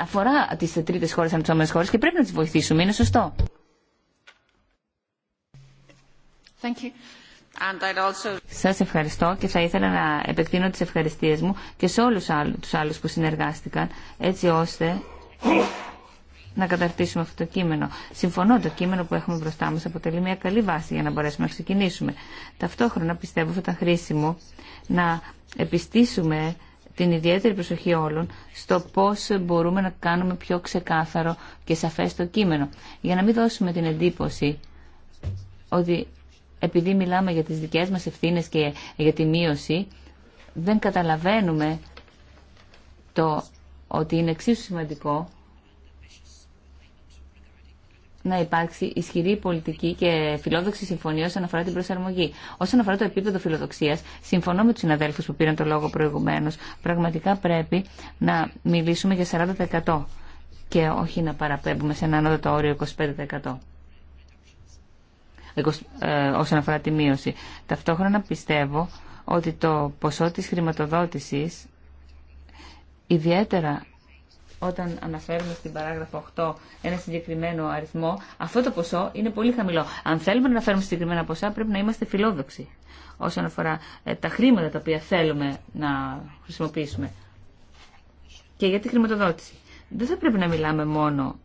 αφορά τι τρίτε χώρε, αναπτυσσόμενε χώρε και πρέπει να τι βοηθήσουμε. Είναι σωστό. Thank you. Σας ευχαριστώ και θα ήθελα να επεκτείνω τις ευχαριστίες μου και σε όλους τους άλλους που συνεργάστηκαν έτσι ώστε να καταρτήσουμε αυτό το κείμενο. Συμφωνώ, το κείμενο που έχουμε μπροστά μας αποτελεί μια καλή βάση για να μπορέσουμε να ξεκινήσουμε. Ταυτόχρονα πιστεύω θα ήταν χρήσιμο να επιστήσουμε την ιδιαίτερη προσοχή όλων στο πώς μπορούμε να κάνουμε πιο ξεκάθαρο και σαφές το κείμενο. Για να μην δώσουμε την εντύπωση ότι επειδή μιλάμε για τις δικές μας ευθύνες και για τη μείωση, δεν καταλαβαίνουμε το ότι είναι εξίσου σημαντικό να υπάρξει ισχυρή πολιτική και φιλόδοξη συμφωνία όσον αφορά την προσαρμογή. Όσον αφορά το επίπεδο φιλοδοξία, συμφωνώ με του συναδέλφου που πήραν το λόγο προηγουμένω. Πραγματικά πρέπει να μιλήσουμε για 40% και όχι να παραπέμπουμε σε ένα ανώτατο όριο 25%. Ε, όσον αφορά τη μείωση. Ταυτόχρονα πιστεύω ότι το ποσό της χρηματοδότησης, ιδιαίτερα όταν αναφέρουμε στην παράγραφο 8 ένα συγκεκριμένο αριθμό, αυτό το ποσό είναι πολύ χαμηλό. Αν θέλουμε να αναφέρουμε συγκεκριμένα ποσά, πρέπει να είμαστε φιλόδοξοι όσον αφορά ε, τα χρήματα τα οποία θέλουμε να χρησιμοποιήσουμε. Και για τη χρηματοδότηση. Δεν θα πρέπει να μιλάμε μόνο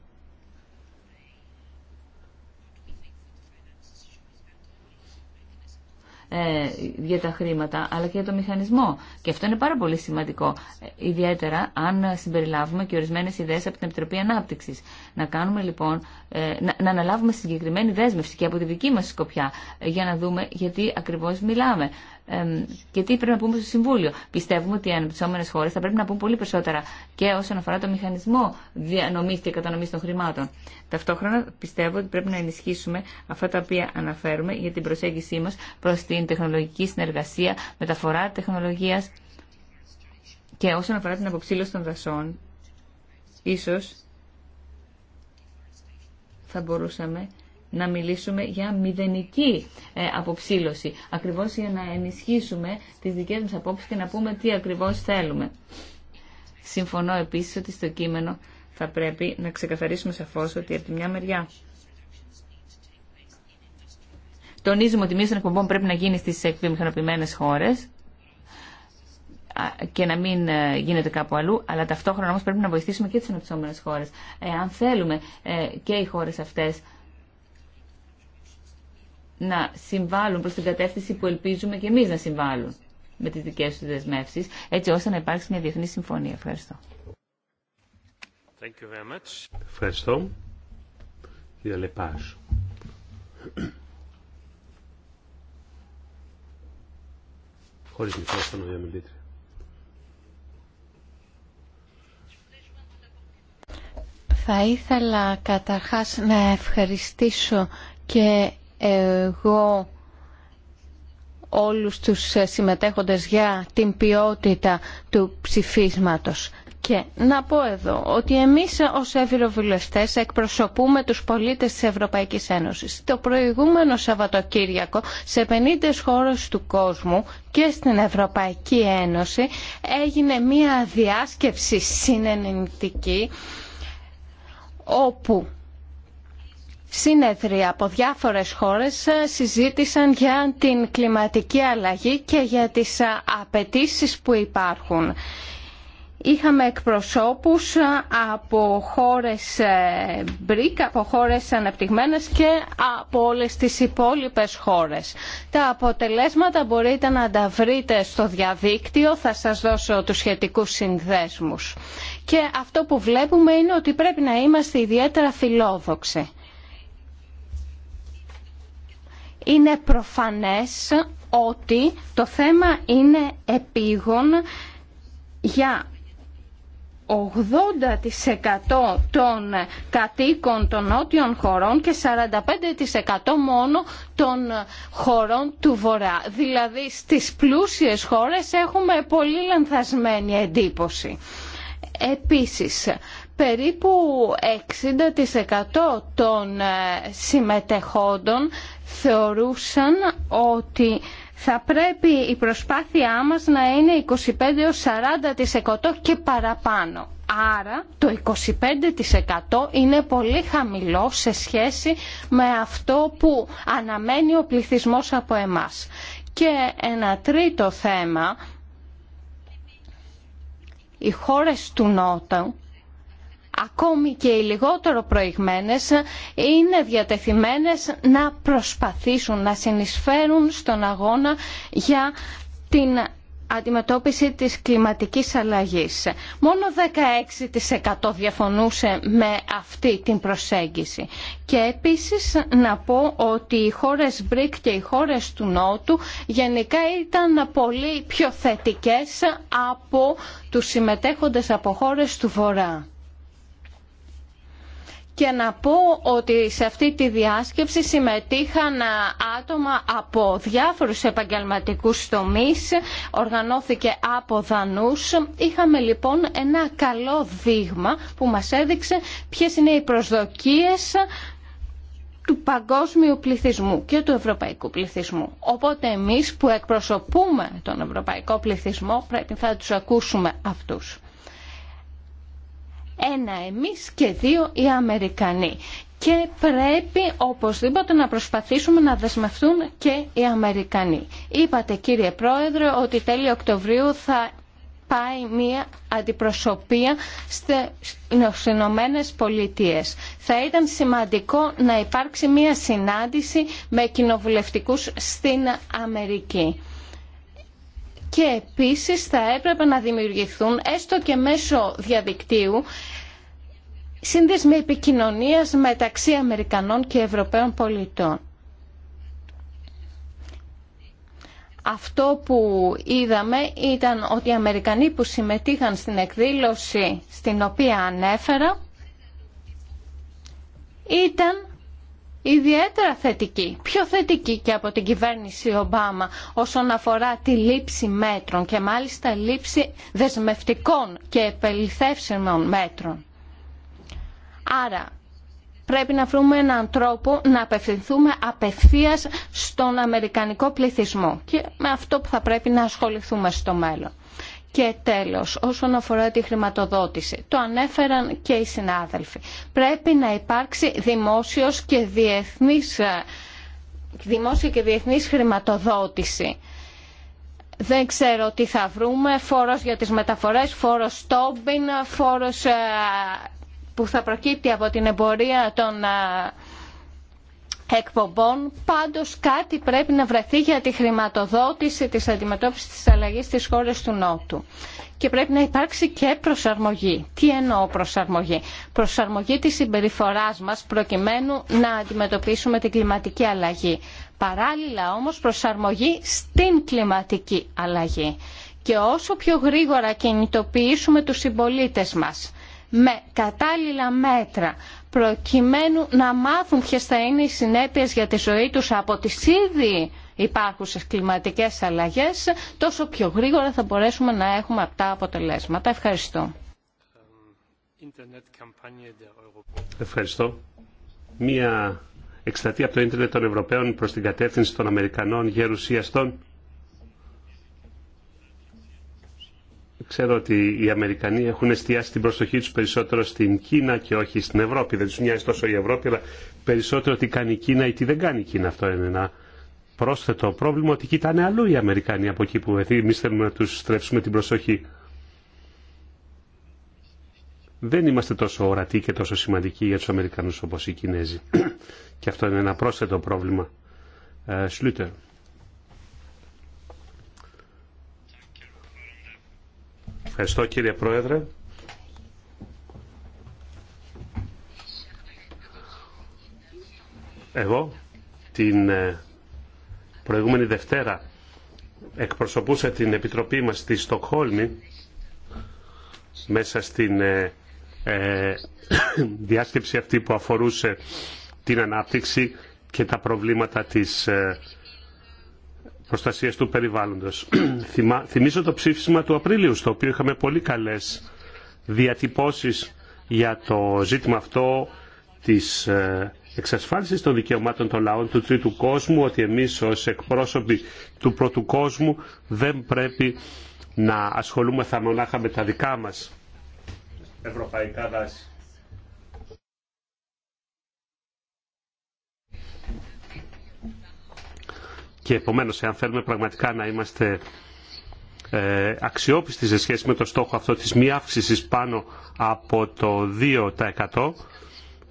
Ε, για τα χρήματα, αλλά και για το μηχανισμό. Και αυτό είναι πάρα πολύ σημαντικό, ε, ιδιαίτερα αν συμπεριλάβουμε και ορισμένε ιδέε από την Επιτροπή Ανάπτυξη. Να κάνουμε λοιπόν, ε, να, να αναλάβουμε συγκεκριμένη δέσμευση και από τη δική μα σκοπιά, για να δούμε γιατί ακριβώ μιλάμε και τι πρέπει να πούμε στο Συμβούλιο. Πιστεύουμε ότι οι αναπτυσσόμενε χώρε θα πρέπει να πούν πολύ περισσότερα και όσον αφορά το μηχανισμό διανομή και κατανομή των χρημάτων. Ταυτόχρονα πιστεύω ότι πρέπει να ενισχύσουμε αυτά τα οποία αναφέρουμε για την προσέγγιση μα προ την τεχνολογική συνεργασία, μεταφορά τεχνολογία και όσον αφορά την αποψήλωση των δασών, ίσω θα μπορούσαμε να μιλήσουμε για μηδενική ε, αποψήλωση, ακριβώς για να ενισχύσουμε τις δικές μας απόψεις και να πούμε τι ακριβώς θέλουμε. Συμφωνώ επίσης ότι στο κείμενο θα πρέπει να ξεκαθαρίσουμε σαφώς ότι από τη μια μεριά τονίζουμε ότι μείωση των εκπομπών πρέπει να γίνει στις εκβιομηχανοποιημένες χώρες και να μην ε, γίνεται κάπου αλλού, αλλά ταυτόχρονα όμως πρέπει να βοηθήσουμε και τις αναπτυσσόμενες χώρες. Ε, αν θέλουμε και οι χώρες αυτές να συμβάλλουν προς την κατεύθυνση που ελπίζουμε και εμείς να συμβάλλουν με τις δικές τους δεσμεύσεις, έτσι ώστε να υπάρξει μια διεθνή συμφωνία. Ευχαριστώ. Thank you very much. Ευχαριστώ. Θα ήθελα καταρχάς να ευχαριστήσω και εγώ όλους τους συμμετέχοντες για την ποιότητα του ψηφίσματος. Και να πω εδώ ότι εμείς ως ευρωβουλευτές εκπροσωπούμε τους πολίτες της Ευρωπαϊκής Ένωσης. Το προηγούμενο Σαββατοκύριακο σε 50 χώρες του κόσμου και στην Ευρωπαϊκή Ένωση έγινε μια διάσκεψη συνεννητική όπου Σύνεδροι από διάφορες χώρες ε, συζήτησαν για την κλιματική αλλαγή και για τις ε, απαιτήσει που υπάρχουν. Είχαμε εκπροσώπους ε, από χώρες BRIC, από χώρες αναπτυγμένες και από όλες τις υπόλοιπες χώρες. Τα αποτελέσματα μπορείτε να τα βρείτε στο διαδίκτυο, θα σας δώσω τους σχετικούς συνδέσμους. Και αυτό που βλέπουμε είναι ότι πρέπει να είμαστε ιδιαίτερα φιλόδοξοι είναι προφανές ότι το θέμα είναι επίγον για 80% των κατοίκων των νότιων χωρών και 45% μόνο των χωρών του Βορρά. Δηλαδή στις πλούσιες χώρες έχουμε πολύ λανθασμένη εντύπωση. Επίσης, περίπου 60% των ε, συμμετεχόντων θεωρούσαν ότι θα πρέπει η προσπάθειά μας να είναι 25-40% και παραπάνω. Άρα το 25% είναι πολύ χαμηλό σε σχέση με αυτό που αναμένει ο πληθυσμός από εμάς. Και ένα τρίτο θέμα, οι χώρες του Νότου ακόμη και οι λιγότερο προηγμένες είναι διατεθειμένες να προσπαθήσουν να συνεισφέρουν στον αγώνα για την αντιμετώπιση της κλιματικής αλλαγής. Μόνο 16% διαφωνούσε με αυτή την προσέγγιση. Και επίσης να πω ότι οι χώρες BRIC και οι χώρες του Νότου γενικά ήταν πολύ πιο θετικές από τους συμμετέχοντες από χώρες του Βορρά και να πω ότι σε αυτή τη διάσκεψη συμμετείχαν ε, άτομα από διάφορους επαγγελματικούς τομείς, οργανώθηκε από δανούς. Είχαμε λοιπόν ένα καλό δείγμα που μας έδειξε ποιες είναι οι προσδοκίες του παγκόσμιου πληθυσμού και του ευρωπαϊκού πληθυσμού. Οπότε εμείς που εκπροσωπούμε τον ευρωπαϊκό πληθυσμό πρέπει να τους ακούσουμε αυτούς. Ένα εμείς και δύο οι Αμερικανοί. Και πρέπει οπωσδήποτε να προσπαθήσουμε να δεσμευτούν και οι Αμερικανοί. Είπατε κύριε Πρόεδρε ότι τέλειο Οκτωβρίου θα πάει μία αντιπροσωπεία στις Ηνωμένε Πολιτείε. Θα ήταν σημαντικό να υπάρξει μία συνάντηση με κοινοβουλευτικούς στην Αμερική. Και επίσης θα έπρεπε να δημιουργηθούν έστω και μέσω διαδικτύου σύνδεσμοι επικοινωνίας μεταξύ Αμερικανών και Ευρωπαίων πολιτών. Αυτό που είδαμε ήταν ότι οι Αμερικανοί που συμμετείχαν στην εκδήλωση στην οποία ανέφερα ήταν ιδιαίτερα θετικοί, πιο θετικοί και από την κυβέρνηση Ομπάμα όσον αφορά τη λήψη μέτρων και μάλιστα λήψη δεσμευτικών και επεληθεύσιμων μέτρων. Άρα πρέπει να βρούμε έναν τρόπο να απευθυνθούμε απευθείας στον αμερικανικό πληθυσμό και με αυτό που θα πρέπει να ασχοληθούμε στο μέλλον. Και τέλος, όσον αφορά τη χρηματοδότηση, το ανέφεραν και οι συνάδελφοι. Πρέπει να υπάρξει δημόσιος και διεθνής, ε, δημόσια και διεθνής χρηματοδότηση. Δεν ξέρω τι θα βρούμε, φόρος για τις μεταφορές, φόρος Τόμπιν, φόρος ε, που θα προκύπτει από την εμπορία των εκπομπών. Πάντως κάτι πρέπει να βρεθεί για τη χρηματοδότηση της αντιμετώπισης της αλλαγής στις χώρες του Νότου. Και πρέπει να υπάρξει και προσαρμογή. Τι εννοώ προσαρμογή. Προσαρμογή της συμπεριφοράς μας προκειμένου να αντιμετωπίσουμε την κλιματική αλλαγή. Παράλληλα όμως προσαρμογή στην κλιματική αλλαγή. Και όσο πιο γρήγορα κινητοποιήσουμε τους συμπολίτες μας με κατάλληλα μέτρα προκειμένου να μάθουν ποιε θα είναι οι συνέπειες για τη ζωή τους από τις ήδη υπάρχουσες κλιματικές αλλαγές, τόσο πιο γρήγορα θα μπορέσουμε να έχουμε αυτά αποτελέσματα. Ευχαριστώ. Ευχαριστώ. Μία εκστατεία από το ίντερνετ των Ευρωπαίων προς την κατεύθυνση των Αμερικανών γερουσιαστών Ξέρω ότι οι Αμερικανοί έχουν εστιάσει την προσοχή τους περισσότερο στην Κίνα και όχι στην Ευρώπη. Δεν τους νοιάζει τόσο η Ευρώπη, αλλά περισσότερο τι κάνει η Κίνα ή τι δεν κάνει η Κίνα. Αυτό είναι ένα πρόσθετο πρόβλημα ότι κοιτάνε αλλού οι Αμερικανοί από εκεί που εμείς θέλουμε να τους στρέψουμε την προσοχή. Δεν είμαστε τόσο ορατοί και τόσο σημαντικοί για τους Αμερικανούς όπως οι Κινέζοι. και αυτό είναι ένα πρόσθετο πρόβλημα. Ε, Σλούτερ. Ευχαριστώ κύριε Πρόεδρε. Εγώ την ε, προηγούμενη Δευτέρα εκπροσωπούσα την Επιτροπή μας στη Στοκχόλμη μέσα στην ε, ε διάσκεψη αυτή που αφορούσε την ανάπτυξη και τα προβλήματα της ε, προστασίας του περιβάλλοντος. Θυμίζω το ψήφισμα του Απρίλιου, στο οποίο είχαμε πολύ καλές διατυπώσεις για το ζήτημα αυτό της ε, εξασφάλισης των δικαιωμάτων των λαών του τρίτου κόσμου, ότι εμείς ως εκπρόσωποι του πρώτου κόσμου δεν πρέπει να ασχολούμεθα μονάχα με τα δικά μα ευρωπαϊκά δάση. Και επομένως, εάν θέλουμε πραγματικά να είμαστε ε, αξιόπιστοι σε σχέση με το στόχο αυτό της μη αύξησης πάνω από το 2%,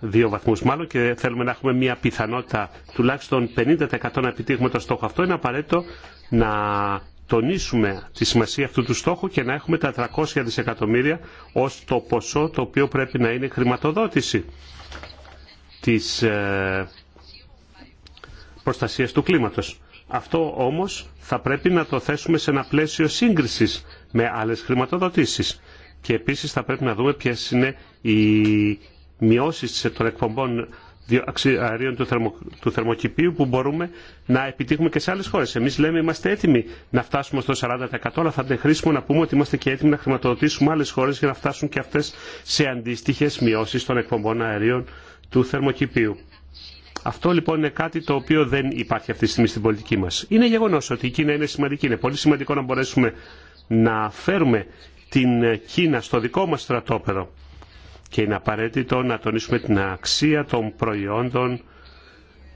δύο βαθμούς μάλλον και θέλουμε να έχουμε μια πιθανότητα τουλάχιστον 50% να επιτύχουμε το στόχο αυτό, είναι απαραίτητο να τονίσουμε τη σημασία αυτού του στόχου και να έχουμε τα 300 δισεκατομμύρια ως το ποσό το οποίο πρέπει να είναι χρηματοδότηση της ε, προστασίας του κλίματος. Αυτό όμως θα πρέπει να το θέσουμε σε ένα πλαίσιο σύγκρισης με άλλες χρηματοδοτήσεις. Και επίσης θα πρέπει να δούμε ποιες είναι οι μειώσεις των εκπομπών αερίων του, θερμο, του θερμοκηπίου που μπορούμε να επιτύχουμε και σε άλλες χώρες. Εμείς λέμε είμαστε έτοιμοι να φτάσουμε στο 40% αλλά θα είναι χρήσιμο να πούμε ότι είμαστε και έτοιμοι να χρηματοδοτήσουμε άλλες χώρες για να φτάσουν και αυτές σε αντίστοιχες μειώσεις των εκπομπών αερίων του θερμοκηπίου. Αυτό λοιπόν είναι κάτι το οποίο δεν υπάρχει αυτή τη στιγμή στην πολιτική μα. Είναι γεγονό ότι η Κίνα είναι σημαντική. Είναι πολύ σημαντικό να μπορέσουμε να φέρουμε την Κίνα στο δικό μα στρατόπεδο. Και είναι απαραίτητο να τονίσουμε την αξία των προϊόντων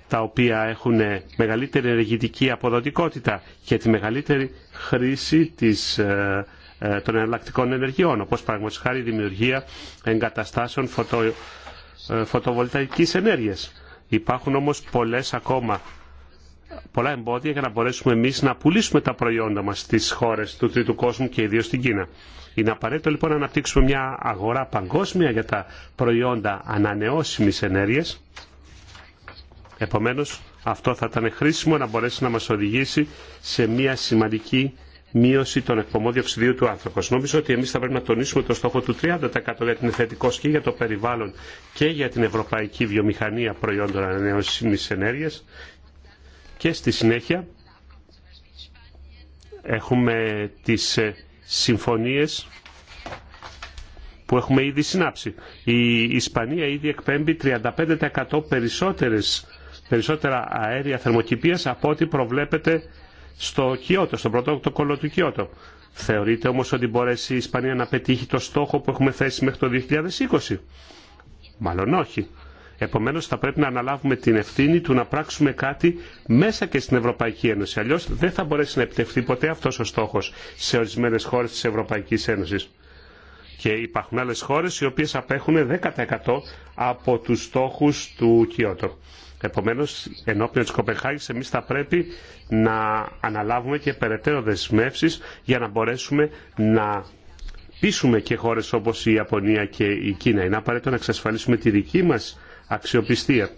τα οποία έχουν μεγαλύτερη ενεργητική αποδοτικότητα και τη μεγαλύτερη χρήση της, ε, ε, των εναλλακτικών ενεργειών, όπως παραγματικά η δημιουργία εγκαταστάσεων φωτο, ε, φωτοβολταϊκής ενέργειας. Υπάρχουν όμως πολλές ακόμα πολλά εμπόδια για να μπορέσουμε εμείς να πουλήσουμε τα προϊόντα μας στις χώρες του τρίτου κόσμου και ιδίως στην Κίνα. Είναι απαραίτητο λοιπόν να αναπτύξουμε μια αγορά παγκόσμια για τα προϊόντα ανανεώσιμης ενέργειας. Επομένως αυτό θα ήταν χρήσιμο να μπορέσει να μας οδηγήσει σε μια σημαντική μείωση των εκπομπών διοξιδίου του άνθρωπο. Νομίζω ότι εμεί θα πρέπει να τονίσουμε το στόχο του 30% γιατί είναι θετικό και για το περιβάλλον και για την ευρωπαϊκή βιομηχανία προϊόντων ανανεώσιμη ενέργεια. Και στη συνέχεια έχουμε τις ε, συμφωνίες που έχουμε ήδη συνάψει. Η Ισπανία ήδη εκπέμπει 35% περισσότερες, περισσότερα αέρια θερμοκηπίας από ό,τι προβλέπεται στο Κιώτο, στον πρωτόκολλο του Κιώτο. Θεωρείτε όμως ότι μπορέσει η Ισπανία να πετύχει το στόχο που έχουμε θέσει μέχρι το 2020. Μάλλον όχι. Επομένως θα πρέπει να αναλάβουμε την ευθύνη του να πράξουμε κάτι μέσα και στην Ευρωπαϊκή Ένωση. Αλλιώς δεν θα μπορέσει να επιτευχθεί ποτέ αυτός ο στόχος σε ορισμένες χώρες της Ευρωπαϊκής Ένωσης. Και υπάρχουν άλλες χώρες οι οποίες απέχουν 10% από τους στόχους του Κιώτο. Επομένως, ενώπιον τη Κοπεχάγη, εμεί θα πρέπει να αναλάβουμε και περαιτέρω δεσμεύσει για να μπορέσουμε να πείσουμε και χώρε όπως η Ιαπωνία και η Κίνα. Είναι απαραίτητο να εξασφαλίσουμε τη δική μας αξιοπιστία.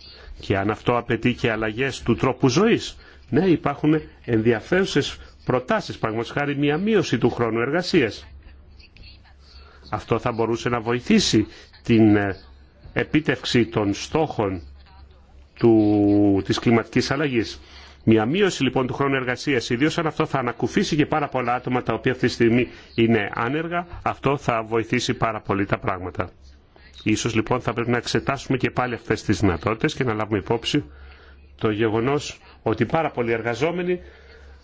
Και αν αυτό απαιτεί και αλλαγέ του τρόπου ζωής. Ναι, υπάρχουν ενδιαφέρουσες προτάσεις, Παραδείγματο χάρη μια μείωση του χρόνου εργασία. Αυτό θα μπορούσε να βοηθήσει την ε, επίτευξη των στόχων του, της κλιματικής αλλαγής. Μια μείωση λοιπόν του χρόνου εργασίας, ιδίως αν αυτό θα ανακουφίσει και πάρα πολλά άτομα τα οποία αυτή τη στιγμή είναι άνεργα, αυτό θα βοηθήσει πάρα πολύ τα πράγματα. Ίσως λοιπόν θα πρέπει να εξετάσουμε και πάλι αυτές τις δυνατότητες και να λάβουμε υπόψη το γεγονός ότι πάρα πολλοί εργαζόμενοι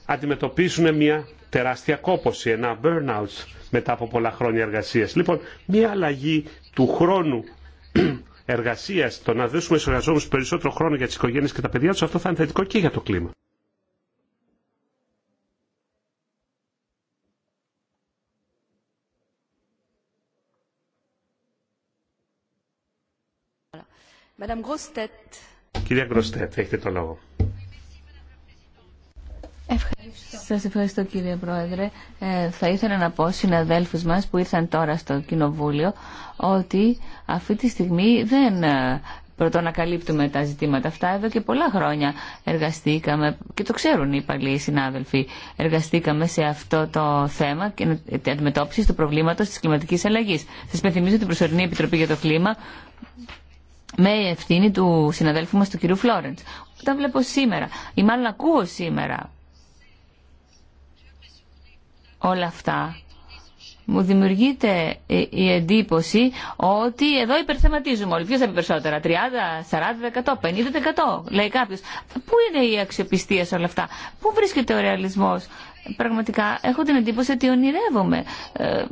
αντιμετωπίζουν μια τεράστια κόπωση, ένα burnout μετά από πολλά χρόνια εργασίας. Λοιπόν, μια αλλαγή του χρόνου εργασία, το να δώσουμε στου εργαζόμενου περισσότερο χρόνο για τι οικογένειε και τα παιδιά του, αυτό θα είναι θετικό και για το κλίμα. Κυρία Γκροστέτ, έχετε το λόγο. Σα ευχαριστώ κύριε Πρόεδρε. Ε, θα ήθελα να πω συναδέλφου μα που ήρθαν τώρα στο Κοινοβούλιο ότι αυτή τη στιγμή δεν ε, Πρωτό τα ζητήματα αυτά. Εδώ και πολλά χρόνια εργαστήκαμε, και το ξέρουν οι παλιοί συνάδελφοι, εργαστήκαμε σε αυτό το θέμα και την αντιμετώπιση του προβλήματο τη κλιματική αλλαγή. Σα υπενθυμίζω την προσωρινή Επιτροπή για το Κλίμα με ευθύνη του συναδέλφου μα, του κυρίου Φλόρεντ. Όταν βλέπω σήμερα, ή μάλλον ακούω σήμερα όλα αυτά μου δημιουργείται η εντύπωση ότι εδώ υπερθεματίζουμε όλοι. Ποιος θα πει περισσότερα, 30, 40, 100, 50%. Λέει κάποιο. Πού είναι η αξιοπιστία σε όλα αυτά, Πού βρίσκεται ο ρεαλισμός. Πραγματικά έχω την εντύπωση ότι ονειρεύομαι. Ε,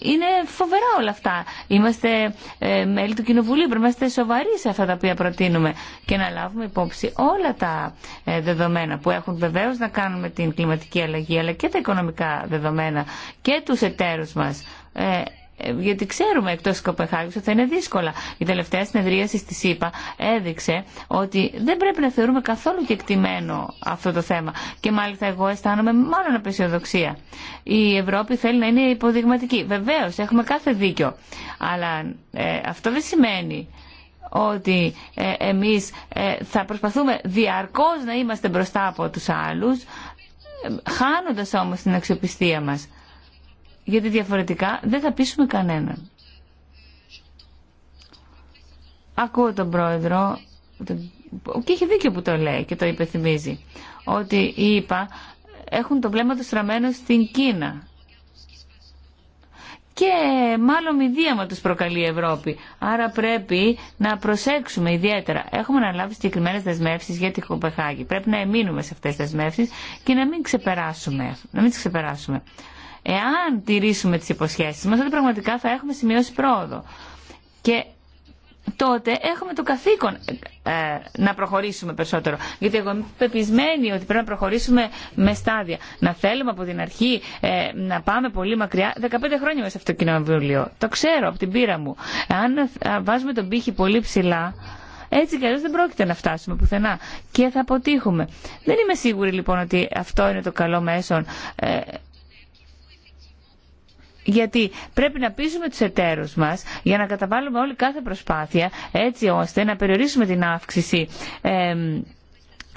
είναι φοβερά όλα αυτά. Είμαστε ε, μέλη του Κοινοβουλίου, πρέπει να είμαστε σοβαροί σε αυτά τα οποία προτείνουμε και να λάβουμε υπόψη όλα τα ε, δεδομένα που έχουν βεβαίω να κάνουν με την κλιματική αλλαγή, αλλά και τα οικονομικά δεδομένα και τους εταίρους μας. Ε, ε, γιατί ξέρουμε εκτό τη Κοπεχάγη ότι θα είναι δύσκολα. Η τελευταία συνεδρίαση στη ΣΥΠΑ έδειξε ότι δεν πρέπει να θεωρούμε καθόλου κεκτημένο αυτό το θέμα. Και μάλιστα εγώ αισθάνομαι μάλλον απεσιοδοξία. Η Ευρώπη θέλει να είναι υποδειγματική. Βεβαίω, έχουμε κάθε δίκιο. Αλλά ε, αυτό δεν σημαίνει ότι ε, εμείς ε, θα προσπαθούμε διαρκώς να είμαστε μπροστά από τους άλλους, χάνοντας όμως την αξιοπιστία μας γιατί διαφορετικά δεν θα πείσουμε κανέναν. Ακούω τον πρόεδρο και έχει δίκιο που το λέει και το υπεθυμίζει. ότι οι έχουν το βλέμμα του στραμμένο στην Κίνα και μάλλον μηδίαμα τους προκαλεί η Ευρώπη. Άρα πρέπει να προσέξουμε ιδιαίτερα. Έχουμε να λάβει συγκεκριμένε δεσμεύσει για τη Κοπεχάγη. Πρέπει να εμείνουμε σε αυτέ τι δεσμεύσει και να μην ξεπεράσουμε. Να μην ξεπεράσουμε. Εάν τηρήσουμε τις υποσχέσεις μας, τότε πραγματικά θα έχουμε σημειώσει πρόοδο. Και τότε έχουμε το καθήκον ε, να προχωρήσουμε περισσότερο. Γιατί εγώ είμαι πεπισμένη ότι πρέπει να προχωρήσουμε με στάδια. Να θέλουμε από την αρχή ε, να πάμε πολύ μακριά. 15 χρόνια μέσα σε αυτό το κοινοβούλιο. Το ξέρω από την πείρα μου. Αν ε, βάζουμε τον πύχη πολύ ψηλά, έτσι κι αλλιώ δεν πρόκειται να φτάσουμε πουθενά. Και θα αποτύχουμε. Δεν είμαι σίγουρη λοιπόν ότι αυτό είναι το καλό μέσον γιατί πρέπει να πείσουμε τους εταίρους μας για να καταβάλουμε όλη κάθε προσπάθεια έτσι ώστε να περιορίσουμε την αύξηση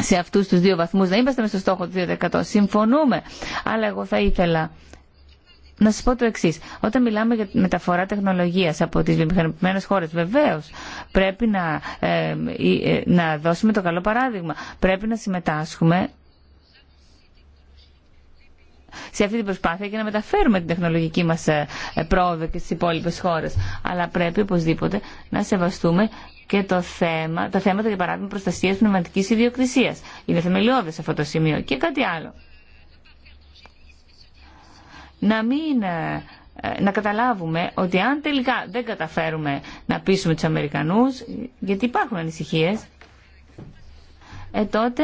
σε αυτούς τους δύο βαθμούς. Να είμαστε με στο στόχο του 2%. Συμφωνούμε. Αλλά εγώ θα ήθελα να σας πω το εξής. Όταν μιλάμε για μεταφορά τεχνολογίας από τις βιομηχανημένες χώρες, βεβαίως πρέπει να, ε, να δώσουμε το καλό παράδειγμα. Πρέπει να συμμετάσχουμε σε αυτή την προσπάθεια και να μεταφέρουμε την τεχνολογική μας ε, πρόοδο και στις υπόλοιπε χώρε. Αλλά πρέπει οπωσδήποτε να σεβαστούμε και το θέμα, τα θέματα, για παράδειγμα, προστασία πνευματική ιδιοκτησία. Είναι θεμελιώδε αυτό το σημείο. Και κάτι άλλο. Να μην ε, ε, να καταλάβουμε ότι αν τελικά δεν καταφέρουμε να πείσουμε τους Αμερικανούς, γιατί υπάρχουν ανησυχίες, τότε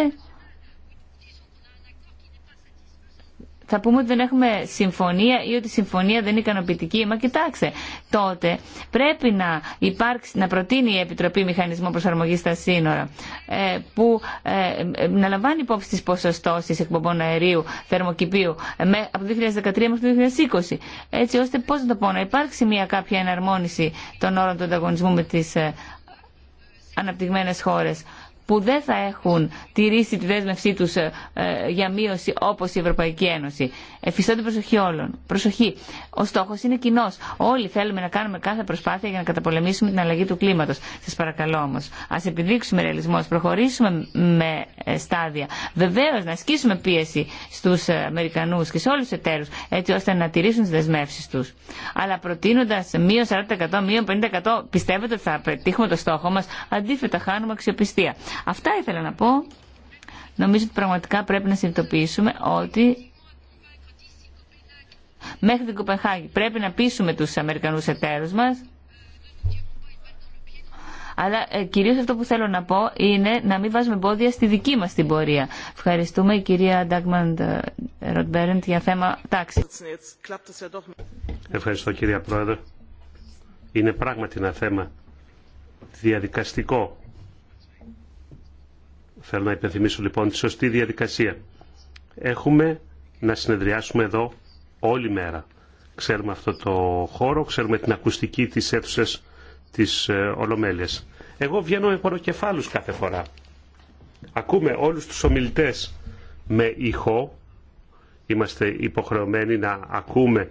θα πούμε ότι δεν έχουμε συμφωνία ή ότι η συμφωνία δεν είναι ικανοποιητική. Μα κοιτάξτε, τότε πρέπει να, υπάρξει, να προτείνει η Επιτροπή Μηχανισμό Προσαρμογή στα Σύνορα, ε, που ε, να λαμβάνει υπόψη τι ποσοστώσει εκπομπών αερίου θερμοκηπίου ε, από το 2013 μέχρι το 2020. Έτσι ώστε, πώ να το πω, να υπάρξει μια κάποια εναρμόνιση των όρων του ανταγωνισμού με τι αναπτυγμένε χώρε που δεν θα έχουν τηρήσει τη δέσμευσή τους ε, για μείωση όπως η Ευρωπαϊκή Ένωση. Εφιστώ την προσοχή όλων. Προσοχή. Ο στόχος είναι κοινό. Όλοι θέλουμε να κάνουμε κάθε προσπάθεια για να καταπολεμήσουμε την αλλαγή του κλίματος. Σας παρακαλώ όμως. Ας επιδείξουμε ρεαλισμό, ας προχωρήσουμε με ε, στάδια. Βεβαίως να ασκήσουμε πίεση στους ε, Αμερικανούς και σε όλους τους εταίρους έτσι ώστε να τηρήσουν τις δεσμεύσεις τους. Αλλά προτείνοντας μείον 40%, μείον 50% πιστεύετε ότι θα πετύχουμε το στόχο μας, αντίθετα χάνουμε αξιοπιστία. Αυτά ήθελα να πω. Νομίζω ότι πραγματικά πρέπει να συνειδητοποιήσουμε ότι μέχρι την Κοπεχάγη πρέπει να πείσουμε τους Αμερικανούς εταίρους μας αλλά ε, κυρίως αυτό που θέλω να πω είναι να μην βάζουμε εμπόδια στη δική μας την πορεία. Ευχαριστούμε η κυρία Ντάγμαντ ε, Ροτμπέρεντ για θέμα τάξη. Ευχαριστώ κυρία Πρόεδρε. Είναι πράγματι ένα θέμα διαδικαστικό Θέλω να υπενθυμίσω λοιπόν τη σωστή διαδικασία. Έχουμε να συνεδριάσουμε εδώ όλη μέρα. Ξέρουμε αυτό το χώρο, ξέρουμε την ακουστική της αίθουσα της ε, Ολομέλειας. Εγώ βγαίνω με ποροκεφάλους κάθε φορά. Ακούμε όλους τους ομιλητές με ηχό. Είμαστε υποχρεωμένοι να ακούμε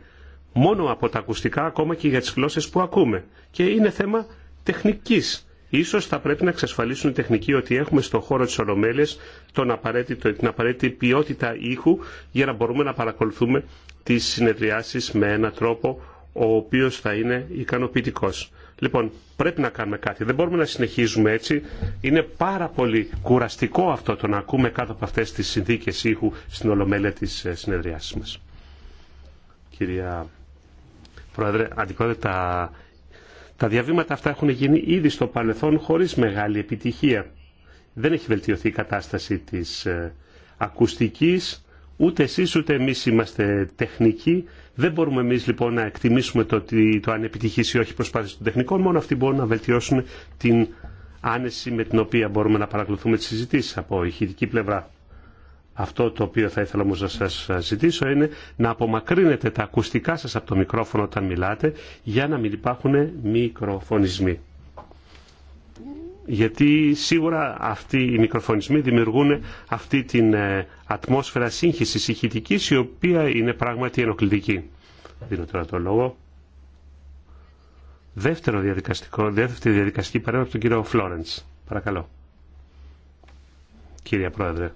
μόνο από τα ακουστικά, ακόμα και για τις γλώσσε που ακούμε. Και είναι θέμα τεχνικής Ίσως θα πρέπει να εξασφαλίσουν οι τεχνικοί ότι έχουμε στον χώρο της Ολομέλειας τον την απαραίτητη ποιότητα ήχου για να μπορούμε να παρακολουθούμε τις συνεδριάσεις με έναν τρόπο ο οποίος θα είναι ικανοποιητικός. Λοιπόν, πρέπει να κάνουμε κάτι. Δεν μπορούμε να συνεχίζουμε έτσι. Είναι πάρα πολύ κουραστικό αυτό το να ακούμε κάτω από αυτές τις συνθήκες ήχου στην Ολομέλεια της ε, συνεδριάσης μας. Κυρία Πρόεδρε, τα διαβήματα αυτά έχουν γίνει ήδη στο παρελθόν χωρίς μεγάλη επιτυχία. Δεν έχει βελτιωθεί η κατάσταση της ε, ακουστικής, ούτε εσείς ούτε εμείς είμαστε τεχνικοί. Δεν μπορούμε εμείς λοιπόν να εκτιμήσουμε το, ότι, το αν επιτυχήσει ή όχι προσπάθειες των τεχνικών, μόνο αυτοί μπορούν να βελτιώσουν την άνεση με την οποία μπορούμε να παρακολουθούμε τις συζητήσεις από ηχητική πλευρά. Αυτό το οποίο θα ήθελα όμως να σας ζητήσω είναι να απομακρύνετε τα ακουστικά σας από το μικρόφωνο όταν μιλάτε για να μην υπάρχουν μικροφωνισμοί. Γιατί σίγουρα αυτοί οι μικροφωνισμοί δημιουργούν αυτή την ε, ατμόσφαιρα σύγχυσης ηχητικής η οποία είναι πράγματι ενοχλητική. Δίνω τώρα το λόγο. Δεύτερο διαδικαστικό, δεύτερη διαδικαστική παρέμβαση του κύριο Φλόρεντς. Παρακαλώ. Κύριε Πρόεδρε.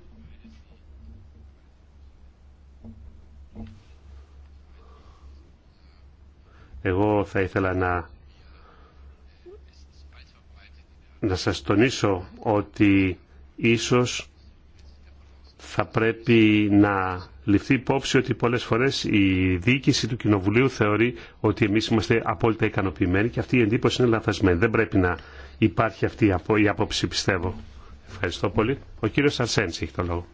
Εγώ θα ήθελα να, να σας τονίσω ότι ίσως θα πρέπει να ληφθεί υπόψη ότι πολλές φορές η διοίκηση του Κοινοβουλίου θεωρεί ότι εμείς είμαστε απόλυτα ικανοποιημένοι και αυτή η εντύπωση είναι λαθασμένη. Δεν πρέπει να υπάρχει αυτή η άποψη πιστεύω. Ευχαριστώ πολύ. Ο κύριος Αρσέντς έχει το λόγο.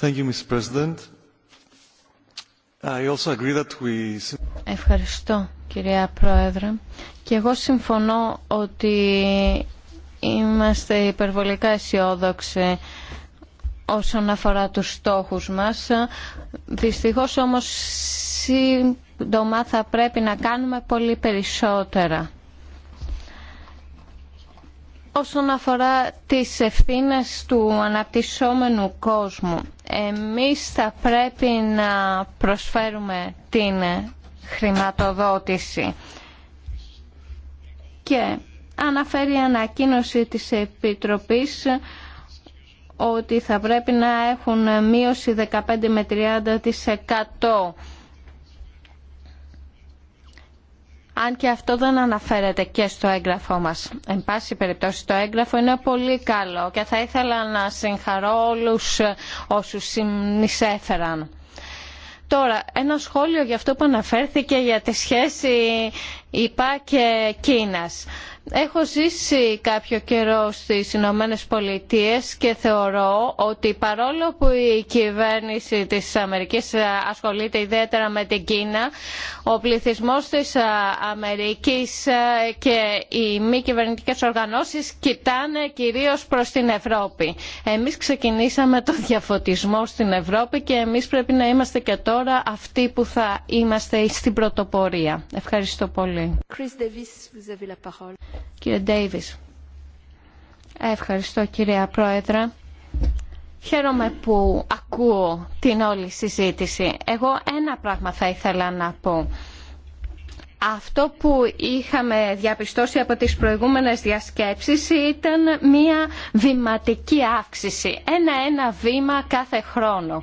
Thank you, Mr. President. Ευχαριστώ κυρία Πρόεδρε και εγώ συμφωνώ ότι είμαστε υπερβολικά αισιόδοξοι όσον αφορά τους στόχους μας. Δυστυχώς όμως σύντομα θα πρέπει να κάνουμε πολύ περισσότερα όσον αφορά τις ευθύνες του αναπτυσσόμενου κόσμου. Εμείς θα πρέπει να προσφέρουμε την χρηματοδότηση. Και αναφέρει η ανακοίνωση της Επιτροπής ότι θα πρέπει να έχουν μείωση 15 με 30% αν και αυτό δεν αναφέρεται και στο έγγραφό μας. Εν πάση περιπτώσει το έγγραφο είναι πολύ καλό και θα ήθελα να συγχαρώ όλους όσους συνεισέφεραν. Τώρα, ένα σχόλιο για αυτό που αναφέρθηκε για τη σχέση ΙΠΑ και Κίνας. Έχω ζήσει κάποιο καιρό στις Ηνωμένε Πολιτείε και θεωρώ ότι παρόλο που η κυβέρνηση της Αμερικής ασχολείται ιδιαίτερα με την Κίνα, ο πληθυσμός της Αμερικής και οι μη κυβερνητικές οργανώσεις κοιτάνε κυρίως προς την Ευρώπη. Εμείς ξεκινήσαμε το διαφωτισμό στην Ευρώπη και εμείς πρέπει να είμαστε και τώρα αυτοί που θα είμαστε στην πρωτοπορία. Ευχαριστώ πολύ. Κύριε Ντέιβις. Ευχαριστώ κυρία Πρόεδρε. Χαίρομαι που ακούω την όλη συζήτηση. Εγώ ένα πράγμα θα ήθελα να πω. Αυτό που είχαμε διαπιστώσει από τις προηγούμενες διασκέψεις ήταν μία βηματική αύξηση. Ένα-ένα βήμα κάθε χρόνο.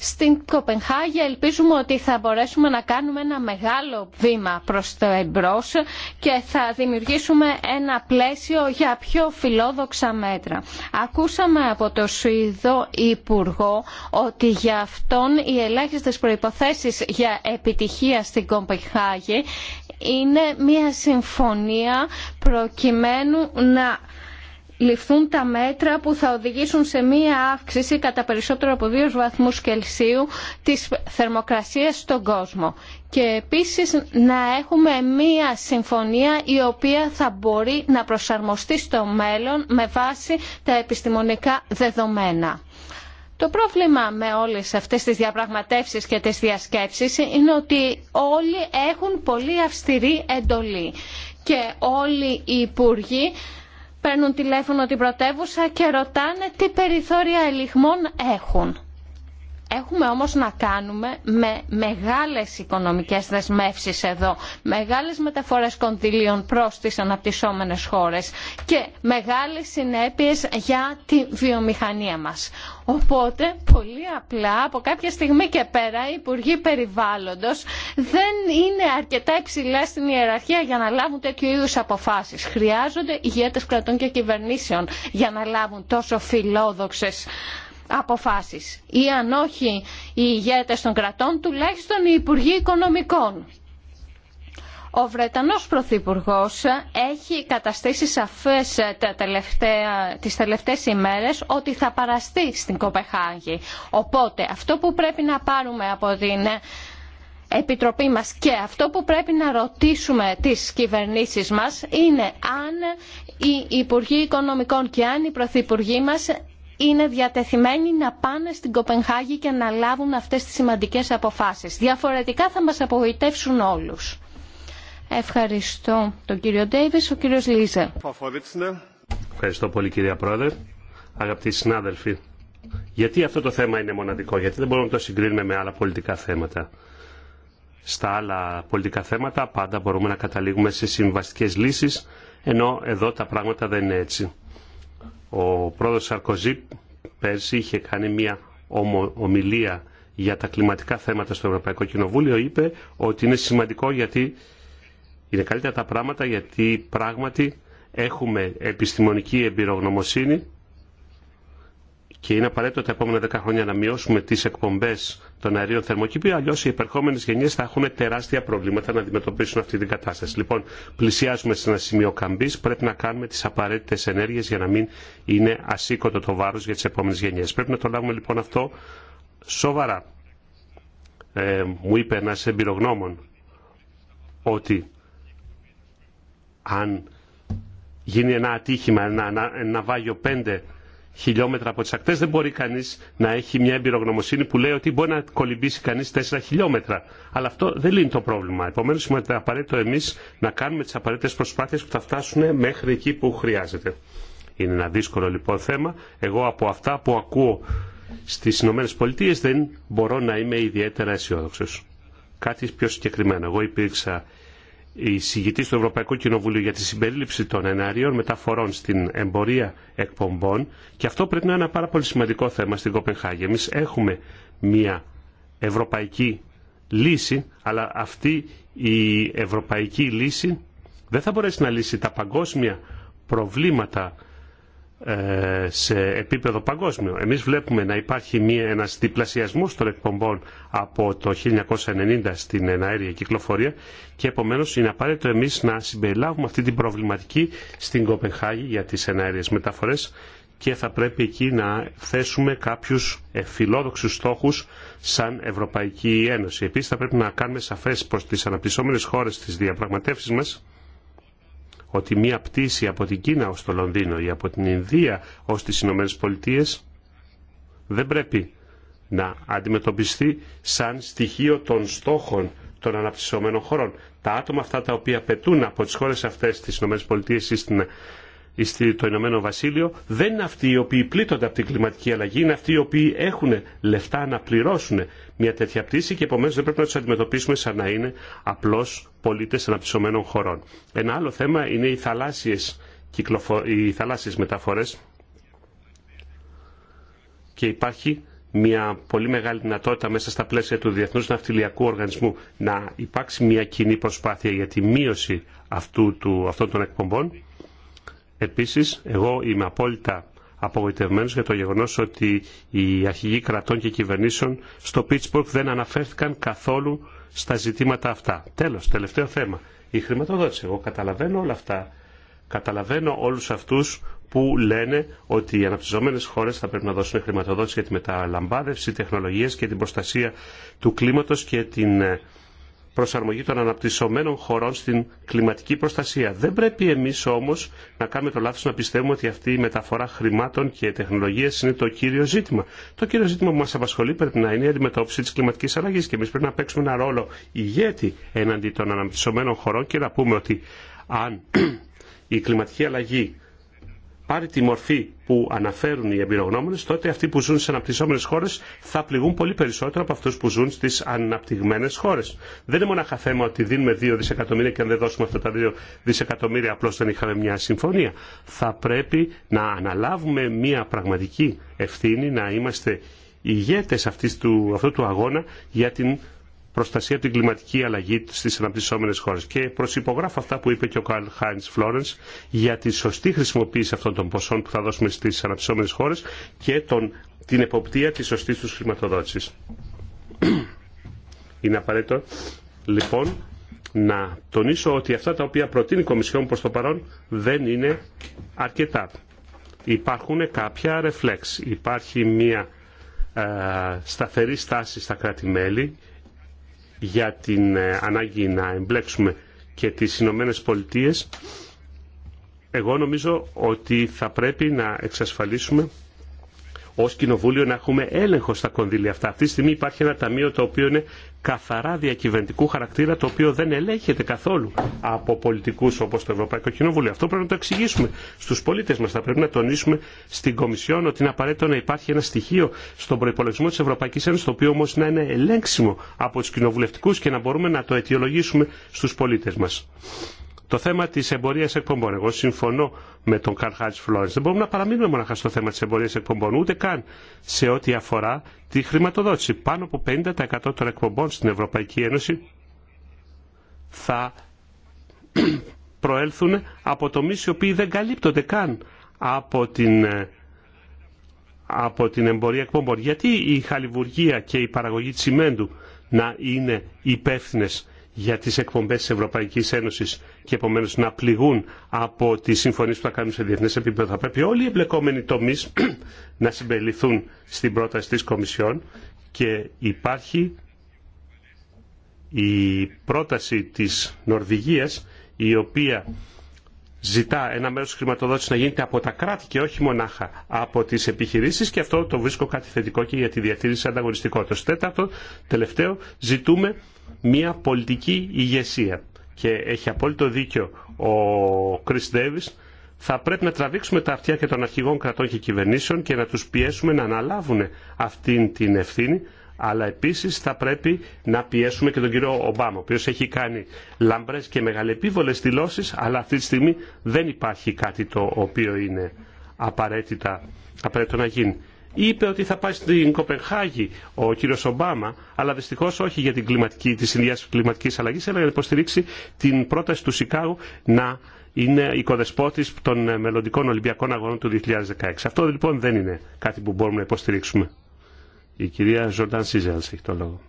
Στην Κοπενχάγη ελπίζουμε ότι θα μπορέσουμε να κάνουμε ένα μεγάλο βήμα προς το εμπρός και θα δημιουργήσουμε ένα πλαίσιο για πιο φιλόδοξα μέτρα. Ακούσαμε από το Σουηδό Υπουργό ότι για αυτόν οι ελάχιστες προϋποθέσεις για επιτυχία στην Κοπενχάγη είναι μια συμφωνία προκειμένου να ληφθούν τα μέτρα που θα οδηγήσουν σε μία αύξηση κατά περισσότερο από 2 βαθμούς Κελσίου της θερμοκρασίας στον κόσμο. Και επίσης να έχουμε μία συμφωνία η οποία θα μπορεί να προσαρμοστεί στο μέλλον με βάση τα επιστημονικά δεδομένα. Το πρόβλημα με όλες αυτές τις διαπραγματεύσεις και τις διασκέψεις είναι ότι όλοι έχουν πολύ αυστηρή εντολή και όλοι οι υπουργοί παίρνουν τηλέφωνο την πρωτεύουσα και ρωτάνε τι περιθώρια ελιγμών έχουν. Έχουμε όμως να κάνουμε με μεγάλες οικονομικές δεσμεύσεις εδώ, μεγάλες μεταφορές κονδυλίων προς τις αναπτυσσόμενες χώρες και μεγάλες συνέπειες για τη βιομηχανία μας. Οπότε, πολύ απλά, από κάποια στιγμή και πέρα, οι Υπουργοί Περιβάλλοντος δεν είναι αρκετά υψηλά στην ιεραρχία για να λάβουν τέτοιου είδους αποφάσεις. Χρειάζονται ηγέτες κρατών και κυβερνήσεων για να λάβουν τόσο φιλόδοξες αποφάσεις ή αν όχι οι ηγέτες των κρατών, τουλάχιστον οι Υπουργοί Οικονομικών. Ο Βρετανός Πρωθυπουργό έχει καταστήσει σαφές τα τελευταία, τις τελευταίες ημέρες ότι θα παραστεί στην Κοπεχάγη. Οπότε αυτό που πρέπει να πάρουμε από την Επιτροπή μας και αυτό που πρέπει να ρωτήσουμε τις κυβερνήσεις μας είναι αν οι Υπουργοί Οικονομικών και αν οι Πρωθυπουργοί μας είναι διατεθειμένοι να πάνε στην Κοπενχάγη και να λάβουν αυτές τις σημαντικές αποφάσεις. Διαφορετικά θα μας απογοητεύσουν όλους. Ευχαριστώ τον κύριο Ντέιβις, ο κύριος Λίζε. Ευχαριστώ πολύ κυρία Πρόεδρε. Αγαπητοί συνάδελφοι, γιατί αυτό το θέμα είναι μοναδικό, γιατί δεν μπορούμε να το συγκρίνουμε με άλλα πολιτικά θέματα. Στα άλλα πολιτικά θέματα πάντα μπορούμε να καταλήγουμε σε συμβαστικές λύσεις, ενώ εδώ τα πράγματα δεν είναι έτσι. Ο πρόεδρος Σαρκοζή πέρσι είχε κάνει μια ομιλία για τα κλιματικά θέματα στο Ευρωπαϊκό Κοινοβούλιο είπε ότι είναι σημαντικό γιατί είναι καλύτερα τα πράγματα γιατί πράγματι έχουμε επιστημονική εμπειρογνωμοσύνη και είναι απαραίτητο τα επόμενα 10 χρόνια να μειώσουμε τι εκπομπέ των αερίων θερμοκήπιων, αλλιώ οι επερχόμενε γενιές θα έχουν τεράστια προβλήματα να αντιμετωπίσουν αυτή την κατάσταση. Λοιπόν, πλησιάζουμε σε ένα σημείο καμπή. πρέπει να κάνουμε τι απαραίτητε ενέργειε για να μην είναι ασήκωτο το βάρο για τι επόμενε γενιές. Πρέπει να το λάβουμε λοιπόν αυτό σοβαρά. Ε, μου είπε ένα εμπειρογνώμων ότι αν γίνει ένα ατύχημα, ένα, ένα, ένα βάγιο πέντε χιλιόμετρα από τι ακτέ, δεν μπορεί κανεί να έχει μια εμπειρογνωμοσύνη που λέει ότι μπορεί να κολυμπήσει κανεί 4 χιλιόμετρα. Αλλά αυτό δεν λύνει το πρόβλημα. Επομένω, είναι απαραίτητο εμεί να κάνουμε τι απαραίτητε προσπάθειε που θα φτάσουν μέχρι εκεί που χρειάζεται. Είναι ένα δύσκολο λοιπόν θέμα. Εγώ από αυτά που ακούω στι ΗΠΑ δεν μπορώ να είμαι ιδιαίτερα αισιόδοξο. Κάτι πιο συγκεκριμένο. Εγώ υπήρξα η εισηγητή του Ευρωπαϊκού Κοινοβουλίου για τη συμπερίληψη των εναρίων μεταφορών στην εμπορία εκπομπών και αυτό πρέπει να είναι ένα πάρα πολύ σημαντικό θέμα στην Κοπενχάγη. Εμεί έχουμε μια ευρωπαϊκή λύση, αλλά αυτή η ευρωπαϊκή λύση δεν θα μπορέσει να λύσει τα παγκόσμια προβλήματα ε, σε επίπεδο παγκόσμιο. Εμείς βλέπουμε να υπάρχει μία, ένας διπλασιασμός των εκπομπών από το 1990 στην εναέρια κυκλοφορία και επομένως είναι απαραίτητο εμείς να συμπεριλάβουμε αυτή την προβληματική στην Κοπενχάγη για τις εναέριες μεταφορές και θα πρέπει εκεί να θέσουμε κάποιους φιλόδοξους στόχους σαν Ευρωπαϊκή Ένωση. Επίσης θα πρέπει να κάνουμε σαφές προς τις αναπτυσσόμενες χώρες της διαπραγματεύσεις μας ότι μία πτήση από την Κίνα ως το Λονδίνο ή από την Ινδία ως τις Ηνωμένες Πολιτείες δεν πρέπει να αντιμετωπιστεί σαν στοιχείο των στόχων των αναπτυσσόμενων χωρών. Τα άτομα αυτά τα οποία πετούν από τις χώρες αυτές τις Πολιτείες ή στην το Ηνωμένο Βασίλειο δεν είναι αυτοί οι οποίοι πλήττονται από την κλιματική αλλαγή, είναι αυτοί οι οποίοι έχουν λεφτά να πληρώσουν μια τέτοια πτήση και επομένω δεν πρέπει να του αντιμετωπίσουμε σαν να είναι απλώ πολίτε αναπτυσσομένων χωρών. Ένα άλλο θέμα είναι οι θαλάσσιε κυκλοφο... και υπάρχει μια πολύ μεγάλη δυνατότητα μέσα στα πλαίσια του Διεθνούς Ναυτιλιακού Οργανισμού να υπάρξει μια κοινή προσπάθεια για τη μείωση αυτού του, αυτών των εκπομπών Επίσης, εγώ είμαι απόλυτα απογοητευμένος για το γεγονός ότι οι αρχηγοί κρατών και κυβερνήσεων στο Pittsburgh δεν αναφέρθηκαν καθόλου στα ζητήματα αυτά. Τέλος, τελευταίο θέμα. Η χρηματοδότηση. Εγώ καταλαβαίνω όλα αυτά. Καταλαβαίνω όλους αυτούς που λένε ότι οι αναπτυσσόμενες χώρες θα πρέπει να δώσουν χρηματοδότηση για τη μεταλαμπάδευση τεχνολογίας και την προστασία του κλίματος και την ε, προσαρμογή των αναπτυσσομένων χωρών στην κλιματική προστασία. Δεν πρέπει εμεί όμω να κάνουμε το λάθο να πιστεύουμε ότι αυτή η μεταφορά χρημάτων και τεχνολογία είναι το κύριο ζήτημα. Το κύριο ζήτημα που μα απασχολεί πρέπει να είναι η αντιμετώπιση τη κλιματική αλλαγή. και εμεί πρέπει να παίξουμε ένα ρόλο ηγέτη εναντί των αναπτυσσομένων χωρών και να πούμε ότι αν η κλιματική αλλαγή πάρει τη μορφή που αναφέρουν οι εμπειρογνώμονες, τότε αυτοί που ζουν στι αναπτυσσόμενες χώρε θα πληγούν πολύ περισσότερο από αυτούς που ζουν στις αναπτυγμένε χώρε. Δεν είναι μονάχα θέμα ότι δίνουμε 2 δισεκατομμύρια και αν δεν δώσουμε αυτά τα 2 δισεκατομμύρια απλώ δεν είχαμε μια συμφωνία. Θα πρέπει να αναλάβουμε μια πραγματική ευθύνη, να είμαστε ηγέτες αυτού του αγώνα για την προστασία από την κλιματική αλλαγή στι αναπτυσσόμενε χώρε. Και προσυπογράφω αυτά που είπε και ο Καρλ Χάιντ Φλόρεν για τη σωστή χρησιμοποίηση αυτών των ποσών που θα δώσουμε στι αναπτυσσόμενε χώρε και τον, την εποπτεία τη σωστή του χρηματοδότηση. Είναι απαραίτητο λοιπόν να τονίσω ότι αυτά τα οποία προτείνει η Κομισιόν προς το παρόν δεν είναι αρκετά. Υπάρχουν κάποια ρεφλέξ, υπάρχει μια ε, σταθερή στάση στα κράτη-μέλη για την ε, ανάγκη να εμπλέξουμε και τις Ηνωμένε Πολιτείες, εγώ νομίζω ότι θα πρέπει να εξασφαλίσουμε ω κοινοβούλιο να έχουμε έλεγχο στα κονδύλια αυτά. Αυτή τη στιγμή υπάρχει ένα ταμείο το οποίο είναι καθαρά διακυβερνητικού χαρακτήρα, το οποίο δεν ελέγχεται καθόλου από πολιτικού όπω το Ευρωπαϊκό Κοινοβούλιο. Αυτό πρέπει να το εξηγήσουμε στου πολίτε μα. Θα πρέπει να τονίσουμε στην Κομισιόν ότι είναι απαραίτητο να υπάρχει ένα στοιχείο στον προπολογισμό τη Ευρωπαϊκή Ένωση, το οποίο όμω να είναι ελέγξιμο από του κοινοβουλευτικού και να μπορούμε να το αιτιολογήσουμε στου πολίτε μα. Το θέμα τη εμπορία εκπομπών. Εγώ συμφωνώ με τον Καρλ Χάτ Φλόρεν. Δεν μπορούμε να παραμείνουμε μοναχά στο θέμα τη εμπορία εκπομπών, ούτε καν σε ό,τι αφορά τη χρηματοδότηση. Πάνω από 50% των εκπομπών στην Ευρωπαϊκή Ένωση θα προέλθουν από τομεί οι οποίοι δεν καλύπτονται καν από την από την εμπορία εκπομπών. Γιατί η χαλιβουργία και η παραγωγή τσιμέντου να είναι υπεύθυνε για τις εκπομπές της Ευρωπαϊκής Ένωσης και επομένως να πληγούν από τις συμφωνίες που θα κάνουν σε διεθνές επίπεδο. Θα πρέπει όλοι οι εμπλεκόμενοι τομείς να συμπεριληφθούν στην πρόταση της Κομισιόν και υπάρχει η πρόταση της Νορβηγίας η οποία ζητά ένα μέρος χρηματοδότησης να γίνεται από τα κράτη και όχι μονάχα από τις επιχειρήσεις και αυτό το βρίσκω κάτι θετικό και για τη διατήρηση ανταγωνιστικότητας. Τέταρτο, τελευταίο, ζητούμε μια πολιτική ηγεσία. Και έχει απόλυτο δίκιο ο Κρις Davis. Θα πρέπει να τραβήξουμε τα αυτιά και των αρχηγών κρατών και κυβερνήσεων και να τους πιέσουμε να αναλάβουν αυτήν την ευθύνη αλλά επίσης θα πρέπει να πιέσουμε και τον κύριο Ομπάμα, ο οποίος έχει κάνει λαμπρές και μεγαλεπίβολες δηλώσεις, αλλά αυτή τη στιγμή δεν υπάρχει κάτι το οποίο είναι απαραίτητα, απαραίτητο να γίνει είπε ότι θα πάει στην Κοπενχάγη ο κύριος Ομπάμα, αλλά δυστυχώ όχι για την κλιματική, τη συνδυάση κλιματικής αλλαγής, αλλά για να υποστηρίξει την πρόταση του Σικάγου να είναι οικοδεσπότη των μελλοντικών Ολυμπιακών Αγώνων του 2016. Αυτό λοιπόν δεν είναι κάτι που μπορούμε να υποστηρίξουμε. Η κυρία Ζορντάν Σίζελ έχει το λόγο.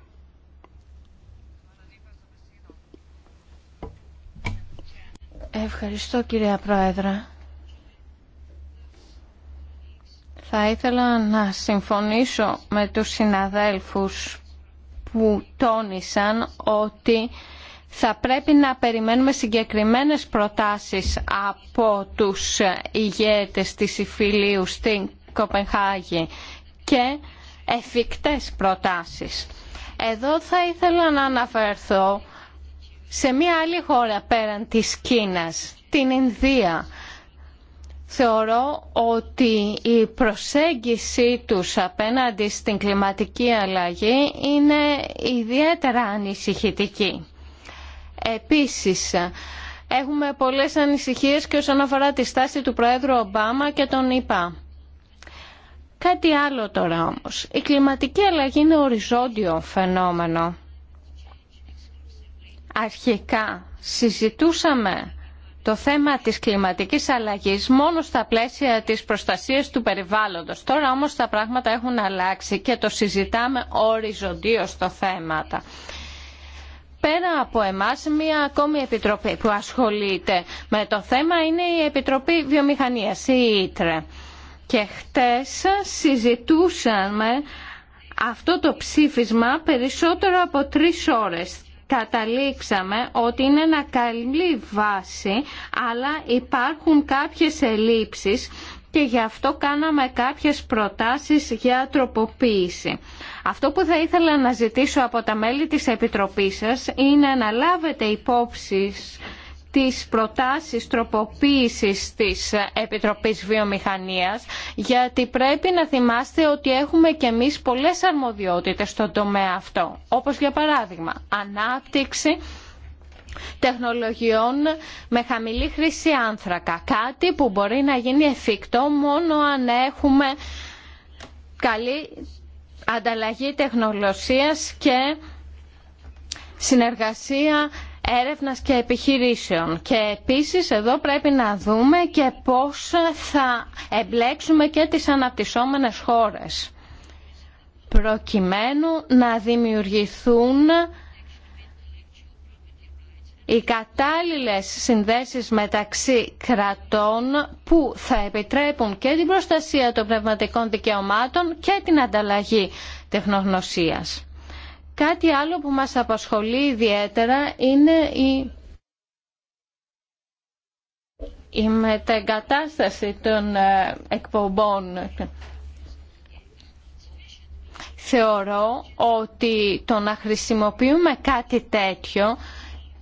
Ευχαριστώ κυρία Πρόεδρα. Θα ήθελα να συμφωνήσω με τους συναδέλφους που τόνισαν ότι θα πρέπει να περιμένουμε συγκεκριμένες προτάσεις από τους ηγέτες της Ιφιλίου στην Κοπενχάγη και εφικτές προτάσεις. Εδώ θα ήθελα να αναφερθώ σε μια άλλη χώρα πέραν της Κίνας, την Ινδία. Θεωρώ ότι η προσέγγιση τους απέναντι στην κλιματική αλλαγή είναι ιδιαίτερα ανησυχητική. Επίσης, έχουμε πολλές ανησυχίες και όσον αφορά τη στάση του Προέδρου Ομπάμα και τον ΙΠΑ. Κάτι άλλο τώρα όμως. Η κλιματική αλλαγή είναι οριζόντιο φαινόμενο. Αρχικά συζητούσαμε το θέμα της κλιματικής αλλαγής μόνο στα πλαίσια της προστασίας του περιβάλλοντος. Τώρα όμως τα πράγματα έχουν αλλάξει και το συζητάμε οριζοντίως το θέμα. Πέρα από εμάς, μία ακόμη επιτροπή που ασχολείται με το θέμα είναι η Επιτροπή Βιομηχανίας, η Ήτρε. Και χτες συζητούσαμε αυτό το ψήφισμα περισσότερο από τρεις ώρες καταλήξαμε ότι είναι ένα καλή βάση, αλλά υπάρχουν κάποιες ελλείψεις και γι' αυτό κάναμε κάποιες προτάσεις για τροποποίηση. Αυτό που θα ήθελα να ζητήσω από τα μέλη της Επιτροπής σας είναι να λάβετε υπόψη τις προτάσεις τροποποίησης της Επιτροπής Βιομηχανίας γιατί πρέπει να θυμάστε ότι έχουμε και εμείς πολλές αρμοδιότητες στον τομέα αυτό όπως για παράδειγμα ανάπτυξη τεχνολογιών με χαμηλή χρήση άνθρακα κάτι που μπορεί να γίνει εφικτό μόνο αν έχουμε καλή ανταλλαγή τεχνολογίας και συνεργασία έρευνας και επιχειρήσεων. Και επίσης εδώ πρέπει να δούμε και πώς θα εμπλέξουμε και τις αναπτυσσόμενες χώρες προκειμένου να δημιουργηθούν οι κατάλληλες συνδέσεις μεταξύ κρατών που θα επιτρέπουν και την προστασία των πνευματικών δικαιωμάτων και την ανταλλαγή τεχνογνωσίας. Κάτι άλλο που μας απασχολεί ιδιαίτερα είναι η, η μετεγκατάσταση των ε, εκπομπών. Θεωρώ ότι το να χρησιμοποιούμε κάτι τέτοιο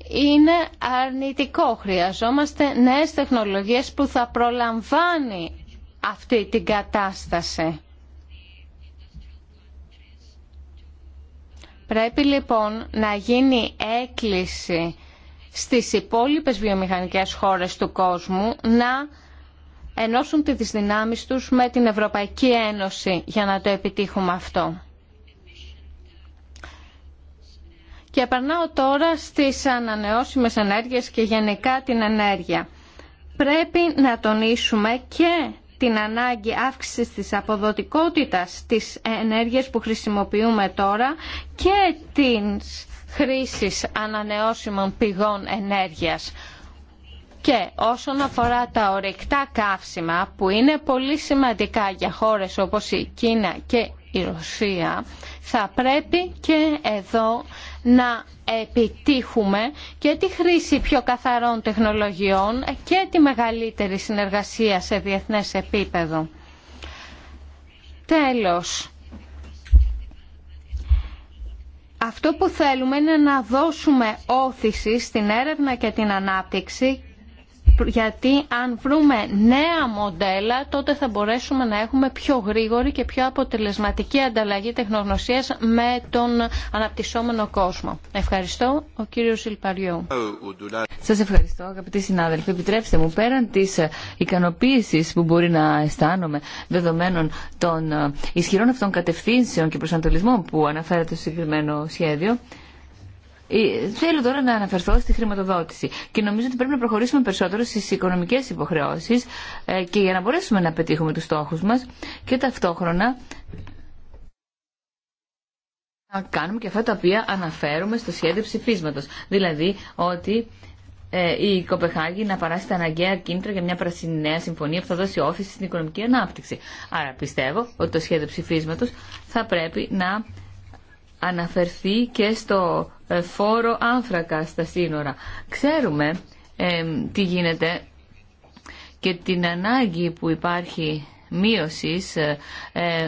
είναι αρνητικό. Χρειαζόμαστε νέες τεχνολογίες που θα προλαμβάνει αυτή την κατάσταση. Πρέπει λοιπόν να γίνει έκκληση στις υπόλοιπες βιομηχανικές χώρες του κόσμου να ενώσουν τις δυνάμεις τους με την Ευρωπαϊκή Ένωση για να το επιτύχουμε αυτό. Και περνάω τώρα στις ανανεώσιμες ενέργειες και γενικά την ενέργεια. Πρέπει να τονίσουμε και την ανάγκη αύξησης της αποδοτικότητας της ενέργειας που χρησιμοποιούμε τώρα και την χρήσης ανανεώσιμων πηγών ενέργειας. Και όσον αφορά τα ορεικτά καύσιμα που είναι πολύ σημαντικά για χώρες όπως η Κίνα και η Ρωσία, θα πρέπει και εδώ να επιτύχουμε και τη χρήση πιο καθαρών τεχνολογιών και τη μεγαλύτερη συνεργασία σε διεθνές επίπεδο. Τέλος, αυτό που θέλουμε είναι να δώσουμε όθηση στην έρευνα και την ανάπτυξη γιατί αν βρούμε νέα μοντέλα τότε θα μπορέσουμε να έχουμε πιο γρήγορη και πιο αποτελεσματική ανταλλαγή τεχνογνωσίας με τον αναπτυσσόμενο κόσμο. Ευχαριστώ. Ο κύριος Ιλπαριού. Σας ευχαριστώ αγαπητοί συνάδελφοι. Επιτρέψτε μου πέραν της ικανοποίησης που μπορεί να αισθάνομαι δεδομένων των ισχυρών αυτών κατευθύνσεων και προσανατολισμών που αναφέρατε στο συγκεκριμένο σχέδιο ε, θέλω τώρα να αναφερθώ στη χρηματοδότηση και νομίζω ότι πρέπει να προχωρήσουμε περισσότερο στι οικονομικέ υποχρεώσει ε, και για να μπορέσουμε να πετύχουμε του στόχου μα και ταυτόχρονα να κάνουμε και αυτά τα οποία αναφέρουμε στο σχέδιο ψηφίσματο. Δηλαδή ότι ε, η Κοπεχάγη να παράσει τα αναγκαία κίνητρα για μια πράσινη νέα συμφωνία που θα δώσει όφηση στην οικονομική ανάπτυξη. Άρα πιστεύω ότι το σχέδιο ψηφίσματο θα πρέπει να αναφερθεί και στο ε, φόρο άνθρακα στα σύνορα. Ξέρουμε ε, τι γίνεται και την ανάγκη που υπάρχει μείωσης ε,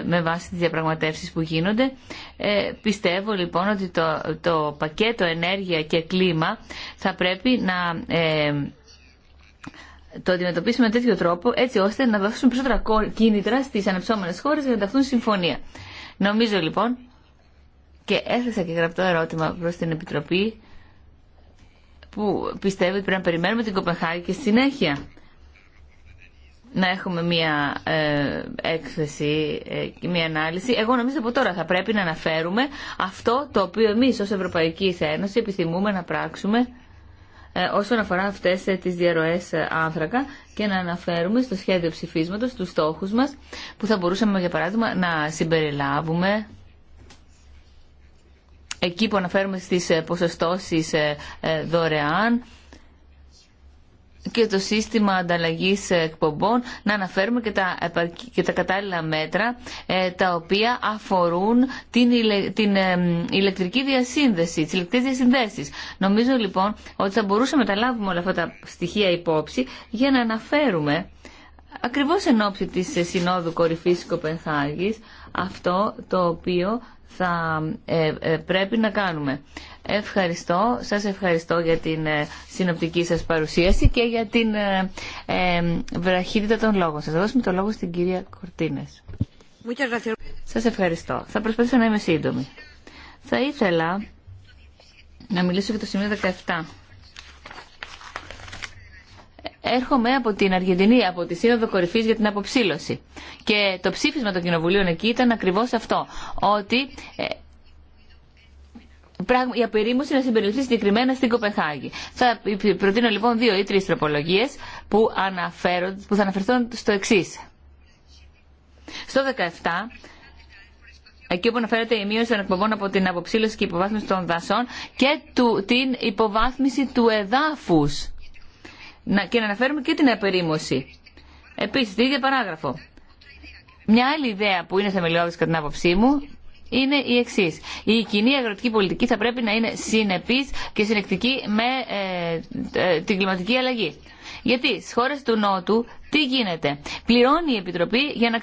με βάση τις διαπραγματεύσεις που γίνονται. πιστεύω λοιπόν ότι το, το πακέτο ενέργεια και κλίμα θα πρέπει να το αντιμετωπίσουμε με τέτοιο τρόπο έτσι ώστε να δώσουμε περισσότερα κίνητρα στις ανεψόμενες χώρες για να ταυτούν συμφωνία. Νομίζω λοιπόν και έθεσα και γραπτό ερώτημα προς την Επιτροπή που πιστεύει ότι πρέπει να περιμένουμε την Κοπεχάγη και στη συνέχεια να έχουμε μία ε, έκθεση ε, και μία ανάλυση. Εγώ νομίζω από τώρα θα πρέπει να αναφέρουμε αυτό το οποίο εμείς ως Ευρωπαϊκή Ένωση επιθυμούμε να πράξουμε ε, όσον αφορά αυτές τις διαρροές άνθρακα και να αναφέρουμε στο σχέδιο ψηφίσματος τους στόχους μας που θα μπορούσαμε για παράδειγμα να συμπεριλάβουμε εκεί που αναφέρουμε στις ε, ποσοστώσεις ε, ε, δωρεάν και το σύστημα ανταλλαγής εκπομπών να αναφέρουμε και τα, και κατάλληλα μέτρα τα οποία αφορούν την, την ηλεκτρική διασύνδεση, τις ηλεκτρικές διασυνδέσεις. Νομίζω λοιπόν ότι θα μπορούσαμε να λάβουμε όλα αυτά τα στοιχεία υπόψη για να αναφέρουμε ακριβώς εν ώψη της Συνόδου Κορυφής Κοπενχάγης αυτό το οποίο θα ε, ε, πρέπει να κάνουμε. Ευχαριστώ. Σας ευχαριστώ για την ε, συνοπτική σας παρουσίαση και για την ε, ε, βραχύτητα των λόγων σας. Θα δώσουμε το λόγο στην κυρία Κορτίνες. Σας ευχαριστώ. Θα προσπαθήσω να είμαι σύντομη. Θα ήθελα να μιλήσω για το σημείο 17 Έρχομαι από την Αργεντινή, από τη Σύνοδο Κορυφή για την Αποψήλωση. Και το ψήφισμα των κοινοβουλίων εκεί ήταν ακριβώ αυτό. Ότι ε, η απερίμωση να συμπεριληφθεί συγκεκριμένα στην Κοπεχάγη. Θα προτείνω λοιπόν δύο ή τρει τροπολογίε που, που θα αναφερθούν στο εξή. Στο 17, εκεί όπου αναφέρεται η μείωση των εκπομπών από την αποψήλωση και υποβάθμιση των δασών και την υποβάθμιση του εδάφους να, και να αναφέρουμε και την απερίμωση. Επίσης, την ίδια παράγραφο. Μια άλλη ιδέα που είναι θεμελιώδης κατά την άποψή μου είναι η εξή. Η κοινή αγροτική πολιτική θα πρέπει να είναι συνεπής και συνεκτική με ε, ε, την κλιματική αλλαγή. Γιατί στι χώρε του Νότου τι γίνεται. Πληρώνει η Επιτροπή για να,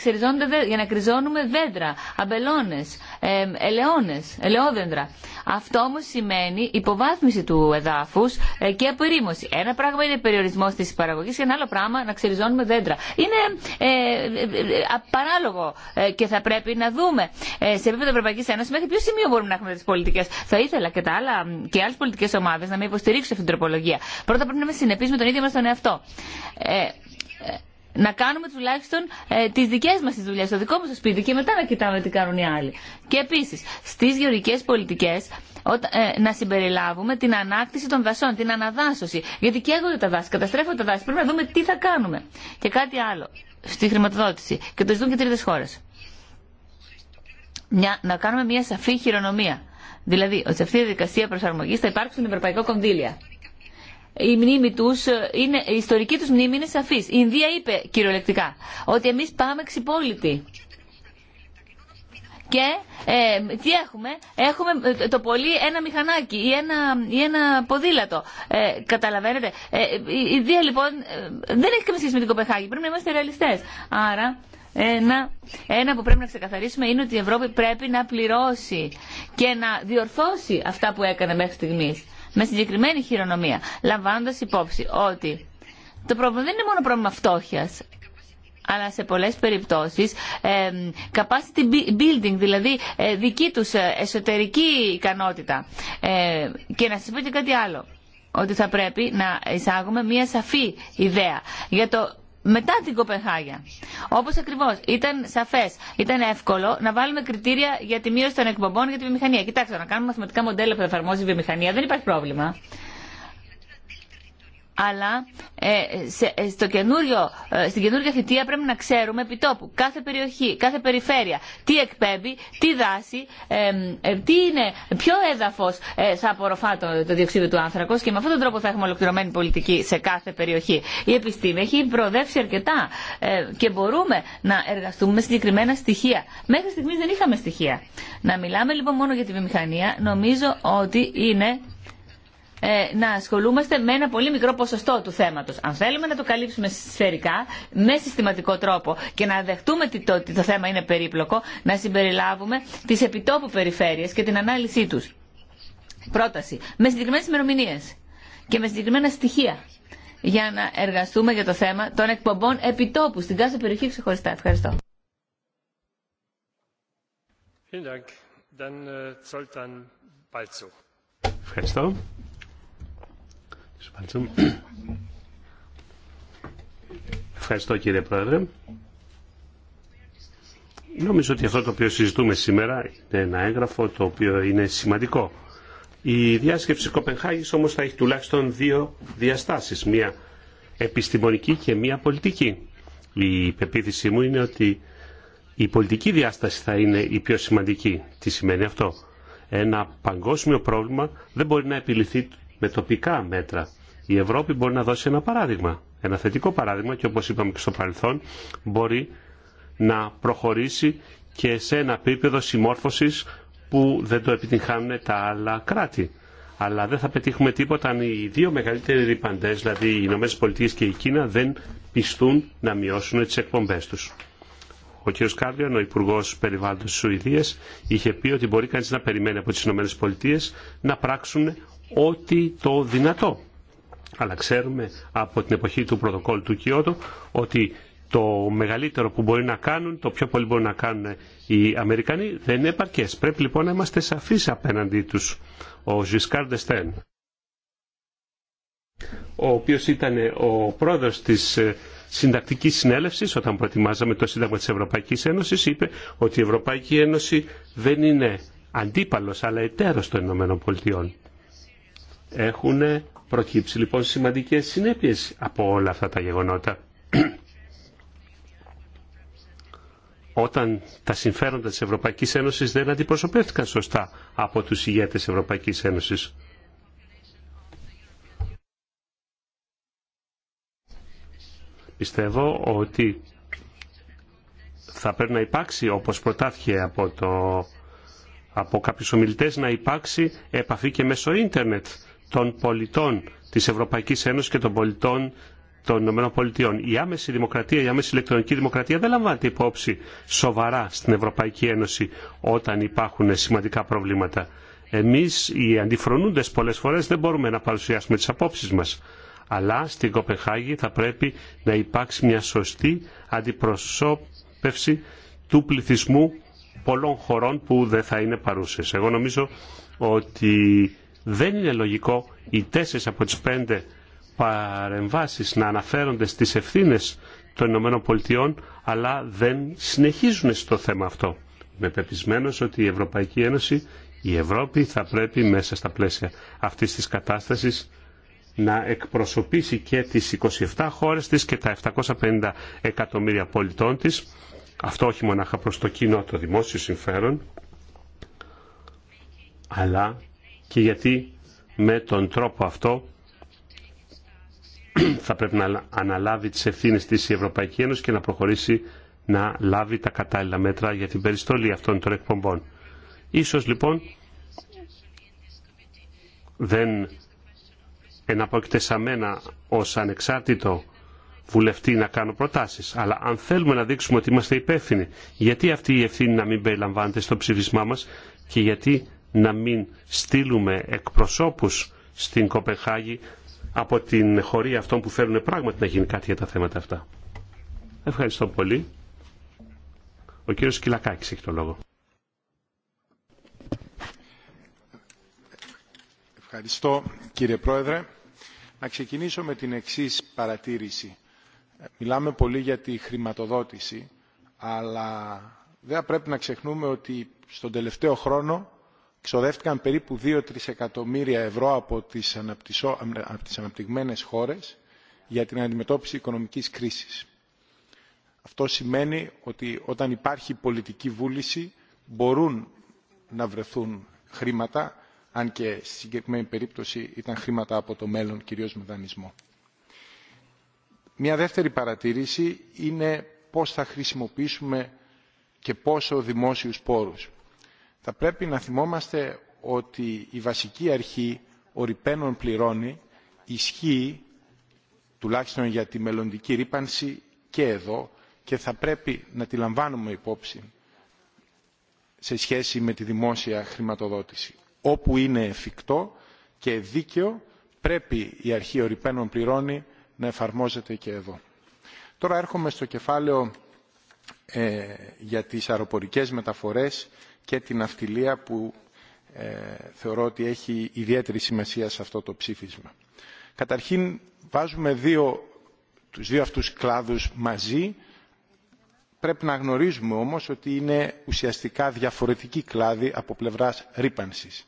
για να κρυζώνουμε δέντρα, αμπελώνε, ε, ελαιώνες, ελαιόδεντρα. Αυτό όμω σημαίνει υποβάθμιση του εδάφου ε, και απορρίμωση. Ένα πράγμα είναι περιορισμός τη παραγωγή και ένα άλλο πράγμα να ξεριζώνουμε δέντρα. Είναι ε, ε, ε παράλογο και θα πρέπει να δούμε σε επίπεδο Ευρωπαϊκή Ένωση μέχρι ποιο σημείο μπορούμε να έχουμε τι πολιτικέ. Θα ήθελα και, και άλλε πολιτικέ ομάδε να με υποστηρίξουν αυτήν την τροπολογία. Πρώτα πρέπει να με συνεπεί με τον ίδιο μα τον εαυτό. Ε, ε, να κάνουμε τουλάχιστον ε, τι δικέ μα τι δουλειέ, το δικό μα το σπίτι και μετά να κοιτάμε τι κάνουν οι άλλοι. Και επίση στι γεωργικέ πολιτικέ ε, να συμπεριλάβουμε την ανάκτηση των δασών, την αναδάσωση. Γιατί καίγονται τα δάση, καταστρέφονται τα δάση. Πρέπει να δούμε τι θα κάνουμε. Και κάτι άλλο στη χρηματοδότηση. Και το ζητούν και τρίτε χώρε. Να κάνουμε μια σαφή χειρονομία. Δηλαδή ότι σε αυτή τη δικασία προσαρμογή θα υπάρξουν ευρωπαϊκό κονδύλια η μνήμη του, η ιστορική του μνήμη είναι σαφή. Η Ινδία είπε κυριολεκτικά ότι εμεί πάμε ξυπόλοιποι. Και ε, τι έχουμε, έχουμε ε, το πολύ ένα μηχανάκι ή ένα, ή ένα ποδήλατο. Ε, καταλαβαίνετε. Ε, η Ινδία λοιπόν δεν έχει καμία σχέση με την Κοπεχάγη. Πρέπει να είμαστε ρεαλιστέ. Άρα ένα, ένα που πρέπει να ξεκαθαρίσουμε είναι ότι η Ευρώπη πρέπει να πληρώσει και να διορθώσει αυτά που έκανε μέχρι στιγμής με συγκεκριμένη χειρονομία, λαμβάνοντα υπόψη ότι το πρόβλημα δεν είναι μόνο πρόβλημα φτώχεια, αλλά σε πολλές περιπτώσεις capacity building, δηλαδή ε, δική τους ε, εσωτερική ικανότητα. Ε, και να σα πω και κάτι άλλο, ότι θα πρέπει να εισάγουμε μία σαφή ιδέα για το μετά την Κοπεχάγια. Όπω ακριβώ ήταν σαφέ, ήταν εύκολο να βάλουμε κριτήρια για τη μείωση των εκπομπών για τη βιομηχανία. Κοιτάξτε, να κάνουμε μαθηματικά μοντέλα που θα εφαρμόζει η βιομηχανία δεν υπάρχει πρόβλημα αλλά ε, σε, ε, στο καινούριο, ε, στην καινούργια θητεία πρέπει να ξέρουμε επί επιτόπου κάθε περιοχή, κάθε περιφέρεια, τι εκπέμπει, τι δάση, ε, ε είναι, ποιο έδαφο ε, θα απορροφά το, το διοξείδιο του άνθρακο και με αυτόν τον τρόπο θα έχουμε ολοκληρωμένη πολιτική σε κάθε περιοχή. Η επιστήμη έχει προοδεύσει αρκετά και μπορούμε να εργαστούμε με συγκεκριμένα στοιχεία. Μέχρι στιγμή δεν είχαμε στοιχεία. Να μιλάμε λοιπόν μόνο για τη βιομηχανία νομίζω ότι είναι ε, να ασχολούμαστε με ένα πολύ μικρό ποσοστό του θέματος. Αν θέλουμε να το καλύψουμε σφαιρικά, με συστηματικό τρόπο και να δεχτούμε ότι το, θέμα είναι περίπλοκο, να συμπεριλάβουμε τις επιτόπου περιφέρειες και την ανάλυση τους. Πρόταση. Με συγκεκριμένε ημερομηνίε και με συγκεκριμένα στοιχεία για να εργαστούμε για το θέμα των εκπομπών επιτόπου στην κάθε περιοχή ξεχωριστά. Ευχαριστώ. Äh, Ευχαριστώ. Ευχαριστώ κύριε Πρόεδρε. Νομίζω ότι αυτό το οποίο συζητούμε σήμερα είναι ένα έγγραφο το οποίο είναι σημαντικό. Η διάσκεψη Κοπενχάγης όμως θα έχει τουλάχιστον δύο διαστάσεις, μία επιστημονική και μία πολιτική. Η πεποίθησή μου είναι ότι η πολιτική διάσταση θα είναι η πιο σημαντική. Τι σημαίνει αυτό. Ένα παγκόσμιο πρόβλημα δεν μπορεί να επιληθεί με τοπικά μέτρα. Η Ευρώπη μπορεί να δώσει ένα παράδειγμα, ένα θετικό παράδειγμα και όπως είπαμε και στο παρελθόν μπορεί να προχωρήσει και σε ένα επίπεδο συμμόρφωσης που δεν το επιτυγχάνουν τα άλλα κράτη. Αλλά δεν θα πετύχουμε τίποτα αν οι δύο μεγαλύτεροι ρηπαντέ, δηλαδή οι Ηνωμένε Πολιτείε και η Κίνα, δεν πιστούν να μειώσουν τι εκπομπέ τους. Ο κ. Κάρδιον, ο Υπουργό Περιβάλλοντος τη Σουηδία, είχε πει ότι μπορεί κανείς να περιμένει από τι Ηνωμένε Πολιτείε να πράξουν ό,τι το δυνατό. Αλλά ξέρουμε από την εποχή του πρωτοκόλλου του Κιώτο ότι το μεγαλύτερο που μπορεί να κάνουν, το πιο πολύ μπορεί να κάνουν οι Αμερικανοί, δεν είναι επαρκές. Πρέπει λοιπόν να είμαστε σαφείς απέναντί τους. Ο Ζισκάρ Ντεστέν, ο οποίος ήταν ο πρόεδρος της ε, συντακτικής συνέλευσης, όταν προετοιμάζαμε το Σύνταγμα της Ευρωπαϊκής Ένωσης, είπε ότι η Ευρωπαϊκή Ένωση δεν είναι αντίπαλος, αλλά εταίρος των Ηνωμένων Πολιτειών. Προκύψει λοιπόν σημαντικές συνέπειες από όλα αυτά τα γεγονότα. Όταν τα συμφέροντα της Ευρωπαϊκής Ένωσης δεν αντιπροσωπεύτηκαν σωστά από τους ηγέτες Ευρωπαϊκής Ένωσης. Πιστεύω ότι θα πρέπει να υπάρξει, όπως προτάθηκε από, το, από κάποιους ομιλητές, να υπάρξει επαφή και μέσω ίντερνετ των πολιτών της Ευρωπαϊκής Ένωσης και των πολιτών των Ηνωμένων Πολιτειών. Η άμεση δημοκρατία, η άμεση ηλεκτρονική δημοκρατία δεν λαμβάνεται υπόψη σοβαρά στην Ευρωπαϊκή Ένωση όταν υπάρχουν σημαντικά προβλήματα. Εμείς οι αντιφρονούντες πολλές φορές δεν μπορούμε να παρουσιάσουμε τις απόψεις μας. Αλλά στην Κοπεχάγη θα πρέπει να υπάρξει μια σωστή αντιπροσώπευση του πληθυσμού πολλών χωρών που δεν θα είναι παρούσες. Εγώ νομίζω ότι δεν είναι λογικό οι τέσσερις από τις πέντε παρεμβάσεις να αναφέρονται στις ευθύνε των ΗΠΑ αλλά δεν συνεχίζουν στο θέμα αυτό. Είμαι πεπισμένος ότι η Ευρωπαϊκή Ένωση, η Ευρώπη θα πρέπει μέσα στα πλαίσια αυτής της κατάστασης να εκπροσωπήσει και τις 27 χώρες της και τα 750 εκατομμύρια πολιτών της. Αυτό όχι μονάχα προς το κοινό, το δημόσιο συμφέρον, αλλά και γιατί με τον τρόπο αυτό θα πρέπει να αναλάβει τις ευθύνες της η Ευρωπαϊκή Ένωση και να προχωρήσει να λάβει τα κατάλληλα μέτρα για την περιστολή αυτών των εκπομπών. Ίσως λοιπόν δεν εναπόκειται σαν μένα ως ανεξάρτητο βουλευτή να κάνω προτάσεις. Αλλά αν θέλουμε να δείξουμε ότι είμαστε υπεύθυνοι, γιατί αυτή η ευθύνη να μην περιλαμβάνεται στο ψηφισμά μας και γιατί να μην στείλουμε εκπροσώπους στην Κοπεχάγη από την χωρία αυτών που θέλουν πράγματι να γίνει κάτι για τα θέματα αυτά. Ευχαριστώ πολύ. Ο κύριος Κυλακάκης έχει το λόγο. Ευχαριστώ κύριε Πρόεδρε. Να ξεκινήσω με την εξής παρατήρηση. Μιλάμε πολύ για τη χρηματοδότηση, αλλά δεν πρέπει να ξεχνούμε ότι στον τελευταίο χρόνο ξοδεύτηκαν περίπου 2-3 εκατομμύρια ευρώ από τις, αναπτυσσο... από αναπτυγμένες χώρες για την αντιμετώπιση οικονομικής κρίσης. Αυτό σημαίνει ότι όταν υπάρχει πολιτική βούληση μπορούν να βρεθούν χρήματα, αν και στη συγκεκριμένη περίπτωση ήταν χρήματα από το μέλλον, κυρίως με δανεισμό. Μια δεύτερη παρατήρηση είναι πώς θα χρησιμοποιήσουμε και πόσο δημόσιους πόρους θα πρέπει να θυμόμαστε ότι η βασική αρχή οριπένων πληρώνει ισχύει τουλάχιστον για τη μελλοντική ρήπανση και εδώ και θα πρέπει να τη λαμβάνουμε υπόψη σε σχέση με τη δημόσια χρηματοδότηση. Όπου είναι εφικτό και δίκαιο πρέπει η αρχή οριπένων πληρώνει να εφαρμόζεται και εδώ. Τώρα έρχομαι στο κεφάλαιο ε, για τις αεροπορικές μεταφορές και την αυτιλία που ε, θεωρώ ότι έχει ιδιαίτερη σημασία σε αυτό το ψήφισμα. Καταρχήν βάζουμε δύο, τους δύο αυτούς κλάδους μαζί. Πρέπει να γνωρίζουμε όμως ότι είναι ουσιαστικά διαφορετική κλάδη από πλευράς ρήπανσης.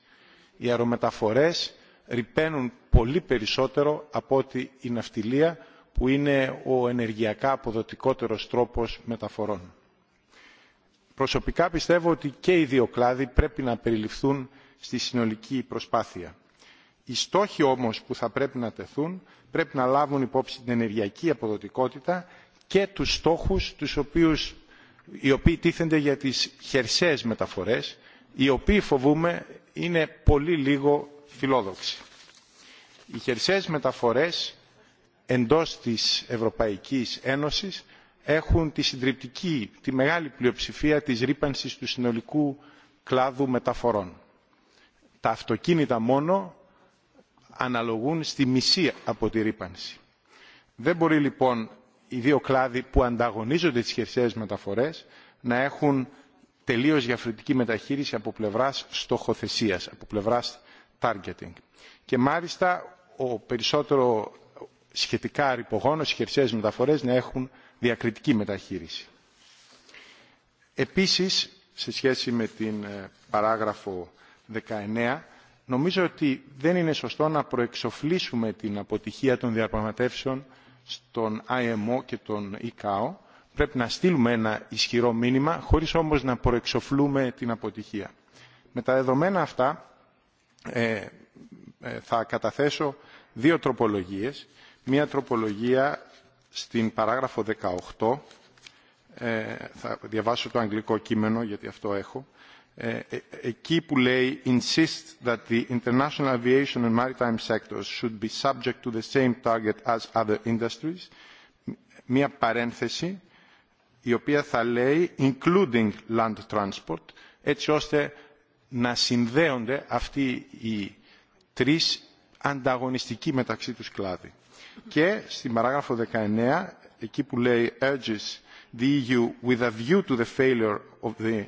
Οι αερομεταφορές ρηπαίνουν πολύ περισσότερο από ότι η ναυτιλία που είναι ο ενεργειακά αποδοτικότερος τρόπος μεταφορών προσωπικά πιστεύω ότι και οι δύο κλάδοι πρέπει να περιληφθούν στη συνολική προσπάθεια. οι στόχοι όμως που θα πρέπει να τεθούν πρέπει να λάβουν υπόψη την ενεργειακή αποδοτικότητα και τους στόχους τους οι οποίοι τίθενται για τις χερσαίες μεταφορές οι οποίοι φοβούμε είναι πολύ λίγο φιλόδοξοι. οι χερσαίες μεταφορές εντός της ευρωπαϊκής ένωσης έχουν τη συντριπτική, τη μεγάλη πλειοψηφία της ρήπανσης του συνολικού κλάδου μεταφορών. Τα αυτοκίνητα μόνο αναλογούν στη μισή από τη ρήπανση. Δεν μπορεί λοιπόν οι δύο κλάδοι που ανταγωνίζονται τις χερσαίες μεταφορές να έχουν τελείως διαφορετική μεταχείριση από πλευράς στοχοθεσίας, από πλευράς targeting. Και μάλιστα ο περισσότερο σχετικά ρηπογόνος, οι χερσαίες μεταφορές να έχουν διακριτική μεταχείριση. Επίσης, σε σχέση με την ε, παράγραφο 19, νομίζω ότι δεν είναι σωστό να προεξοφλήσουμε την αποτυχία των διαπραγματεύσεων στον IMO και τον ICAO. Πρέπει να στείλουμε ένα ισχυρό μήνυμα, χωρίς όμως να προεξοφλούμε την αποτυχία. Με τα δεδομένα αυτά ε, ε, θα καταθέσω δύο τροπολογίες. Μία τροπολογία στην παράγραφο 18, ε, θα διαβάσω το αγγλικό κείμενο γιατί αυτό έχω, ε, ε, εκεί που λέει «Insist that the international aviation and maritime sectors should be subject to the same target as other industries», μία παρένθεση η οποία θα λέει «including land transport», έτσι ώστε να συνδέονται αυτοί οι τρεις ανταγωνιστικοί μεταξύ τους κλάδοι και στην παράγραφο 19 εκεί που λέει urges the EU with a view to the failure of the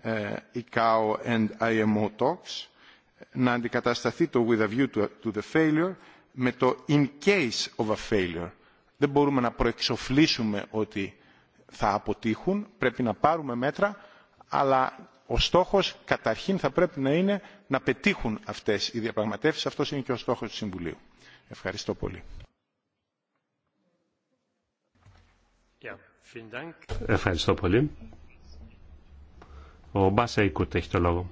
ε, ICAO and IMO talks να αντικατασταθεί το with a view to the failure με το in case of a failure. Δεν μπορούμε να προεξοφλήσουμε ότι θα αποτύχουν, πρέπει να πάρουμε μέτρα, αλλά ο στόχος καταρχήν θα πρέπει να είναι να πετύχουν αυτές οι διαπραγματεύσεις. Αυτός είναι και ο στόχος του Συμβουλίου. Ευχαριστώ πολύ. Ευχαριστώ πολύ. Ο Μπάσα Ικούτ έχει το λόγο.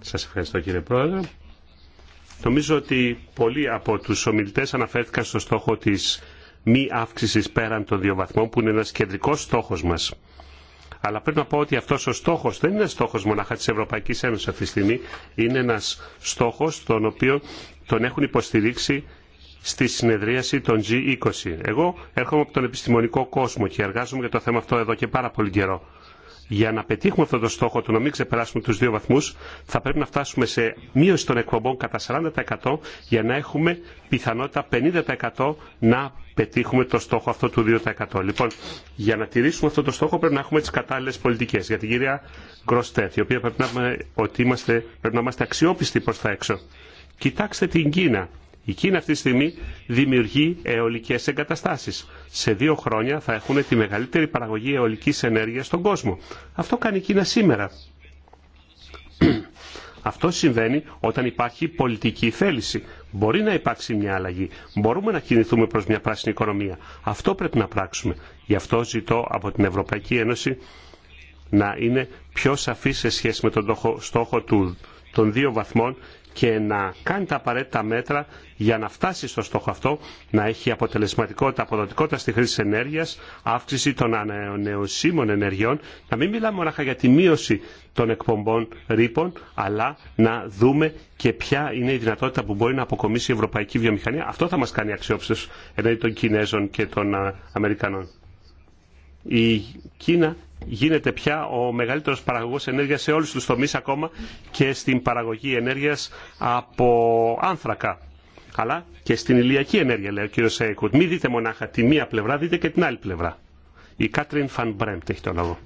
Σας ευχαριστώ κύριε Πρόεδρε. Νομίζω ότι πολλοί από τους ομιλητές αναφέρθηκαν στο στόχο της μη αύξησης πέραν των δύο βαθμών που είναι ένας κεντρικός στόχος μας. Αλλά πρέπει να πω ότι αυτός ο στόχος δεν είναι στόχος μονάχα της Ευρωπαϊκής Ένωσης αυτή τη στιγμή. Είναι ένας στόχος τον οποίο τον έχουν υποστηρίξει στη συνεδρίαση των G20. Εγώ έρχομαι από τον επιστημονικό κόσμο και εργάζομαι για το θέμα αυτό εδώ και πάρα πολύ καιρό. Για να πετύχουμε αυτό το στόχο του να μην ξεπεράσουμε τους δύο βαθμούς, θα πρέπει να φτάσουμε σε μείωση των εκπομπών κατά 40% για να έχουμε πιθανότητα 50% να πετύχουμε το στόχο αυτό του 2%. Λοιπόν, για να τηρήσουμε αυτό το στόχο πρέπει να έχουμε τις κατάλληλες πολιτικές. Για την κυρία Γκροστέθ η οποία πρέπει να, είμαστε, πρέπει να είμαστε αξιόπιστοι προς τα έξω. Κοιτάξτε την Κίνα η Κίνα αυτή τη στιγμή δημιουργεί αιωλικέ εγκαταστάσει. Σε δύο χρόνια θα έχουν τη μεγαλύτερη παραγωγή αιωλική ενέργεια στον κόσμο. Αυτό κάνει η Κίνα σήμερα. Αυτό συμβαίνει όταν υπάρχει πολιτική θέληση. Μπορεί να υπάρξει μια αλλαγή. Μπορούμε να κινηθούμε προ μια πράσινη οικονομία. Αυτό πρέπει να πράξουμε. Γι' αυτό ζητώ από την Ευρωπαϊκή Ένωση να είναι πιο σαφή σε σχέση με τον στόχο του των δύο βαθμών και να κάνει τα απαραίτητα μέτρα για να φτάσει στο στόχο αυτό, να έχει αποτελεσματικότητα, αποδοτικότητα στη χρήση ενέργειας, αύξηση των ανανεωσίμων ενεργειών, να μην μιλάμε μόνο για τη μείωση των εκπομπών ρήπων, αλλά να δούμε και ποια είναι η δυνατότητα που μπορεί να αποκομίσει η ευρωπαϊκή βιομηχανία. Αυτό θα μας κάνει αξιόπιστος εναντί των Κινέζων και των Αμερικανών. Η Κίνα γίνεται πια ο μεγαλύτερος παραγωγός ενέργειας σε όλους τους τομείς ακόμα και στην παραγωγή ενέργειας από άνθρακα. Αλλά και στην ηλιακή ενέργεια, λέει ο κύριο Σέικουτ. Μην δείτε μονάχα τη μία πλευρά, δείτε και την άλλη πλευρά. Η Κάτριν Φαν Μπρέμπτ έχει το λόγο.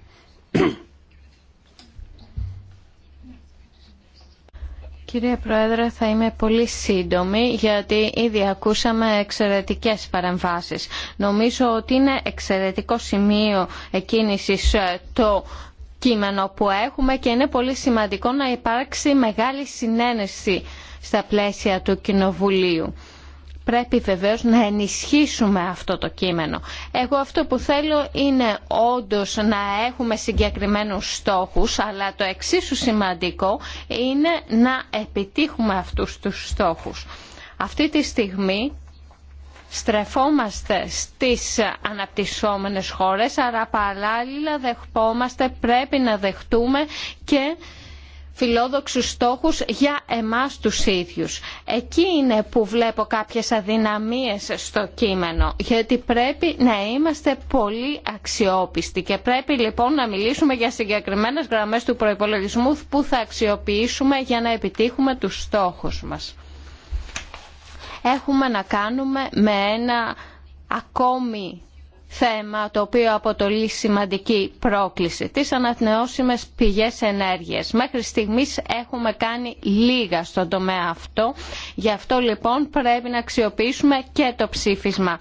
Κύριε Πρόεδρε, θα είμαι πολύ σύντομη γιατί ήδη ακούσαμε εξαιρετικές παρεμβάσεις. Νομίζω ότι είναι εξαιρετικό σημείο εκκίνησης ε, το κείμενο που έχουμε και είναι πολύ σημαντικό να υπάρξει μεγάλη συνένεση στα πλαίσια του Κοινοβουλίου πρέπει βεβαίως να ενισχύσουμε αυτό το κείμενο. Εγώ αυτό που θέλω είναι όντως να έχουμε συγκεκριμένους στόχους, αλλά το εξίσου σημαντικό είναι να επιτύχουμε αυτούς τους στόχους. Αυτή τη στιγμή στρεφόμαστε στις αναπτυσσόμενες χώρες, αλλά παράλληλα δεχόμαστε, πρέπει να δεχτούμε και φιλόδοξους στόχους για εμάς τους ίδιους. Εκεί είναι που βλέπω κάποιες αδυναμίες στο κείμενο, γιατί πρέπει να είμαστε πολύ αξιόπιστοι και πρέπει λοιπόν να μιλήσουμε για συγκεκριμένες γραμμές του προϋπολογισμού που θα αξιοποιήσουμε για να επιτύχουμε τους στόχους μας. Έχουμε να κάνουμε με ένα ακόμη θέμα το οποίο αποτελεί σημαντική πρόκληση. Τις αναθεώσιμες πηγές ενέργειας. Μέχρι στιγμής έχουμε κάνει λίγα στον τομέα αυτό. Γι' αυτό λοιπόν πρέπει να αξιοποιήσουμε και το ψήφισμα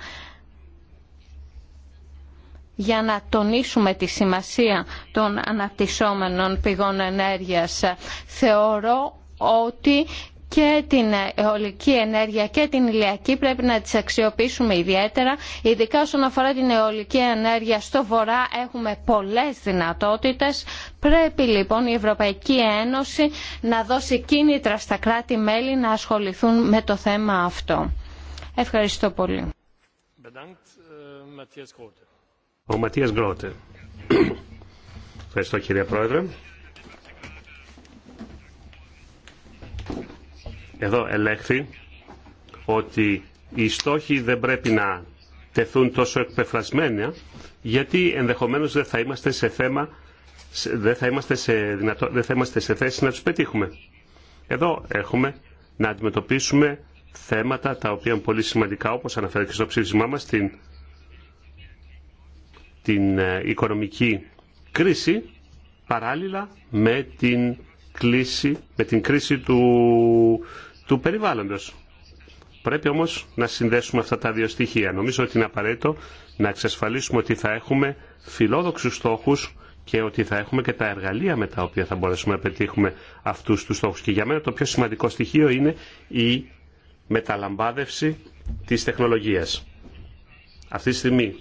για να τονίσουμε τη σημασία των αναπτυσσόμενων πηγών ενέργειας. Θεωρώ ότι και την αιωλική ενέργεια και την ηλιακή πρέπει να τις αξιοποιήσουμε ιδιαίτερα. Ειδικά όσον αφορά την αιωλική ενέργεια στο βορρά έχουμε πολλές δυνατότητες. Πρέπει λοιπόν η Ευρωπαϊκή Ένωση να δώσει κίνητρα στα κράτη-μέλη να ασχοληθούν με το θέμα αυτό. Ευχαριστώ πολύ. Ο Ματίας Γκρότε. Ευχαριστώ κύριε Πρόεδρε. Εδώ ελέγχθη ότι οι στόχοι δεν πρέπει να τεθούν τόσο εκπεφρασμένα γιατί ενδεχομένως δεν θα είμαστε σε θέμα δεν θα είμαστε σε, δυνατό, δεν θα είμαστε σε θέση να τους πετύχουμε. Εδώ έχουμε να αντιμετωπίσουμε θέματα τα οποία είναι πολύ σημαντικά όπως αναφέρεται και στο ψήφισμά μας την, την ε, οικονομική κρίση παράλληλα με την, με την κρίση του, του περιβάλλοντος. Πρέπει όμως να συνδέσουμε αυτά τα δύο στοιχεία. Νομίζω ότι είναι απαραίτητο να εξασφαλίσουμε ότι θα έχουμε φιλόδοξους στόχους και ότι θα έχουμε και τα εργαλεία με τα οποία θα μπορέσουμε να πετύχουμε αυτούς τους στόχους. Και για μένα το πιο σημαντικό στοιχείο είναι η μεταλαμπάδευση της τεχνολογίας. Αυτή τη στιγμή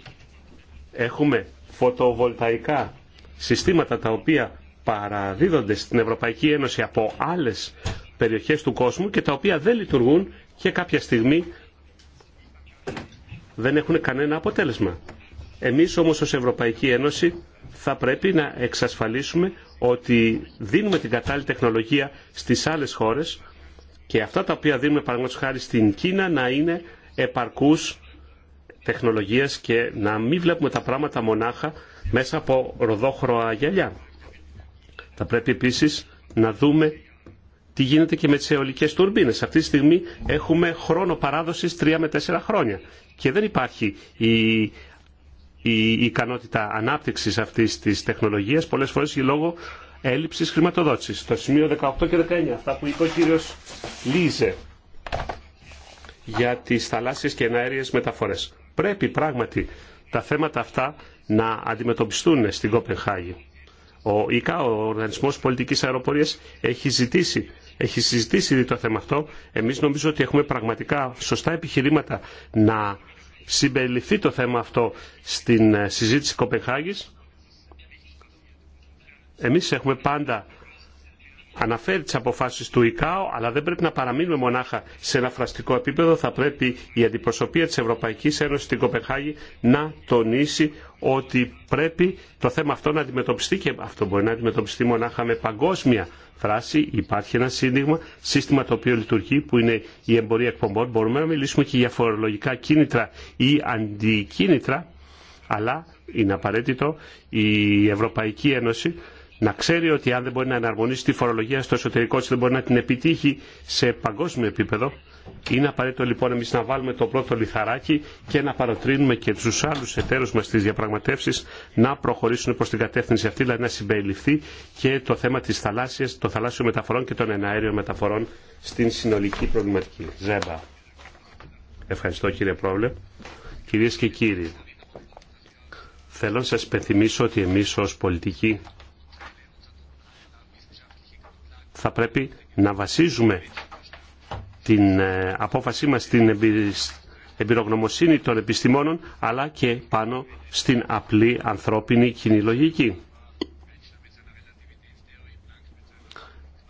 έχουμε φωτοβολταϊκά συστήματα τα οποία παραδίδονται στην Ευρωπαϊκή Ένωση από άλλες περιοχές του κόσμου και τα οποία δεν λειτουργούν και κάποια στιγμή δεν έχουν κανένα αποτέλεσμα. Εμείς όμως ως Ευρωπαϊκή Ένωση θα πρέπει να εξασφαλίσουμε ότι δίνουμε την κατάλληλη τεχνολογία στις άλλες χώρες και αυτά τα οποία δίνουμε παραγματικά χάρη στην Κίνα να είναι επαρκούς τεχνολογίας και να μην βλέπουμε τα πράγματα μονάχα μέσα από ροδόχρωα γυαλιά. Θα πρέπει επίσης να δούμε τι γίνεται και με τις αιωλικές τουρμπίνες. Αυτή τη στιγμή έχουμε χρόνο παράδοσης 3 με 4 χρόνια και δεν υπάρχει η, η ικανότητα ανάπτυξης αυτής της τεχνολογίας πολλές φορές λόγω έλλειψης χρηματοδότησης. Το σημείο 18 και 19, αυτά που είπε ο κύριος Λίζε για τις θαλάσσιες και εναέριες μεταφορές. Πρέπει πράγματι τα θέματα αυτά να αντιμετωπιστούν στην Κοπενχάγη. Ο ΙΚΑ, ο Οργανισμός Πολιτικής Αεροπορίας, έχει ζητήσει έχει συζητήσει ήδη το θέμα αυτό. Εμείς νομίζω ότι έχουμε πραγματικά σωστά επιχειρήματα να συμπεριληφθεί το θέμα αυτό στην ε, συζήτηση Κοπενχάγης. Εμείς έχουμε πάντα αναφέρει τις αποφάσεις του ΙΚΑΟ, αλλά δεν πρέπει να παραμείνουμε μονάχα σε ένα φραστικό επίπεδο. Θα πρέπει η αντιπροσωπεία της Ευρωπαϊκής Ένωσης στην Κοπεχάγη να τονίσει ότι πρέπει το θέμα αυτό να αντιμετωπιστεί και αυτό μπορεί να αντιμετωπιστεί μονάχα με παγκόσμια φράση, υπάρχει ένα σύνδεγμα, σύστημα το οποίο λειτουργεί, που είναι η εμπορία εκπομπών. Μπορούμε να μιλήσουμε και για φορολογικά κίνητρα ή αντικίνητρα, αλλά είναι απαραίτητο η Ευρωπαϊκή Ένωση να ξέρει ότι αν δεν μπορεί να εναρμονίσει τη φορολογία στο εσωτερικό της, δεν μπορεί να την επιτύχει σε παγκόσμιο επίπεδο. Είναι απαραίτητο λοιπόν εμεί να βάλουμε το πρώτο λιθαράκι και να παροτρύνουμε και του άλλου εταίρου μα στις διαπραγματεύσει να προχωρήσουν προ την κατεύθυνση αυτή, δηλαδή να συμπεριληφθεί και το θέμα της θαλάσσιας, των θαλάσσιων μεταφορών και των εναέριων μεταφορών στην συνολική προβληματική. Ζέμπα. Ευχαριστώ κύριε Πρόβλε. Κυρίε και κύριοι, θέλω να σα υπενθυμίσω ότι εμεί ω πολιτικοί θα πρέπει να βασίζουμε την ε, απόφασή μας στην εμπειρογνωμοσύνη των επιστημόνων αλλά και πάνω στην απλή ανθρώπινη κοινή λογική.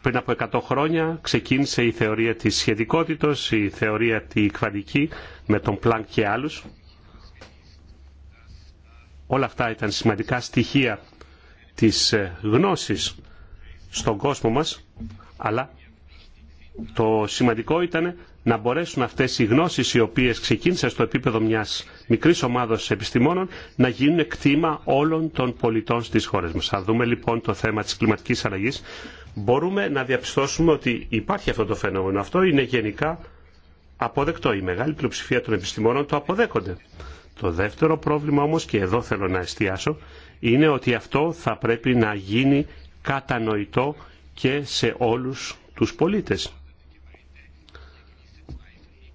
Πριν από 100 χρόνια ξεκίνησε η θεωρία της σχετικότητος, η θεωρία τη κβαντική με τον Πλάνκ και άλλους. Όλα αυτά ήταν σημαντικά στοιχεία της ε, γνώσης στον κόσμο μας, αλλά το σημαντικό ήταν να μπορέσουν αυτές οι γνώσεις οι οποίες ξεκίνησαν στο επίπεδο μιας μικρής ομάδας επιστημόνων να γίνουν κτήμα όλων των πολιτών στις χώρες μας. Αν δούμε λοιπόν το θέμα της κλιματικής αλλαγής. Μπορούμε να διαπιστώσουμε ότι υπάρχει αυτό το φαινόμενο. Αυτό είναι γενικά αποδεκτό. Η μεγάλη πλειοψηφία των επιστημόνων το αποδέχονται. Το δεύτερο πρόβλημα όμως, και εδώ θέλω να εστιάσω, είναι ότι αυτό θα πρέπει να γίνει κατανοητό και σε όλους τους πολίτες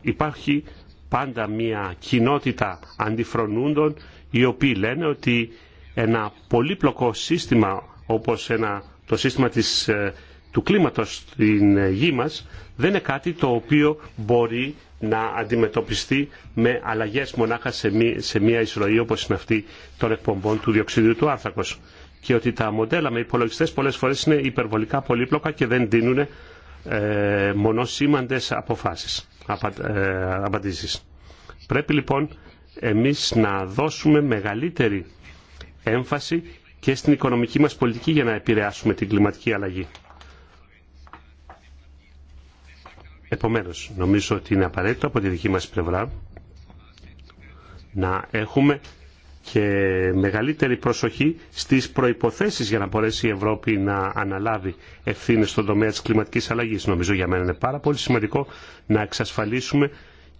υπάρχει πάντα μια κοινότητα αντιφρονούντων οι οποίοι λένε ότι ένα πολύπλοκο σύστημα όπως ένα, το σύστημα της, ε, του κλίματος στην ε, γη μας δεν είναι κάτι το οποίο μπορεί να αντιμετωπιστεί με αλλαγές μονάχα σε μία, σε μία ισορροή όπως είναι αυτή των εκπομπών του διοξιδίου του άνθρακος και ότι τα μοντέλα με υπολογιστές πολλές φορές είναι υπερβολικά πολύπλοκα και δεν δίνουν ε, μονοσήμαντες αποφάσεις. Ε, απαντήσεις. Πρέπει λοιπόν εμείς να δώσουμε μεγαλύτερη έμφαση και στην οικονομική μας πολιτική για να επηρεάσουμε την κλιματική αλλαγή. Επομένως, νομίζω ότι είναι απαραίτητο από τη δική μας πλευρά να έχουμε και μεγαλύτερη προσοχή στις προϋποθέσεις για να μπορέσει η Ευρώπη να αναλάβει ευθύνες στον τομέα της κλιματικής αλλαγής. Νομίζω για μένα είναι πάρα πολύ σημαντικό να εξασφαλίσουμε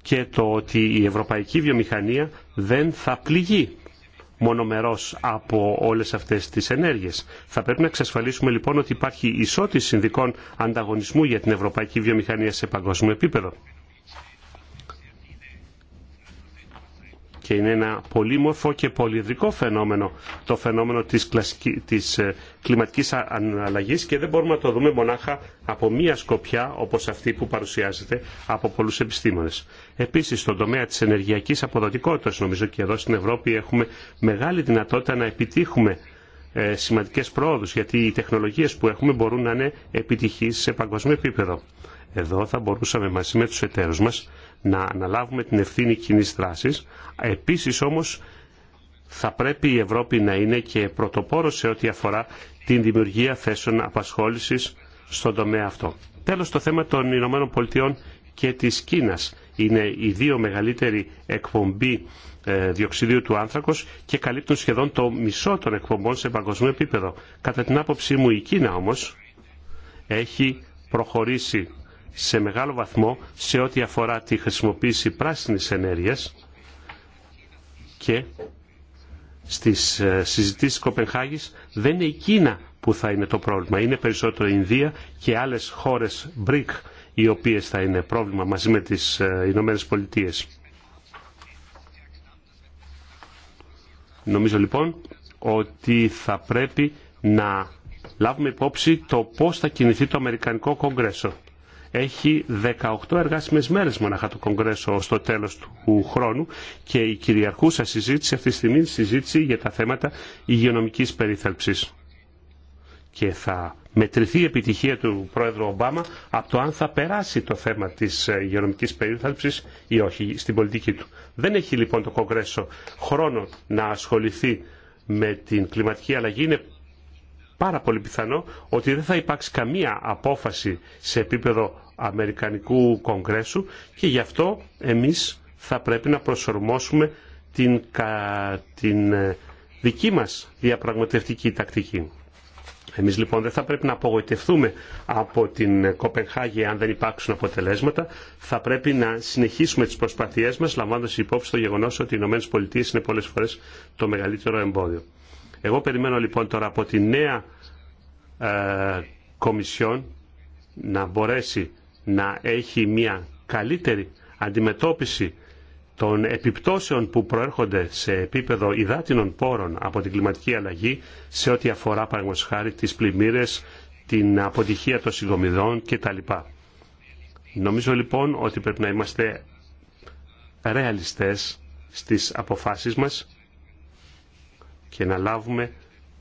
και το ότι η ευρωπαϊκή βιομηχανία δεν θα πληγεί μονομερός από όλες αυτές τις ενέργειες. Θα πρέπει να εξασφαλίσουμε λοιπόν ότι υπάρχει ισότηση συνδικών ανταγωνισμού για την ευρωπαϊκή βιομηχανία σε παγκόσμιο επίπεδο. και είναι ένα πολύμορφο και πολυεδρικό φαινόμενο το φαινόμενο της, κλασική, της ε, κλιματικής αναλλαγής και δεν μπορούμε να το δούμε μονάχα από μία σκοπιά όπως αυτή που παρουσιάζεται από πολλούς επιστήμονες. Επίσης στον τομέα της ενεργειακής αποδοτικότητας νομίζω και εδώ στην Ευρώπη έχουμε μεγάλη δυνατότητα να επιτύχουμε ε, σημαντικές πρόοδους γιατί οι τεχνολογίες που έχουμε μπορούν να είναι επιτυχείς σε παγκοσμίο επίπεδο. Εδώ θα μπορούσαμε μαζί με τους εταίρους μας να αναλάβουμε την ευθύνη κοινή δράση. Επίσης όμως θα πρέπει η Ευρώπη να είναι και πρωτοπόρο σε ό,τι αφορά την δημιουργία θέσεων απασχόληση στον τομέα αυτό. Τέλος το θέμα των Ηνωμένων Πολιτειών και της Κίνας. Είναι οι δύο μεγαλύτερη εκπομπή ε, διοξιδίου του άνθρακος και καλύπτουν σχεδόν το μισό των εκπομπών σε παγκοσμίο επίπεδο. Κατά την άποψή μου η Κίνα όμως έχει προχωρήσει σε μεγάλο βαθμό σε ό,τι αφορά τη χρησιμοποίηση πράσινης ενέργειας και στις ε, συζητήσεις Κοπενχάγης δεν είναι η Κίνα που θα είναι το πρόβλημα. Είναι περισσότερο η Ινδία και άλλες χώρες BRIC οι οποίες θα είναι πρόβλημα μαζί με τις ε, Ηνωμένες Πολιτείες. Νομίζω λοιπόν ότι θα πρέπει να λάβουμε υπόψη το πώς θα κινηθεί το Αμερικανικό Κογκρέσο έχει 18 εργάσιμες μέρες μονάχα το Κογκρέσο στο τέλος του χρόνου και η κυριαρχούσα συζήτηση αυτή τη στιγμή συζήτηση για τα θέματα υγειονομικής περίθαλψης. Και θα μετρηθεί η επιτυχία του Πρόεδρου Ομπάμα από το αν θα περάσει το θέμα της υγειονομικής περίθαλψης ή όχι στην πολιτική του. Δεν έχει λοιπόν το Κογκρέσο χρόνο να ασχοληθεί με την κλιματική αλλαγή. Είναι πάρα πολύ πιθανό ότι δεν θα υπάρξει καμία απόφαση σε επίπεδο Αμερικανικού Κογκρέσου και γι' αυτό εμείς θα πρέπει να προσορμόσουμε την, την ε, δική μας διαπραγματευτική τακτική. Εμείς λοιπόν δεν θα πρέπει να απογοητευτούμε από την Κοπενχάγη αν δεν υπάρξουν αποτελέσματα. Θα πρέπει να συνεχίσουμε τις προσπαθίες μας λαμβάνοντας υπόψη το γεγονός ότι οι ΗΠΑ είναι πολλές φορές το μεγαλύτερο εμπόδιο. Εγώ περιμένω λοιπόν τώρα από τη νέα ε, Κομισιόν να μπορέσει να έχει μια καλύτερη αντιμετώπιση των επιπτώσεων που προέρχονται σε επίπεδο υδάτινων πόρων από την κλιματική αλλαγή σε ό,τι αφορά παραγωγός χάρη τις πλημμύρες, την αποτυχία των συγκομιδών κτλ. Νομίζω λοιπόν ότι πρέπει να είμαστε ρεαλιστές στις αποφάσεις μας και να λάβουμε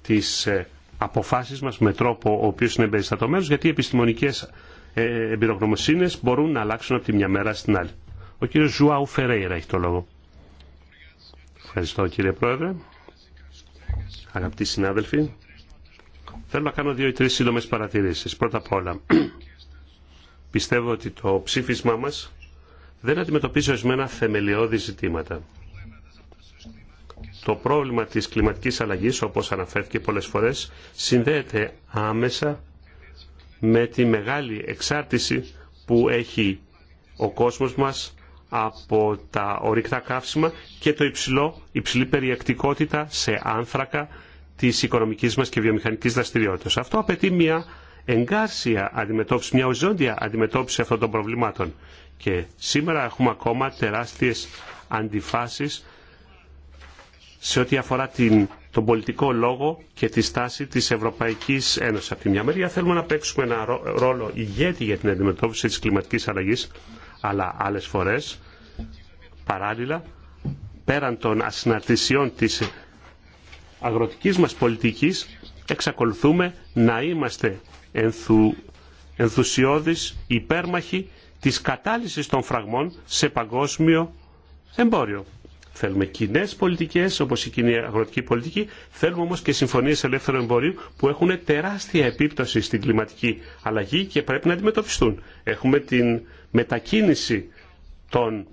τις ε, αποφάσεις μας με τρόπο ο οποίος είναι εμπεριστατωμένος γιατί οι επιστημονικές ε, εμπειρογνωμοσύνες μπορούν να αλλάξουν από τη μια μέρα στην άλλη. Ο κύριος Ζουάου Φερέιρα έχει το λόγο. Ευχαριστώ κύριε Πρόεδρε. Αγαπητοί συνάδελφοι, θέλω να κάνω δύο ή τρεις σύντομες παρατηρήσεις. Πρώτα απ' όλα, πιστεύω ότι το ψήφισμά μας δεν αντιμετωπίζει ορισμένα θεμελιώδη ζητήματα το πρόβλημα της κλιματικής αλλαγής, όπως αναφέρθηκε πολλές φορές, συνδέεται άμεσα με τη μεγάλη εξάρτηση που έχει ο κόσμος μας από τα ορυκτά καύσιμα και το υψηλό, υψηλή περιεκτικότητα σε άνθρακα της οικονομικής μας και βιομηχανικής δραστηριότητας. Αυτό απαιτεί μια εγκάρσια αντιμετώπιση, μια οριζόντια αντιμετώπιση αυτών των προβλημάτων. Και σήμερα έχουμε ακόμα τεράστιες αντιφάσεις σε ό,τι αφορά τον πολιτικό λόγο και τη στάση της Ευρωπαϊκής Ένωσης. Από τη μια μεριά θέλουμε να παίξουμε ένα ρόλο ηγέτη για την αντιμετώπιση της κλιματικής αλλαγής, αλλά άλλες φορές, παράλληλα, πέραν των ασυναρτησιών της αγροτικής μας πολιτικής, εξακολουθούμε να είμαστε ενθου, ενθουσιώδεις υπέρμαχοι της κατάλυσης των φραγμών σε παγκόσμιο εμπόριο. Θέλουμε κοινέ πολιτικέ, όπω η κοινή αγροτική πολιτική. Θέλουμε όμω και συμφωνίε ελεύθερου εμπορίου που έχουν τεράστια επίπτωση στην κλιματική αλλαγή και πρέπει να αντιμετωπιστούν. Έχουμε την μετακίνηση των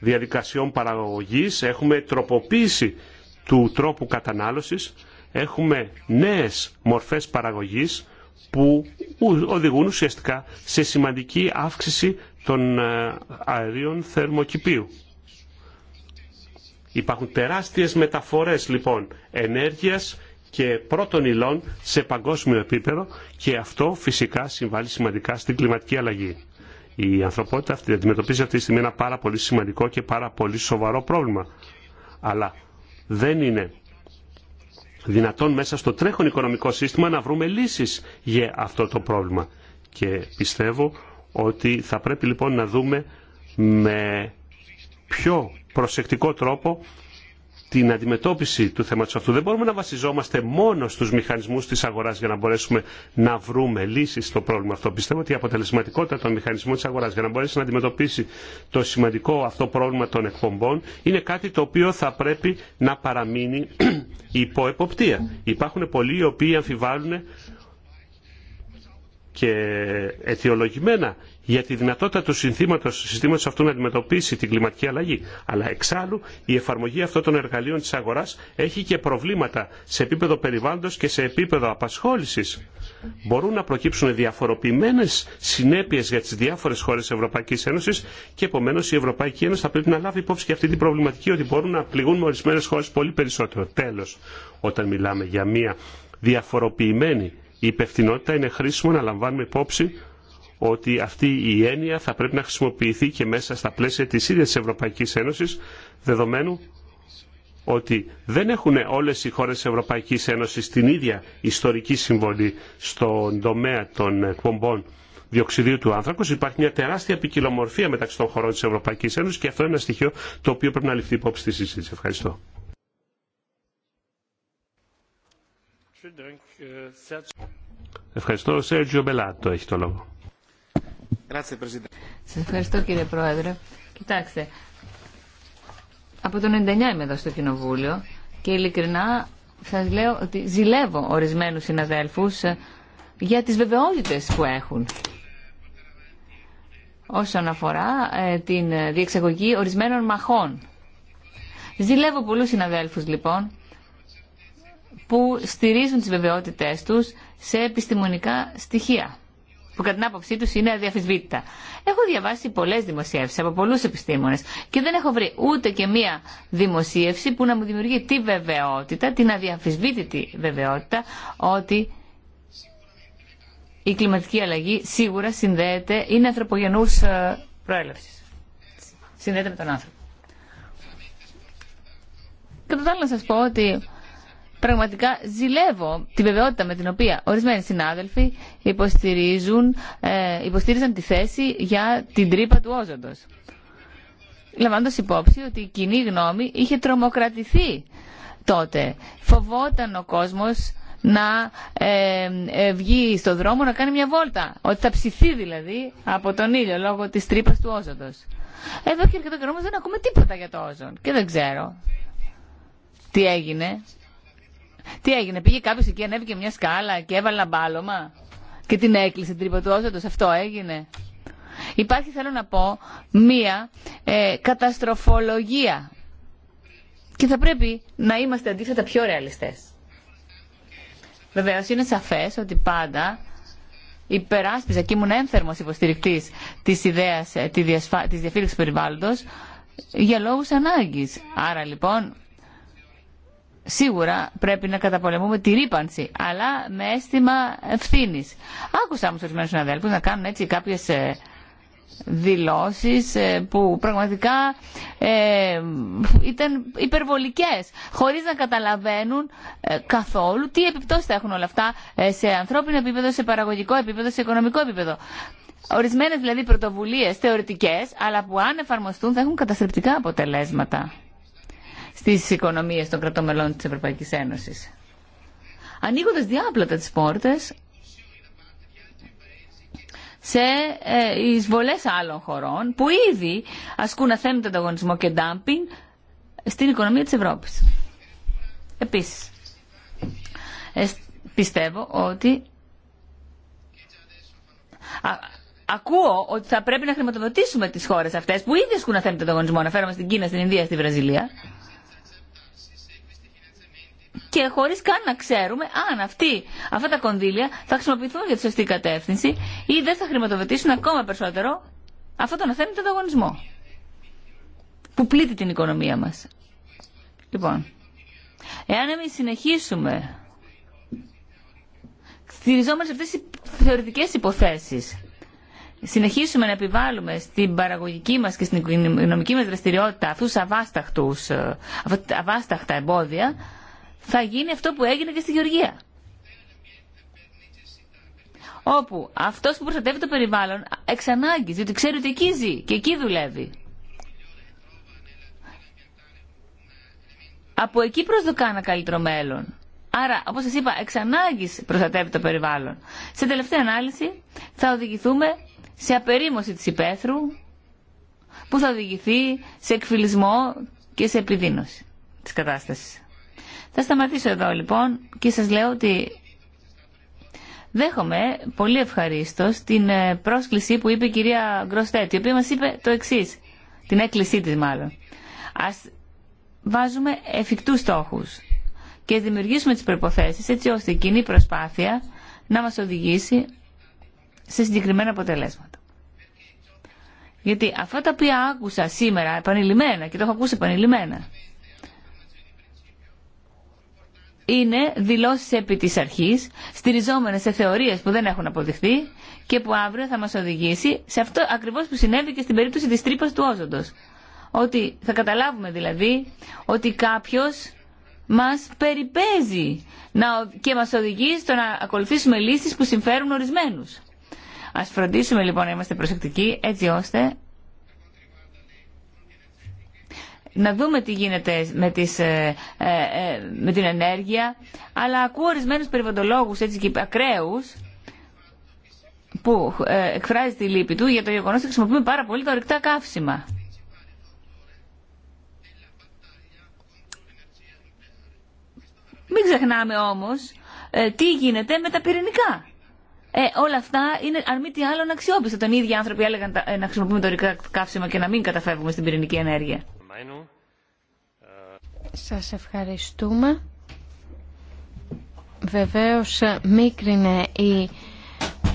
διαδικασιών παραγωγής, έχουμε τροποποίηση του τρόπου κατανάλωσης, έχουμε νέες μορφές παραγωγή που οδηγούν ουσιαστικά σε σημαντική αύξηση των ε, αερίων θερμοκηπίου. Υπάρχουν τεράστιες μεταφορές λοιπόν ενέργειας και πρώτων υλών σε παγκόσμιο επίπεδο και αυτό φυσικά συμβάλλει σημαντικά στην κλιματική αλλαγή. Η ανθρωπότητα αυτή αντιμετωπίζει αυτή τη στιγμή ένα πάρα πολύ σημαντικό και πάρα πολύ σοβαρό πρόβλημα. Αλλά δεν είναι δυνατόν μέσα στο τρέχον οικονομικό σύστημα να βρούμε λύσεις για αυτό το πρόβλημα. Και πιστεύω ότι θα πρέπει λοιπόν να δούμε με πιο προσεκτικό τρόπο την αντιμετώπιση του θέματος αυτού. Δεν μπορούμε να βασιζόμαστε μόνο στους μηχανισμούς της αγοράς για να μπορέσουμε να βρούμε λύσεις στο πρόβλημα αυτό. Πιστεύω ότι η αποτελεσματικότητα των μηχανισμών της αγοράς για να μπορέσει να αντιμετωπίσει το σημαντικό αυτό πρόβλημα των εκπομπών είναι κάτι το οποίο θα πρέπει να παραμείνει υπό εποπτεία. Υπάρχουν πολλοί οι οποίοι αμφιβάλλουν και αιτιολογημένα για τη δυνατότητα του συνθήματος, συστήματος αυτού να αντιμετωπίσει την κλιματική αλλαγή. Αλλά εξάλλου η εφαρμογή αυτών των εργαλείων της αγοράς έχει και προβλήματα σε επίπεδο περιβάλλοντος και σε επίπεδο απασχόλησης. Μπορούν να προκύψουν διαφοροποιημένε συνέπειε για τι διάφορε χώρε τη Ευρωπαϊκή Ένωση και επομένω, η Ευρωπαϊκή Ένωση θα πρέπει να λάβει υπόψη και αυτή την προβληματική ότι μπορούν να πληγούν με ορισμένε χώρε πολύ περισσότερο. Τέλο, όταν μιλάμε για μια διαφοροποιημένη υπευθυνότητα είναι χρήσιμο να λαμβάνουμε υπόψη ότι αυτή η έννοια θα πρέπει να χρησιμοποιηθεί και μέσα στα πλαίσια της ίδιας της Ευρωπαϊκής Ένωσης, δεδομένου ότι δεν έχουν όλες οι χώρες της Ευρωπαϊκής Ένωσης την ίδια ιστορική συμβολή στον τομέα των εκπομπών διοξιδίου του άνθρακο. Υπάρχει μια τεράστια ποικιλομορφία μεταξύ των χωρών της Ευρωπαϊκής Ένωσης και αυτό είναι ένα στοιχείο το οποίο πρέπει να ληφθεί υπόψη στη συζήτηση. Ευχαριστώ. Ευχαριστώ. Ο Σέργιο Μπελάτο έχει το λόγο. Σας ευχαριστώ κύριε Πρόεδρε. Κοιτάξτε, από το 99 είμαι εδώ στο Κοινοβούλιο και ειλικρινά σας λέω ότι ζηλεύω ορισμένους συναδέλφους ε, για τις βεβαιότητες που έχουν όσον αφορά ε, την διεξαγωγή ορισμένων μαχών. Ζηλεύω πολλούς συναδέλφους λοιπόν που στηρίζουν τις βεβαιότητές τους σε επιστημονικά στοιχεία που κατά την άποψή του είναι αδιαφυσβήτητα. Έχω διαβάσει πολλέ δημοσιεύσει από πολλού επιστήμονε και δεν έχω βρει ούτε και μία δημοσίευση που να μου δημιουργεί τη βεβαιότητα, την αδιαφυσβήτητη βεβαιότητα ότι η κλιματική αλλαγή σίγουρα συνδέεται, είναι ανθρωπογενού ε, προέλευση. Συνδέεται με τον άνθρωπο. Και το άλλα, να σα πω ότι πραγματικά ζηλεύω τη βεβαιότητα με την οποία ορισμένοι συνάδελφοι υποστηρίζουν, ε, υποστήριζαν τη θέση για την τρύπα του όζοντος. Λαμβάνοντας υπόψη ότι η κοινή γνώμη είχε τρομοκρατηθεί τότε. Φοβόταν ο κόσμος να ε, ε, βγει στο δρόμο να κάνει μια βόλτα. Ότι θα ψηθεί δηλαδή από τον ήλιο λόγω της τρύπα του όζοντος. Εδώ και αρκετό καιρό δεν ακούμε τίποτα για το όζον και δεν ξέρω τι έγινε. Τι έγινε, πήγε κάποιο εκεί, ανέβηκε μια σκάλα και έβαλε ένα μπάλωμα και την έκλεισε τρυποτώζοντα. Αυτό έγινε. Υπάρχει, θέλω να πω, μία ε, καταστροφολογία. Και θα πρέπει να είμαστε αντίθετα πιο ρεαλιστές. Βεβαίω είναι σαφέ ότι πάντα υπεράσπιζα και ήμουν ένθερμος υποστηρικτής της ιδέας ε, της, διασφα... της για λόγου ανάγκη. Άρα λοιπόν Σίγουρα πρέπει να καταπολεμούμε τη ρήπανση, αλλά με αίσθημα ευθύνη. Άκουσα όμω ορισμένου συναδέλφου να κάνουν έτσι κάποιε ε, δηλώσεις ε, που πραγματικά ε, ήταν υπερβολικές χωρίς να καταλαβαίνουν καθόλου τι επιπτώσεις θα έχουν όλα αυτά σε ανθρώπινο επίπεδο, σε παραγωγικό επίπεδο, σε οικονομικό επίπεδο. Ορισμένες δηλαδή πρωτοβουλίες θεωρητικές αλλά που αν εφαρμοστούν θα έχουν καταστρεπτικά αποτελέσματα στις οικονομίες των κρατών μελών της Ευρωπαϊκής Ένωσης. Ανοίγοντας διάπλατα τις πόρτες σε ε, εισβολές άλλων χωρών που ήδη ασκούν αθέμητο ανταγωνισμό και ντάμπινγκ στην οικονομία της Ευρώπης. Επίσης, ε, πιστεύω ότι ακούω ότι θα πρέπει να χρηματοδοτήσουμε τις χώρες αυτές που ήδη ασκούν αθέμητο ανταγωνισμό. Αναφέρομαι στην Κίνα, στην Ινδία, στη Βραζιλία και χωρί καν να ξέρουμε αν αυτή αυτά τα κονδύλια θα χρησιμοποιηθούν για τη σωστή κατεύθυνση ή δεν θα χρηματοδοτήσουν ακόμα περισσότερο αυτό τον αθέμητο ανταγωνισμό που πλήττει την οικονομία μα. Λοιπόν, εάν εμεί συνεχίσουμε στηριζόμενοι σε αυτέ τι θεωρητικέ υποθέσει, συνεχίσουμε να επιβάλλουμε στην παραγωγική μας και στην οικονομική μας δραστηριότητα αυτούς αβάσταχτους, ε, αβάσταχτα εμπόδια, θα γίνει αυτό που έγινε και στη Γεωργία. Όπου αυτός που προστατεύει το περιβάλλον εξ ανάγκης, διότι ξέρει ότι εκεί ζει και εκεί δουλεύει. Από εκεί προσδοκά ένα καλύτερο μέλλον. Άρα, όπως σας είπα, εξ προστατεύει το περιβάλλον. Σε τελευταία ανάλυση θα οδηγηθούμε σε απερίμωση της υπαίθρου που θα οδηγηθεί σε εκφυλισμό και σε επιδείνωση της κατάστασης. Θα σταματήσω εδώ λοιπόν και σας λέω ότι δέχομαι πολύ ευχαρίστω την ε, πρόσκληση που είπε η κυρία Γκροστέτη, η οποία μας είπε το εξή, την έκκλησή της μάλλον. Ας βάζουμε εφικτούς στόχους και δημιουργήσουμε τις προϋποθέσεις έτσι ώστε η κοινή προσπάθεια να μας οδηγήσει σε συγκεκριμένα αποτελέσματα. Γιατί αυτά τα οποία άκουσα σήμερα επανειλημμένα και το έχω ακούσει επανειλημμένα είναι δηλώσεις επί της αρχής, στηριζόμενες σε θεωρίες που δεν έχουν αποδειχθεί και που αύριο θα μας οδηγήσει σε αυτό ακριβώς που συνέβη και στην περίπτωση της τρύπας του όζοντος. Ότι θα καταλάβουμε δηλαδή ότι κάποιος μας περιπέζει και μας οδηγεί στο να ακολουθήσουμε λύσεις που συμφέρουν ορισμένους. Ας φροντίσουμε λοιπόν να είμαστε προσεκτικοί έτσι ώστε να δούμε τι γίνεται με, τις, ε, ε, ε, με την ενέργεια, αλλά ακούω ορισμένου περιβαλλοντολόγου έτσι και ακραίου που εκφράζει τη λύπη του για το γεγονό ότι χρησιμοποιούμε πάρα πολύ τα ορυκτά καύσιμα. Μην ξεχνάμε όμως τι γίνεται με τα πυρηνικά. Ε, όλα αυτά είναι, αν μη τι άλλο, αξιόπιστα. Τον ίδιο άνθρωποι έλεγαν τα, να χρησιμοποιούμε το ορεικτά καύσιμα και να μην καταφεύγουμε στην πυρηνική ενέργεια. Σας ευχαριστούμε. Βεβαίως ε, μίκρινε η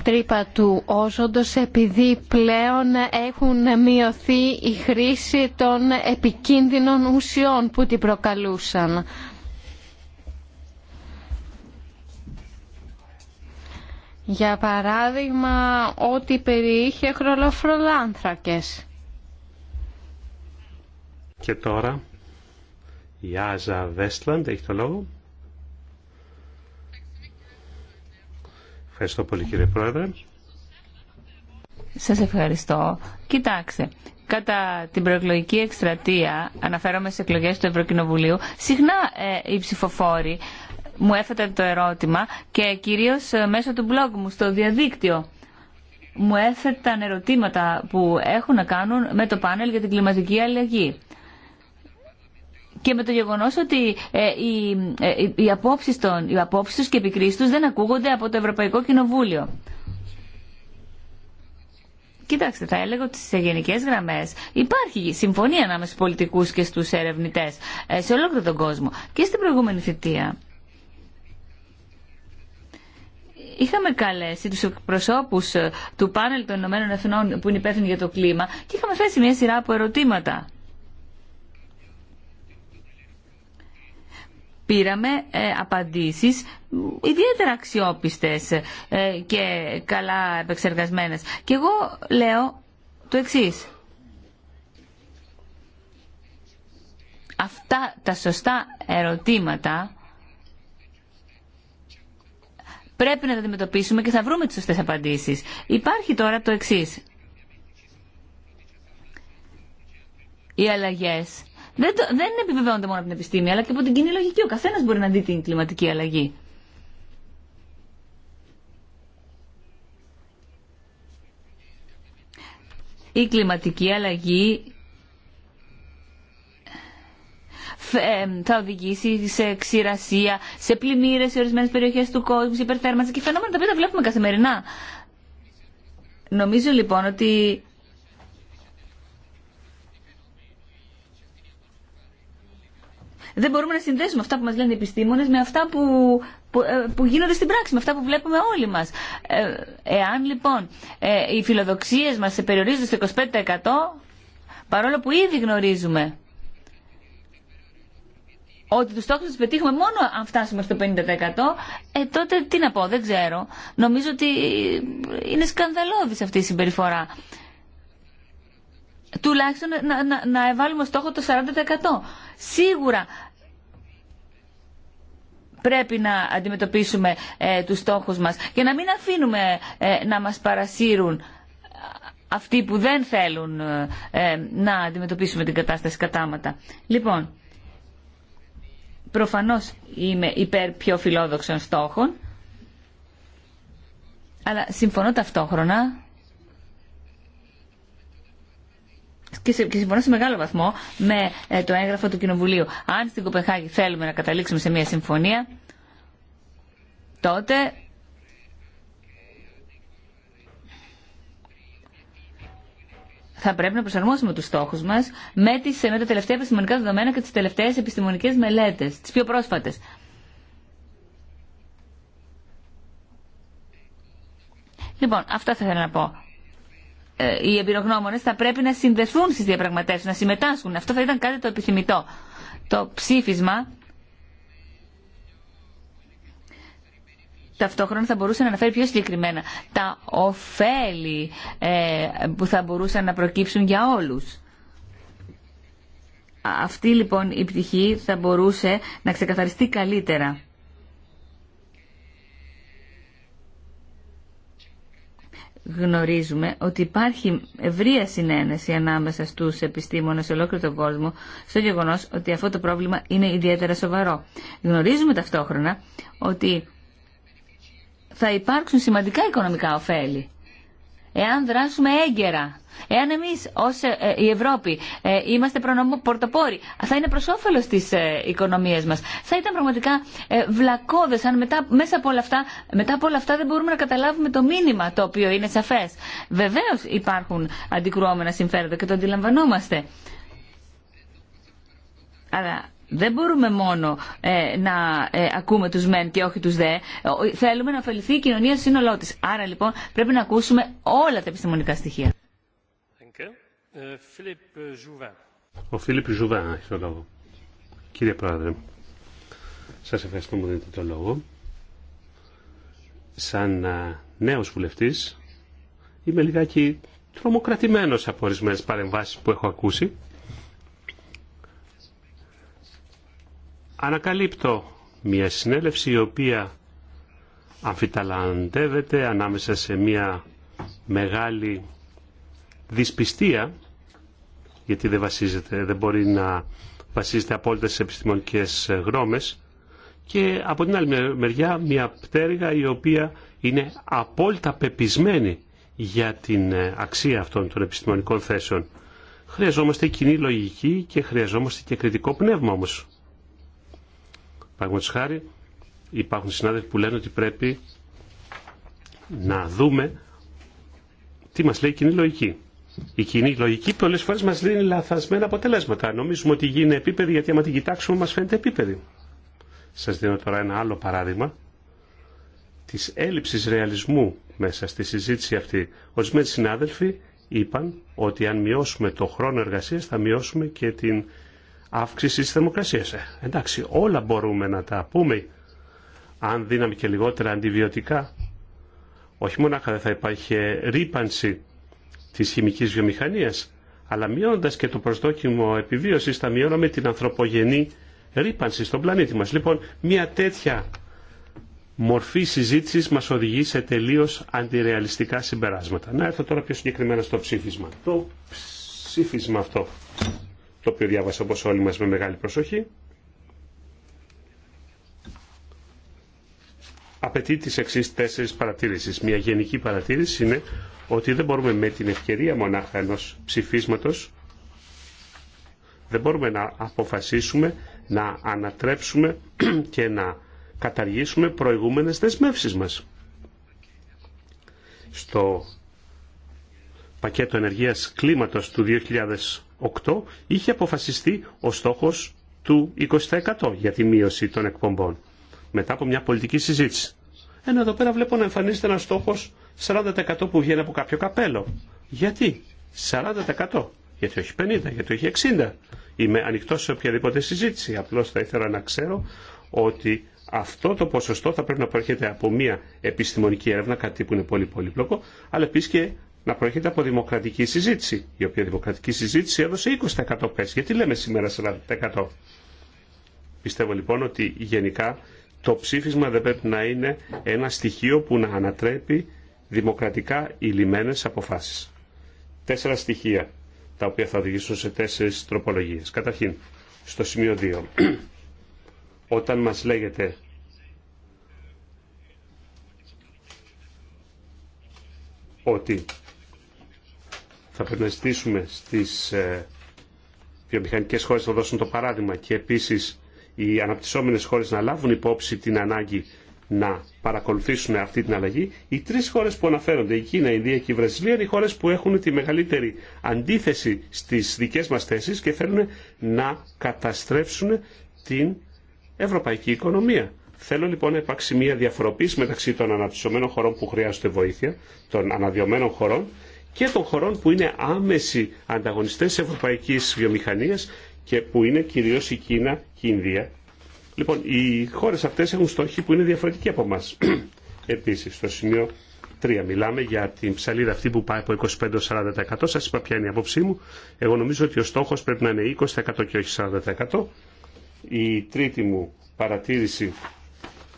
τρύπα του όζοντος επειδή πλέον έχουν μειωθεί η χρήση των επικίνδυνων ουσιών που την προκαλούσαν. Για παράδειγμα, ό,τι περιείχε χρολοφρολάνθρακες. Και τώρα η Άζα Βέστλαντ έχει το λόγο. Ευχαριστώ πολύ κύριε Πρόεδρε. Σας ευχαριστώ. Κοιτάξτε, κατά την προεκλογική εκστρατεία, αναφέρομαι σε εκλογές του Ευρωκοινοβουλίου, συχνά ε, οι ψηφοφόροι μου έφεραν το ερώτημα και κυρίως ε, μέσω του blog μου στο διαδίκτυο μου έφεραν ερωτήματα που έχουν να κάνουν με το πάνελ για την κλιματική αλλαγή και με το γεγονό ότι ε, ε, οι, οι, απόψεις των, οι απόψεις τους και επικρίσεις τους δεν ακούγονται από το Ευρωπαϊκό Κοινοβούλιο. Κοιτάξτε, θα έλεγα ότι σε γενικέ γραμμέ υπάρχει συμφωνία ανάμεσα στου πολιτικού και στου ερευνητέ ε, σε ολόκληρο τον κόσμο. Και στην προηγούμενη θητεία είχαμε καλέσει τους προσώπους του πάνελ των Ηνωμένων Εθνών που είναι υπεύθυνοι για το κλίμα και είχαμε θέσει μια σειρά από ερωτήματα. πήραμε ε, απαντήσεις ιδιαίτερα αξιόπιστες ε, και καλά επεξεργασμένες. Και εγώ λέω το εξής. Αυτά τα σωστά ερωτήματα πρέπει να τα αντιμετωπίσουμε και θα βρούμε τις σωστές απαντήσεις. Υπάρχει τώρα το εξής. Οι αλλαγές δεν, το, δεν επιβεβαιώνεται μόνο από την επιστήμη, αλλά και από την κοινή λογική. Ο καθένα μπορεί να δει την κλιματική αλλαγή. Η κλιματική αλλαγή ε, θα οδηγήσει σε ξηρασία, σε πλημμύρε σε ορισμένε περιοχέ του κόσμου, σε υπερθέρμανση και φαινόμενα τα οποία τα βλέπουμε καθημερινά. Νομίζω λοιπόν ότι Δεν μπορούμε να συνδέσουμε αυτά που μας λένε οι επιστήμονες με αυτά που, ε, που, γίνονται στην πράξη, με αυτά που βλέπουμε όλοι μας. Ε, εάν λοιπόν ε, οι φιλοδοξίες μας σε περιορίζονται στο 25% παρόλο που ήδη γνωρίζουμε ότι του στόχου του πετύχουμε μόνο αν φτάσουμε στο 50%, ε, τότε τι να πω, δεν ξέρω. Νομίζω ότι είναι σκανδαλώδης αυτή η συμπεριφορά τουλάχιστον να, να, να εβάλουμε στόχο το 40%. Σίγουρα πρέπει να αντιμετωπίσουμε ε, τους στόχους μας και να μην αφήνουμε ε, να μας παρασύρουν ε, αυτοί που δεν θέλουν ε, να αντιμετωπίσουμε την κατάσταση κατάματα. Λοιπόν, προφανώς είμαι υπέρ πιο φιλόδοξων στόχων, αλλά συμφωνώ ταυτόχρονα και συμφωνώ σε μεγάλο βαθμό με ε, το έγγραφο του Κοινοβουλίου. Αν στην Κοπεχάγη θέλουμε να καταλήξουμε σε μια συμφωνία, τότε θα πρέπει να προσαρμόσουμε του στόχου μα με, με τα τελευταία επιστημονικά δεδομένα και τι τελευταίε επιστημονικέ μελέτε, τι πιο πρόσφατε. Λοιπόν, αυτά θα ήθελα να πω. Ε, οι εμπειρογνώμονε θα πρέπει να συνδεθούν στις διαπραγματεύσεις, να συμμετάσχουν. Αυτό θα ήταν κάτι το επιθυμητό. Το ψήφισμα ταυτόχρονα θα μπορούσε να αναφέρει πιο συγκεκριμένα τα ωφέλη ε, που θα μπορούσαν να προκύψουν για όλους. Αυτή λοιπόν η πτυχή θα μπορούσε να ξεκαθαριστεί καλύτερα. γνωρίζουμε ότι υπάρχει ευρεία συνένεση ανάμεσα στους επιστήμονες σε ολόκληρο τον κόσμο στο γεγονός ότι αυτό το πρόβλημα είναι ιδιαίτερα σοβαρό. Γνωρίζουμε ταυτόχρονα ότι θα υπάρξουν σημαντικά οικονομικά ωφέλη εάν δράσουμε έγκαιρα. Εάν εμείς ως ε, ε, η Ευρώπη ε, είμαστε πορτοπόροι, θα είναι προς όφελος της ε, οικονομίας μας. Θα ήταν πραγματικά βλακώδες αν μετά, μέσα από όλα αυτά, μετά από όλα αυτά δεν μπορούμε να καταλάβουμε το μήνυμα το οποίο είναι σαφές. Βεβαίως υπάρχουν αντικρουόμενα συμφέροντα και το αντιλαμβανόμαστε. Αλλά δεν μπορούμε μόνο ε, να ε, ακούμε τους μεν και όχι τους δε. Θέλουμε να ωφεληθεί η κοινωνία σύνολό της. Άρα λοιπόν πρέπει να ακούσουμε όλα τα επιστημονικά στοιχεία. Ε, Ο Φίλιπ Ζουβάν έχει το λόγο. Κύριε Πρόεδρε, σας ευχαριστώ που μου δίνετε το λόγο. Σαν νέος βουλευτής είμαι λιγάκι τρομοκρατημένος από ορισμένε παρεμβάσεις που έχω ακούσει. ανακαλύπτω μια συνέλευση η οποία αμφιταλαντεύεται ανάμεσα σε μια μεγάλη δυσπιστία γιατί δεν βασίζεται, δεν μπορεί να βασίζεται απόλυτα σε επιστημονικές γνώμες και από την άλλη μεριά μια πτέρυγα η οποία είναι απόλυτα πεπισμένη για την αξία αυτών των επιστημονικών θέσεων. Χρειαζόμαστε κοινή λογική και χρειαζόμαστε και κριτικό πνεύμα όμως. Παραδείγματο υπάρχουν συνάδελφοι που λένε ότι πρέπει να δούμε τι μας λέει η κοινή λογική. Η κοινή λογική πολλές φορές μας δίνει λαθασμένα αποτελέσματα. Νομίζουμε ότι γίνεται επίπεδη γιατί άμα την κοιτάξουμε μας φαίνεται επίπεδη. Σας δίνω τώρα ένα άλλο παράδειγμα της έλλειψης ρεαλισμού μέσα στη συζήτηση αυτή. Ορισμένοι συνάδελφοι είπαν ότι αν μειώσουμε το χρόνο εργασία, θα μειώσουμε και την αύξηση τη θερμοκρασίας. Ε, εντάξει, όλα μπορούμε να τα πούμε. Αν δίναμε και λιγότερα αντιβιωτικά, όχι μόνο δεν θα υπάρχει ρήπανση της χημικής βιομηχανίας, αλλά μειώνοντας και το προσδόκιμο επιβίωσης θα μειώναμε την ανθρωπογενή ρήπανση στον πλανήτη μας. Λοιπόν, μια τέτοια μορφή συζήτηση μα οδηγεί σε τελείω αντιρεαλιστικά συμπεράσματα. Να έρθω τώρα πιο συγκεκριμένα στο ψήφισμα. Το ψήφισμα αυτό το οποίο διάβασα όπως όλοι μας με μεγάλη προσοχή. Απαιτεί τις εξής τέσσερις παρατήρησεις. Μια γενική παρατήρηση είναι ότι δεν μπορούμε με την ευκαιρία μονάχα ενός ψηφίσματος δεν μπορούμε να αποφασίσουμε να ανατρέψουμε και να καταργήσουμε προηγούμενες δεσμεύσεις μας. Στο πακέτο ενεργείας κλίματος του είχε αποφασιστεί ο στόχος του 20% για τη μείωση των εκπομπών. Μετά από μια πολιτική συζήτηση. Ενώ εδώ πέρα βλέπω να εμφανίζεται ένα στόχος 40% που βγαίνει από κάποιο καπέλο. Γιατί 40%. Γιατί όχι 50, γιατί όχι 60. Είμαι ανοιχτός σε οποιαδήποτε συζήτηση. Απλώς θα ήθελα να ξέρω ότι αυτό το ποσοστό θα πρέπει να προέρχεται από μια επιστημονική έρευνα, κάτι που είναι πολύ πολύπλοκο, αλλά επίση και να προέρχεται από δημοκρατική συζήτηση, η οποία δημοκρατική συζήτηση έδωσε 20% Γιατί λέμε σήμερα 40%. Πιστεύω λοιπόν ότι γενικά το ψήφισμα δεν πρέπει να είναι ένα στοιχείο που να ανατρέπει δημοκρατικά ηλυμένες αποφάσεις. Τέσσερα στοιχεία τα οποία θα οδηγήσουν σε τέσσερις τροπολογίες. Καταρχήν, στο σημείο 2, όταν μας λέγεται ότι θα πρέπει να ζητήσουμε στις ε, βιομηχανικές χώρες να δώσουν το παράδειγμα και επίσης οι αναπτυσσόμενες χώρες να λάβουν υπόψη την ανάγκη να παρακολουθήσουν αυτή την αλλαγή. Οι τρει χώρε που αναφέρονται, η Κίνα, η Ινδία και η Βραζιλία, είναι οι χώρε που έχουν τη μεγαλύτερη αντίθεση στι δικέ μα θέσει και θέλουν να καταστρέψουν την ευρωπαϊκή οικονομία. Θέλω λοιπόν να υπάρξει μια διαφοροποίηση μεταξύ των αναπτυσσομένων χωρών που χρειάζονται βοήθεια, των αναδειωμένων χωρών και των χωρών που είναι άμεση ανταγωνιστές ευρωπαϊκής βιομηχανίας και που είναι κυρίως η Κίνα και η Ινδία. Λοιπόν, οι χώρες αυτές έχουν στόχοι που είναι διαφορετικοί από εμά. Επίσης, στο σημείο 3 μιλάμε για την ψαλίδα αυτή που πάει από 25-40%. Σας είπα ποια είναι η απόψή μου. Εγώ νομίζω ότι ο στόχος πρέπει να είναι 20% και όχι 40%. Η τρίτη μου παρατήρηση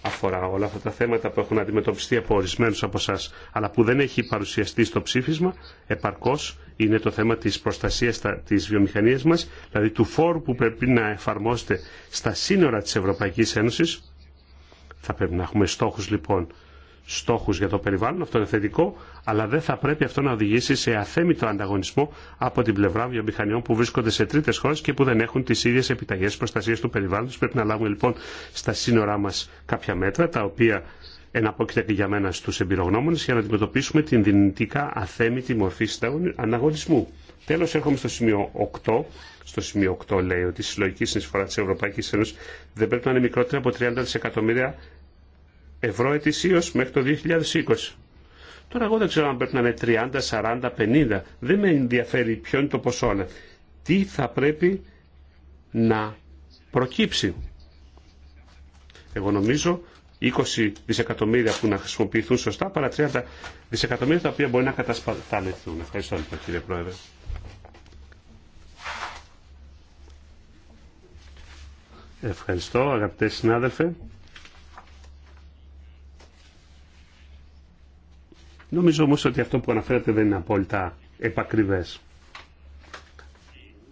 αφορά όλα αυτά τα θέματα που έχουν αντιμετωπιστεί από ορισμένου από εσά, αλλά που δεν έχει παρουσιαστεί στο ψήφισμα, επαρκώ είναι το θέμα τη προστασία τη βιομηχανία μα, δηλαδή του φόρου που πρέπει να εφαρμόσετε στα σύνορα τη Ευρωπαϊκή Ένωση. Θα πρέπει να έχουμε στόχου λοιπόν Στόχου για το περιβάλλον, αυτό είναι θετικό, αλλά δεν θα πρέπει αυτό να οδηγήσει σε αθέμητο ανταγωνισμό από την πλευρά βιομηχανιών που βρίσκονται σε τρίτες χώρε και που δεν έχουν τι ίδιε επιταγές προστασίας του περιβάλλοντος. Πρέπει να λάβουμε λοιπόν στα σύνορά μα κάποια μέτρα, τα οποία εναπόκειται και για μένα στους εμπειρογνώμονε, για να αντιμετωπίσουμε την δυνητικά αθέμητη μορφή ανταγωνισμού. Τέλο έρχομαι στο σημείο 8. Στο σημείο 8 λέει ότι η συλλογική συνεισφορά τη Ευρωπαϊκή Ένωση δεν πρέπει να είναι μικρότερη από 30 δισεκατομμύρια ευρώ ετησίω μέχρι το 2020. Τώρα εγώ δεν ξέρω αν πρέπει να είναι 30, 40, 50. Δεν με ενδιαφέρει ποιο είναι το ποσό, τι θα πρέπει να προκύψει. Εγώ νομίζω 20 δισεκατομμύρια που να χρησιμοποιηθούν σωστά, παρά 30 δισεκατομμύρια τα οποία μπορεί να κατασπαταλεθούν. Ευχαριστώ λοιπόν κύριε Πρόεδρε. Ευχαριστώ αγαπητέ συνάδελφε. Νομίζω όμως ότι αυτό που αναφέρατε δεν είναι απόλυτα επακριβές.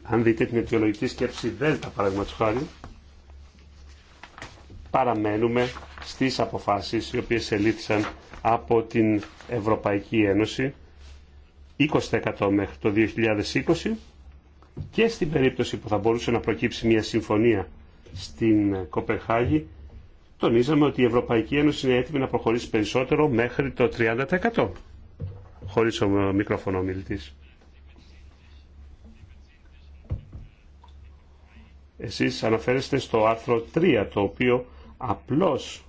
Αν δείτε την αιτιολογική σκέψη ΔΕΛΤΑ παραδείγματο χάρη, παραμένουμε στις αποφάσεις οι οποίες ελήφθησαν από την Ευρωπαϊκή Ένωση 20% μέχρι το 2020 και στην περίπτωση που θα μπορούσε να προκύψει μια συμφωνία στην Κοπεχάγη τονίζαμε ότι η Ευρωπαϊκή Ένωση είναι έτοιμη να προχωρήσει περισσότερο μέχρι το 30%. Χωρίς ο μικρόφωνο μιλητής. Εσείς αναφέρεστε στο άρθρο 3, το οποίο απλώς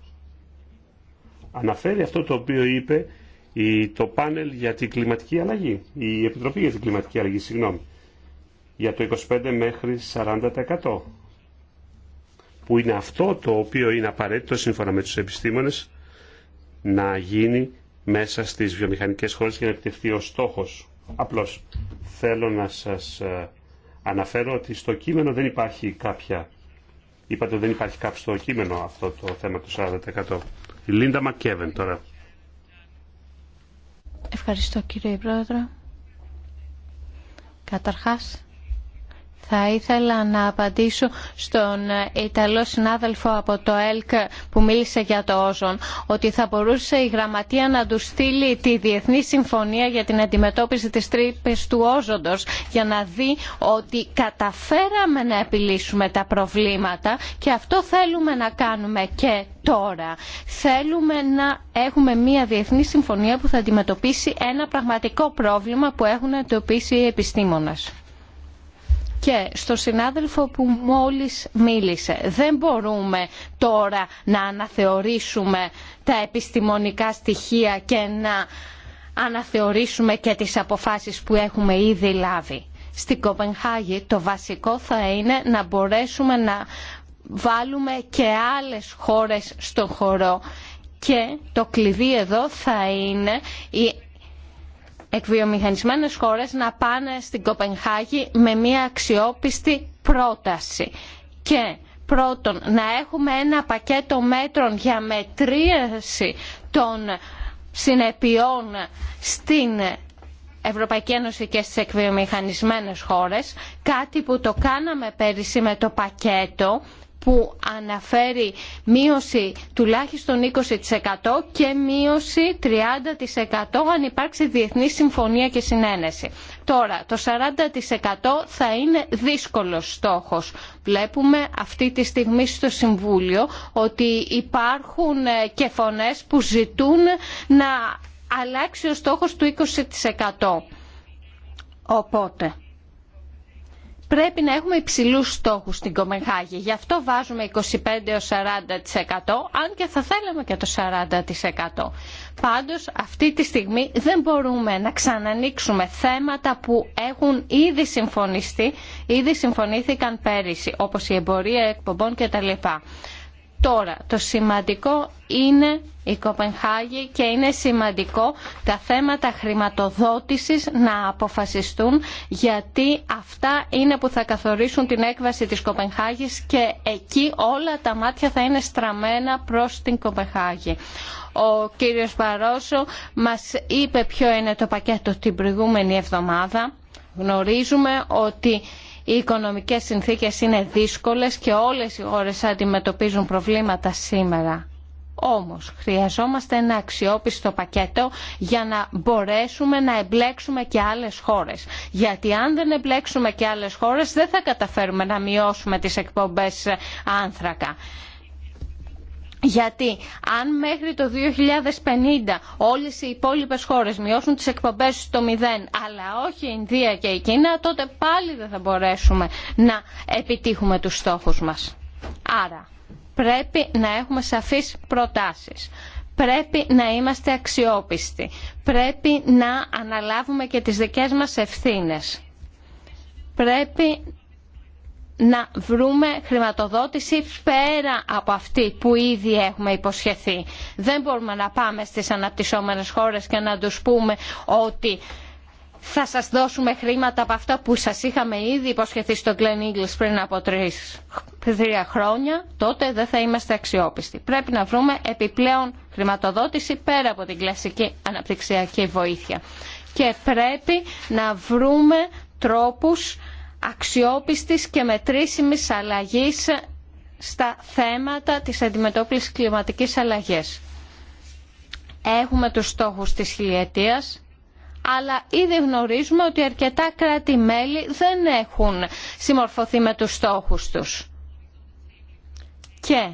αναφέρει αυτό το οποίο είπε το πάνελ για την κλιματική αλλαγή, η Επιτροπή για την κλιματική αλλαγή, συγγνώμη, για το 25 μέχρι 40% που είναι αυτό το οποίο είναι απαραίτητο σύμφωνα με τους επιστήμονες να γίνει μέσα στις βιομηχανικές χώρες για να επιτευχθεί ο στόχος. Απλώς θέλω να σας ε, αναφέρω ότι στο κείμενο δεν υπάρχει κάποια... Είπατε ότι δεν υπάρχει κάποιο στο κείμενο αυτό το θέμα του 40%. Η Λίντα Μακέβεν τώρα. Ευχαριστώ κύριε Πρόεδρε. Καταρχάς, θα ήθελα να απαντήσω στον Ιταλό συνάδελφο από το ΕΛΚ που μίλησε για το Όζον ότι θα μπορούσε η Γραμματεία να του στείλει τη Διεθνή Συμφωνία για την αντιμετώπιση της τρύπης του Όζοντος για να δει ότι καταφέραμε να επιλύσουμε τα προβλήματα και αυτό θέλουμε να κάνουμε και τώρα. Θέλουμε να έχουμε μια Διεθνή Συμφωνία που θα αντιμετωπίσει ένα πραγματικό πρόβλημα που έχουν αντιμετωπίσει οι επιστήμονες. Και στο συνάδελφο που μόλις μίλησε, δεν μπορούμε τώρα να αναθεωρήσουμε τα επιστημονικά στοιχεία και να αναθεωρήσουμε και τις αποφάσεις που έχουμε ήδη λάβει. Στην Κοπενχάγη το βασικό θα είναι να μπορέσουμε να βάλουμε και άλλες χώρες στον χώρο και το κλειδί εδώ θα είναι η εκβιομηχανισμένες χώρες να πάνε στην Κοπενχάγη με μια αξιόπιστη πρόταση. Και πρώτον να έχουμε ένα πακέτο μέτρων για μετρίαση των συνεπειών στην Ευρωπαϊκή Ένωση και στις εκβιομηχανισμένες χώρες, κάτι που το κάναμε πέρυσι με το πακέτο που αναφέρει μείωση τουλάχιστον 20% και μείωση 30% αν υπάρξει διεθνή συμφωνία και συνένεση. Τώρα, το 40% θα είναι δύσκολος στόχος. Βλέπουμε αυτή τη στιγμή στο Συμβούλιο ότι υπάρχουν ε, και φωνές που ζητούν να αλλάξει ο στόχος του 20%. Οπότε, πρέπει να έχουμε υψηλούς στόχους στην Κομεχάγη. Γι' αυτό βάζουμε 25-40% αν και θα θέλαμε και το 40%. Πάντως αυτή τη στιγμή δεν μπορούμε να ξανανοίξουμε θέματα που έχουν ήδη συμφωνηθεί, ήδη συμφωνήθηκαν πέρυσι, όπως η εμπορία εκπομπών κτλ τώρα. Το σημαντικό είναι η Κοπενχάγη και είναι σημαντικό τα θέματα χρηματοδότησης να αποφασιστούν γιατί αυτά είναι που θα καθορίσουν την έκβαση της Κοπενχάγης και εκεί όλα τα μάτια θα είναι στραμμένα προς την Κοπενχάγη. Ο κύριος Παρόσο μας είπε ποιο είναι το πακέτο την προηγούμενη εβδομάδα. Γνωρίζουμε ότι οι οικονομικές συνθήκες είναι δύσκολες και όλες οι χώρες αντιμετωπίζουν προβλήματα σήμερα. Όμως χρειαζόμαστε ένα αξιόπιστο πακέτο για να μπορέσουμε να εμπλέξουμε και άλλες χώρες. Γιατί αν δεν εμπλέξουμε και άλλες χώρες δεν θα καταφέρουμε να μειώσουμε τις εκπομπές άνθρακα. Γιατί αν μέχρι το 2050 όλες οι υπόλοιπες χώρες μειώσουν τις εκπομπές στο μηδέν, αλλά όχι η Ινδία και η Κίνα, τότε πάλι δεν θα μπορέσουμε να επιτύχουμε τους στόχους μας. Άρα πρέπει να έχουμε σαφείς προτάσεις. Πρέπει να είμαστε αξιόπιστοι. Πρέπει να αναλάβουμε και τις δικές μας ευθύνες. Πρέπει να βρούμε χρηματοδότηση πέρα από αυτή που ήδη έχουμε υποσχεθεί. Δεν μπορούμε να πάμε στις αναπτυσσόμενες χώρες και να τους πούμε ότι θα σας δώσουμε χρήματα από αυτά που σας είχαμε ήδη υποσχεθεί στο Glen Eagles πριν από τρεις, τρία χρόνια, τότε δεν θα είμαστε αξιόπιστοι. Πρέπει να βρούμε επιπλέον χρηματοδότηση πέρα από την κλασική αναπτυξιακή βοήθεια. Και πρέπει να βρούμε τρόπους αξιόπιστης και μετρήσιμης αλλαγής στα θέματα της αντιμετώπισης κλιματικής αλλαγής. Έχουμε τους στόχους της χιλιετίας, αλλά ήδη γνωρίζουμε ότι αρκετά κράτη-μέλη δεν έχουν συμμορφωθεί με τους στόχους τους. Και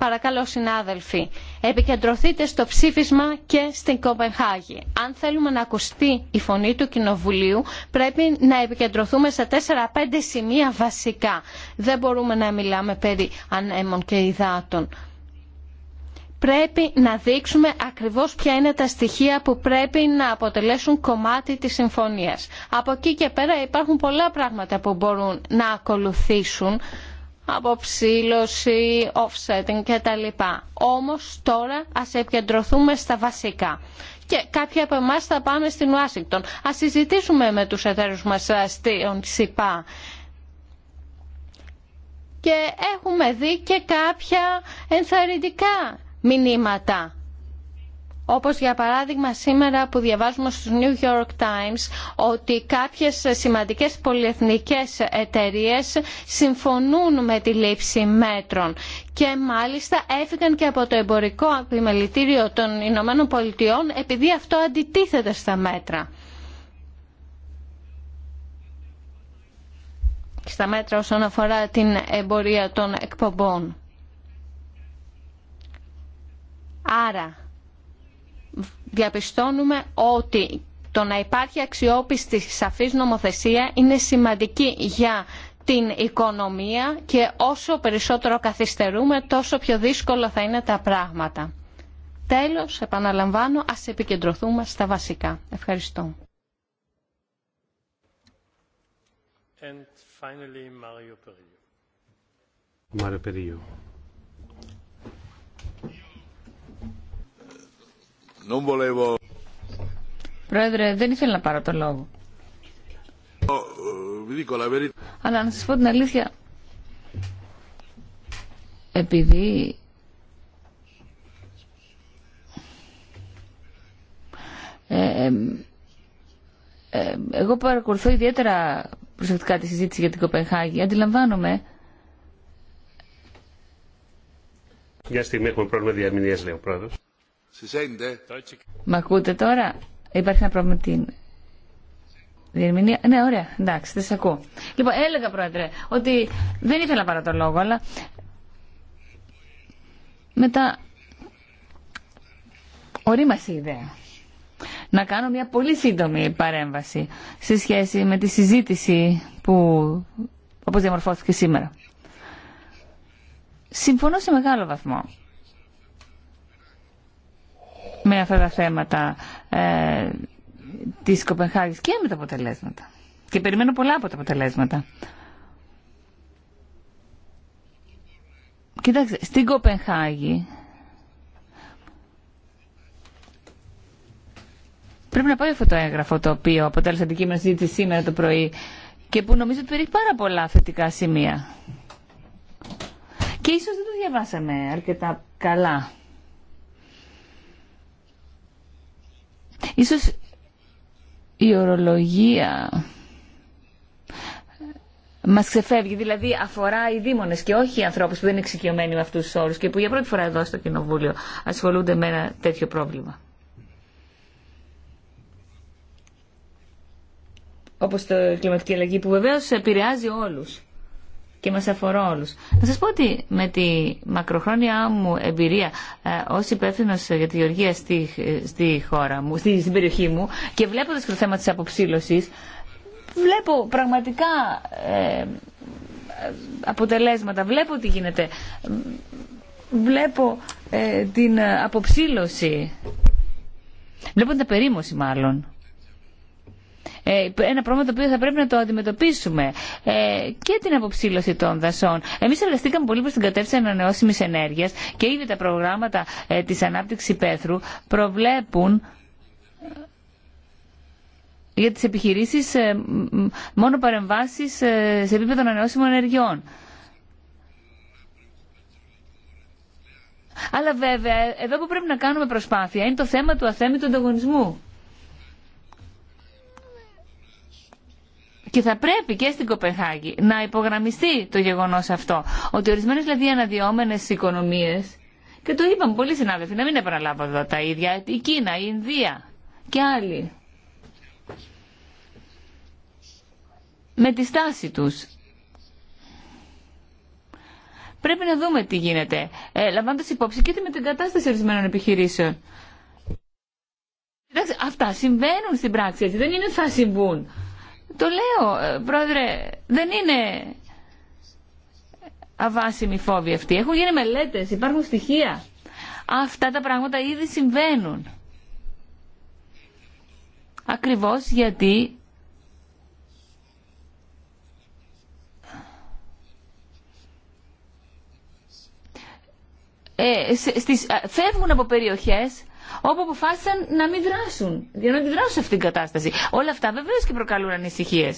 Παρακαλώ συνάδελφοι, επικεντρωθείτε στο ψήφισμα και στην Κοπενχάγη. Αν θέλουμε να ακουστεί η φωνή του Κοινοβουλίου, πρέπει να επικεντρωθούμε σε 4-5 σημεία βασικά. Δεν μπορούμε να μιλάμε περί ανέμων και υδάτων. Πρέπει να δείξουμε ακριβώς ποια είναι τα στοιχεία που πρέπει να αποτελέσουν κομμάτι της συμφωνίας. Από εκεί και πέρα υπάρχουν πολλά πράγματα που μπορούν να ακολουθήσουν αποψήλωση, offsetting κτλ. Όμως τώρα ας επικεντρωθούμε στα βασικά. Και κάποιοι από εμά θα πάμε στην Ουάσιγκτον. Ας συζητήσουμε με τους εταίρους μας ε, της ΣΥΠΑ. Και έχουμε δει και κάποια ενθαρρυντικά μηνύματα όπως για παράδειγμα σήμερα που διαβάζουμε στους New York Times ότι κάποιες σημαντικές πολυεθνικές εταιρείες συμφωνούν με τη λήψη μέτρων και μάλιστα έφυγαν και από το εμπορικό επιμελητήριο των Ηνωμένων Πολιτειών επειδή αυτό αντιτίθεται στα μέτρα. στα μέτρα όσον αφορά την εμπορία των εκπομπών. Άρα, διαπιστώνουμε ότι το να υπάρχει αξιόπιστη σαφής νομοθεσία είναι σημαντική για την οικονομία και όσο περισσότερο καθυστερούμε τόσο πιο δύσκολο θα είναι τα πράγματα. Τέλος, επαναλαμβάνω, ας επικεντρωθούμε στα βασικά. Ευχαριστώ. And finally, Mario Πρόεδρε, δεν ήθελα να πάρω το λόγο. Ε, αλλά να σας πω την αλήθεια, επειδή ε, ε, εγώ παρακολουθώ ιδιαίτερα προσεκτικά τη συζήτηση για την Κοπενχάγη. Αντιλαμβάνομαι. Για στιγμή έχουμε πρόβλημα διαμηνίας, λέει ο πρόεδρος. Μ' ακούτε τώρα. Υπάρχει ένα πρόβλημα με την διερμηνία. Ναι, ωραία. Εντάξει, δεν σε ακούω. Λοιπόν, έλεγα, Πρόεδρε, ότι δεν ήθελα να πάρω το λόγο, αλλά μετά ορίμασε η ιδέα. Να κάνω μια πολύ σύντομη παρέμβαση σε σχέση με τη συζήτηση που όπως διαμορφώθηκε σήμερα. Συμφωνώ σε μεγάλο βαθμό με αυτά τα θέματα ε, της Κοπενχάγης και με τα αποτελέσματα. Και περιμένω πολλά από τα αποτελέσματα. Κοιτάξτε, στην Κοπενχάγη πρέπει να πάει αυτό το έγγραφο το οποίο αποτέλεσε αντικείμενο συζήτηση σήμερα το πρωί και που νομίζω ότι περιέχει πάρα πολλά θετικά σημεία. Και ίσως δεν το διαβάσαμε αρκετά καλά. Ίσως η ορολογία μας ξεφεύγει, δηλαδή αφορά οι δήμονες και όχι οι ανθρώπους που δεν είναι εξοικειωμένοι με αυτούς τους όρους και που για πρώτη φορά εδώ στο Κοινοβούλιο ασχολούνται με ένα τέτοιο πρόβλημα. Όπως το κλιματική αλλαγή που βεβαίως επηρεάζει όλους και μας αφορά όλους. Να σας πω ότι με τη μακροχρόνια μου εμπειρία ε, ως υπεύθυνο για τη γεωργία στη, χώρα μου, στη, στην περιοχή μου και βλέποντας το θέμα της αποψήλωσης, βλέπω πραγματικά ε, αποτελέσματα, βλέπω τι γίνεται, βλέπω ε, την αποψήλωση, βλέπω την περίμωση μάλλον. Ε, ένα πρόβλημα το οποίο θα πρέπει να το αντιμετωπίσουμε. Ε, και την αποψήλωση των δασών. Εμεί εργαστήκαμε πολύ προ την κατεύθυνση ανανεώσιμη ενέργεια και ήδη τα προγράμματα ε, τη ανάπτυξη πέθρου προβλέπουν για τις επιχειρήσεις μόνο παρεμβάσεις σε επίπεδο ανανεώσιμων ενεργειών. Αλλά βέβαια, εδώ που πρέπει να κάνουμε προσπάθεια είναι το θέμα του του ανταγωνισμού. Και θα πρέπει και στην Κοπεχάγη να υπογραμμιστεί το γεγονός αυτό. Ότι ορισμένε δηλαδή αναδυόμενε οικονομίες, και το είπαμε πολλοί συνάδελφοι, να μην επαναλάβω εδώ τα ίδια, η Κίνα, η Ινδία και άλλοι. Με τη στάση τους πρέπει να δούμε τι γίνεται. Ε, Λαμβάνοντα υπόψη και με την κατάσταση ορισμένων επιχειρήσεων. αυτά συμβαίνουν στην πράξη, δεν είναι θα συμβούν. Το λέω, ε, πρόεδρε, δεν είναι αβάσιμη φόβη αυτή. Έχουν γίνει μελέτες, υπάρχουν στοιχεία. Αυτά τα πράγματα ήδη συμβαίνουν. Ακριβώς γιατί ε, στις, φεύγουν από περιοχές όπου αποφάσισαν να μην δράσουν, για να αντιδράσουν σε αυτήν την κατάσταση. Όλα αυτά βεβαίω και προκαλούν ανησυχίε.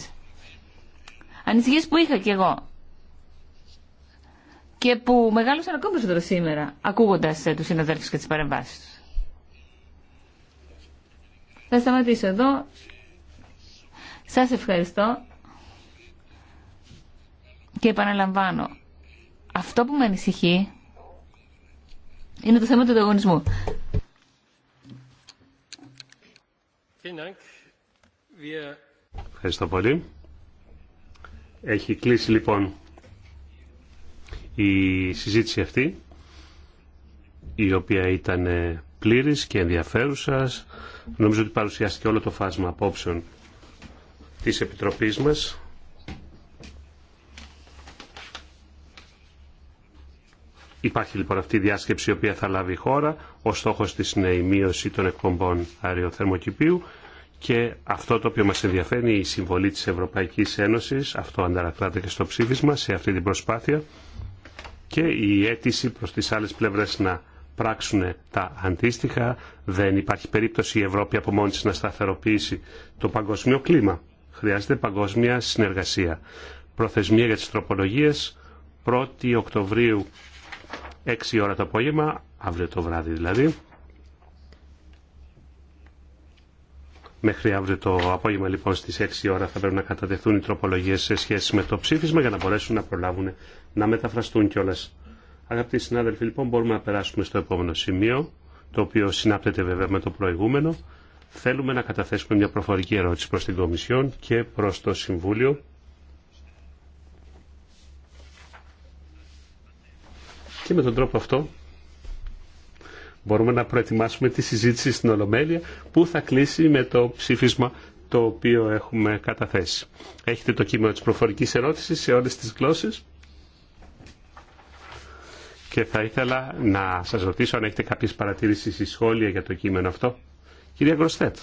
Ανησυχίε που είχα κι εγώ. Και που μεγάλωσαν ακόμη περισσότερο σήμερα, ακούγοντα ε, του συναδέλφου και τι παρεμβάσει του. Θα σταματήσω εδώ. Σας ευχαριστώ και επαναλαμβάνω. Αυτό που με ανησυχεί είναι το θέμα του ανταγωνισμού. Ευχαριστώ πολύ. Έχει κλείσει λοιπόν η συζήτηση αυτή, η οποία ήταν πλήρης και ενδιαφέρουσα. Νομίζω ότι παρουσιάστηκε όλο το φάσμα απόψεων της Επιτροπής μας. Υπάρχει λοιπόν αυτή η διάσκεψη η οποία θα λάβει η χώρα. Ο στόχος της είναι η μείωση των εκπομπών αεροθερμοκηπίου και αυτό το οποίο μας ενδιαφέρει η συμβολή της Ευρωπαϊκής Ένωσης, αυτό αντανακλάται και στο ψήφισμα, σε αυτή την προσπάθεια και η αίτηση προς τις άλλες πλευρές να πράξουν τα αντίστοιχα. Δεν υπάρχει περίπτωση η Ευρώπη από μόνη της να σταθεροποιήσει το παγκόσμιο κλίμα. Χρειάζεται παγκόσμια συνεργασία. Προθεσμία για τις τροπολογίες 1η Οκτωβρίου 6 ώρα το απόγευμα, αύριο το βράδυ δηλαδή. Μέχρι αύριο το απόγευμα λοιπόν στις 6 ώρα θα πρέπει να κατατεθούν οι τροπολογίες σε σχέση με το ψήφισμα για να μπορέσουν να προλάβουν να μεταφραστούν κιόλα. Αγαπητοί συνάδελφοι λοιπόν μπορούμε να περάσουμε στο επόμενο σημείο το οποίο συνάπτεται βέβαια με το προηγούμενο. Θέλουμε να καταθέσουμε μια προφορική ερώτηση προς την Κομισιόν και προς το Συμβούλιο Και με τον τρόπο αυτό μπορούμε να προετοιμάσουμε τη συζήτηση στην Ολομέλεια που θα κλείσει με το ψήφισμα το οποίο έχουμε καταθέσει. Έχετε το κείμενο της προφορικής ερώτησης σε όλες τις γλώσσες και θα ήθελα να σας ρωτήσω αν έχετε κάποιες παρατηρήσεις ή σχόλια για το κείμενο αυτό. Κυρία Γκροστέτ.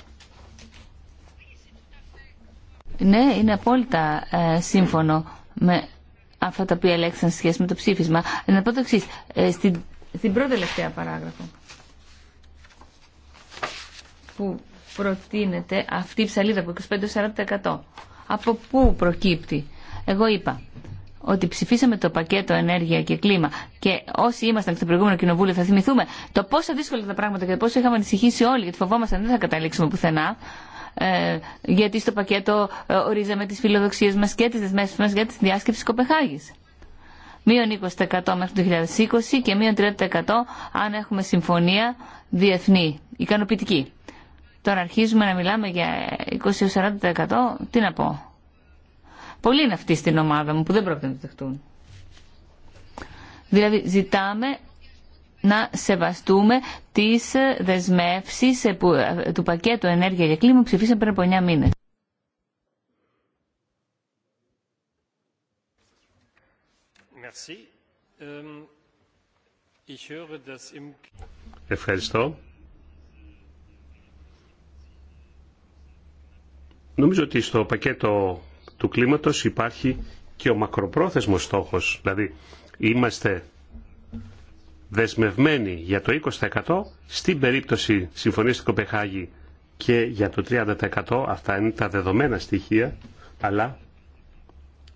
Ναι, είναι απόλυτα ε, σύμφωνο με αυτά τα οποία ελέγξαν σε σχέση με το ψήφισμα. Να πω το εξή. Ε, στην, στην πρώτη τελευταία παράγραφο που προτείνεται αυτή η ψαλίδα από 25-40%. Από πού προκύπτει. Εγώ είπα ότι ψηφίσαμε το πακέτο ενέργεια και κλίμα και όσοι ήμασταν στο προηγούμενο κοινοβούλιο θα θυμηθούμε το πόσο δύσκολα τα πράγματα και το πόσο είχαμε ανησυχήσει όλοι γιατί φοβόμασταν δεν θα καταλήξουμε πουθενά. Ε, γιατί στο πακέτο ε, ορίζαμε τις φιλοδοξίες μας και τις δεσμεύσεις μας για τη διάσκεψη Κοπεχάγης. Μείον 20% μέχρι το 2020 και μείον 30% αν έχουμε συμφωνία διεθνή, ικανοποιητική. Τώρα αρχίζουμε να μιλάμε για 20-40%. Τι να πω. Πολλοί είναι αυτοί στην ομάδα μου που δεν πρόκειται να το δεχτούν. Δηλαδή ζητάμε να σεβαστούμε τις δεσμεύσεις του πακέτου ενέργεια για κλίμα που ψηφίσαμε πριν από 9 μήνες. Ευχαριστώ. Νομίζω ότι στο πακέτο του κλίματος υπάρχει και ο μακροπρόθεσμος στόχος. Δηλαδή, είμαστε δεσμευμένοι για το 20% στην περίπτωση συμφωνίας στην Κοπεχάγη και για το 30% αυτά είναι τα δεδομένα στοιχεία αλλά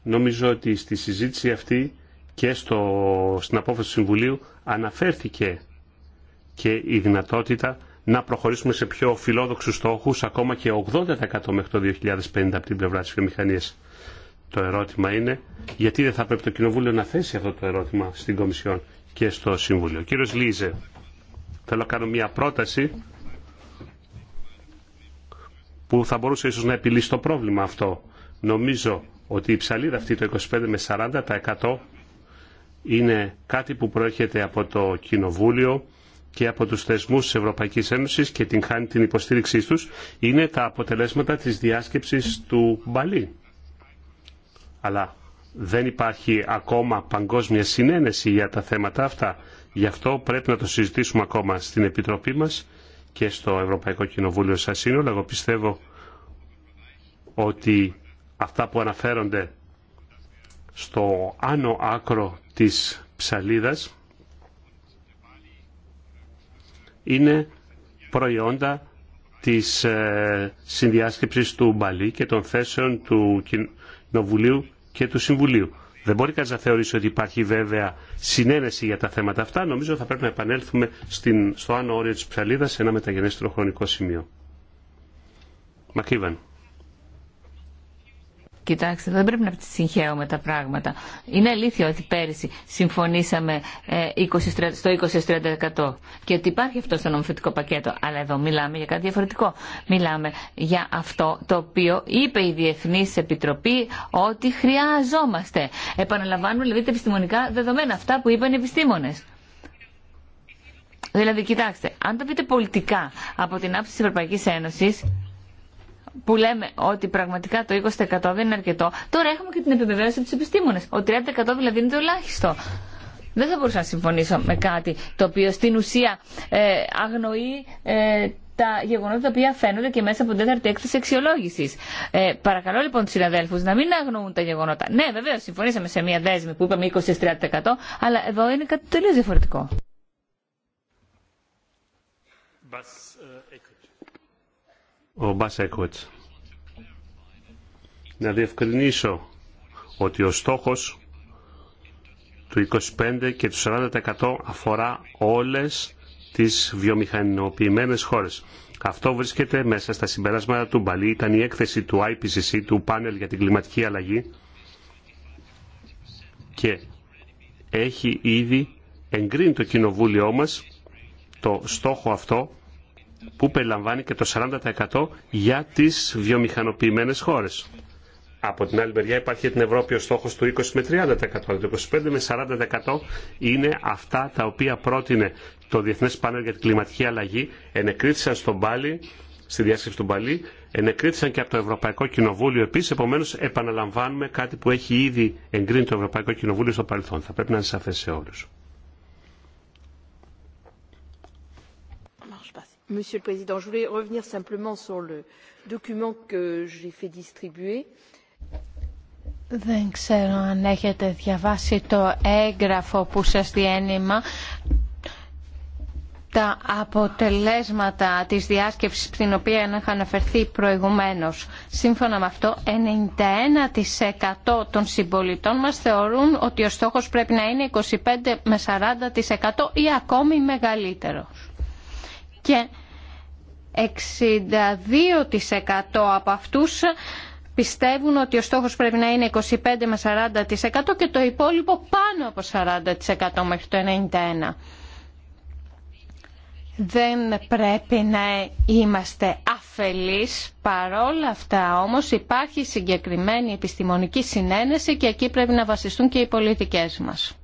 νομίζω ότι στη συζήτηση αυτή και στο, στην απόφαση του Συμβουλίου αναφέρθηκε και η δυνατότητα να προχωρήσουμε σε πιο φιλόδοξους στόχους ακόμα και 80% μέχρι το 2050 από την πλευρά της βιομηχανίας. Το ερώτημα είναι γιατί δεν θα πρέπει το Κοινοβούλιο να θέσει αυτό το ερώτημα στην Κομισιόν και στο Συμβούλιο. Κύριος Λίζε, θέλω να κάνω μια πρόταση που θα μπορούσε ίσως να επιλύσει το πρόβλημα αυτό. Νομίζω ότι η ψαλίδα αυτή το 25 με 40% είναι κάτι που προέρχεται από το Κοινοβούλιο και από τους θεσμούς της Ευρωπαϊκής Ένωσης και την χάνει την υποστήριξή τους, είναι τα αποτελέσματα της διάσκεψης του μπαλή. Αλλά δεν υπάρχει ακόμα παγκόσμια συνένεση για τα θέματα αυτά. Γι' αυτό πρέπει να το συζητήσουμε ακόμα στην Επιτροπή μας και στο Ευρωπαϊκό Κοινοβούλιο σαν σύνολο. Εγώ πιστεύω ότι αυτά που αναφέρονται στο άνω άκρο της ψαλίδας είναι προϊόντα της ε, συνδιάσκεψης του Μπαλί και των θέσεων του Κοινοβουλίου και του Συμβουλίου. Δεν μπορεί κανεί να θεωρήσει ότι υπάρχει βέβαια συνένεση για τα θέματα αυτά. Νομίζω θα πρέπει να επανέλθουμε στην, στο άνω όριο τη ψαλίδα σε ένα μεταγενέστερο χρονικό σημείο. Μακίβαν. Κοιτάξτε, δεν πρέπει να συγχαίουμε τα πράγματα. Είναι αλήθεια ότι πέρυσι συμφωνήσαμε 20, ε, στο 20-30% και ότι υπάρχει αυτό στο νομοθετικό πακέτο. Αλλά εδώ μιλάμε για κάτι διαφορετικό. Μιλάμε για αυτό το οποίο είπε η Διεθνή Επιτροπή ότι χρειαζόμαστε. Επαναλαμβάνουμε δηλαδή τα επιστημονικά δεδομένα, αυτά που είπαν οι επιστήμονε. Δηλαδή, κοιτάξτε, αν το πείτε πολιτικά από την άψη τη Ευρωπαϊκή Ένωση, που λέμε ότι πραγματικά το 20% δεν είναι αρκετό, τώρα έχουμε και την επιβεβαίωση από του επιστήμονε. Ο 30% δηλαδή είναι το ελάχιστο. Δεν θα μπορούσα να συμφωνήσω με κάτι το οποίο στην ουσία ε, αγνοεί ε, τα γεγονότα τα οποία φαίνονται και μέσα από την τέταρτη έκθεση αξιολόγηση. Ε, παρακαλώ λοιπόν του συναδέλφου να μην αγνοούν τα γεγονότα. Ναι, βεβαίω, συμφωνήσαμε σε μία δέσμη που είπαμε 20-30%, αλλά εδώ είναι κάτι τελείω διαφορετικό. Ο Να διευκρινίσω ότι ο στόχος του 25% και του 40% αφορά όλες τις βιομηχανοποιημένες χώρες. Αυτό βρίσκεται μέσα στα συμπεράσματα του Μπαλί. Ήταν η έκθεση του IPCC, του πάνελ για την κλιματική αλλαγή και έχει ήδη εγκρίνει το κοινοβούλιο μας το στόχο αυτό που περιλαμβάνει και το 40% για τις βιομηχανοποιημένες χώρες. Από την άλλη μεριά υπάρχει την Ευρώπη ο στόχος του 20 με 30%. Το 25 με 40% είναι αυτά τα οποία πρότεινε το Διεθνές Πάνελ για την Κλιματική Αλλαγή, ενεκρίθησαν στον Πάλι, στη διάσκεψη του Μπαλί, ενεκρίθησαν και από το Ευρωπαϊκό Κοινοβούλιο επίση. Επομένω, επαναλαμβάνουμε κάτι που έχει ήδη εγκρίνει το Ευρωπαϊκό Κοινοβούλιο στο παρελθόν. Θα πρέπει να είναι σαφέ σε όλου. Monsieur le Président, je voulais revenir simplement sur le document que j'ai fait distribuer. Δεν ξέρω αν έχετε διαβάσει το έγγραφο που σας διένυμα. Τα αποτελέσματα της διάσκεψης στην οποία είχα αναφερθεί προηγουμένως. Σύμφωνα με αυτό, 91% των συμπολιτών μας θεωρούν ότι ο στόχος πρέπει να είναι 25 με 40% ή ακόμη μεγαλύτερος. Και 62% από αυτούς πιστεύουν ότι ο στόχος πρέπει να είναι 25 με 40% και το υπόλοιπο πάνω από 40% μέχρι το 91%. Δεν πρέπει να είμαστε αφελείς, παρόλα αυτά όμως υπάρχει συγκεκριμένη επιστημονική συνένεση και εκεί πρέπει να βασιστούν και οι πολιτικές μας.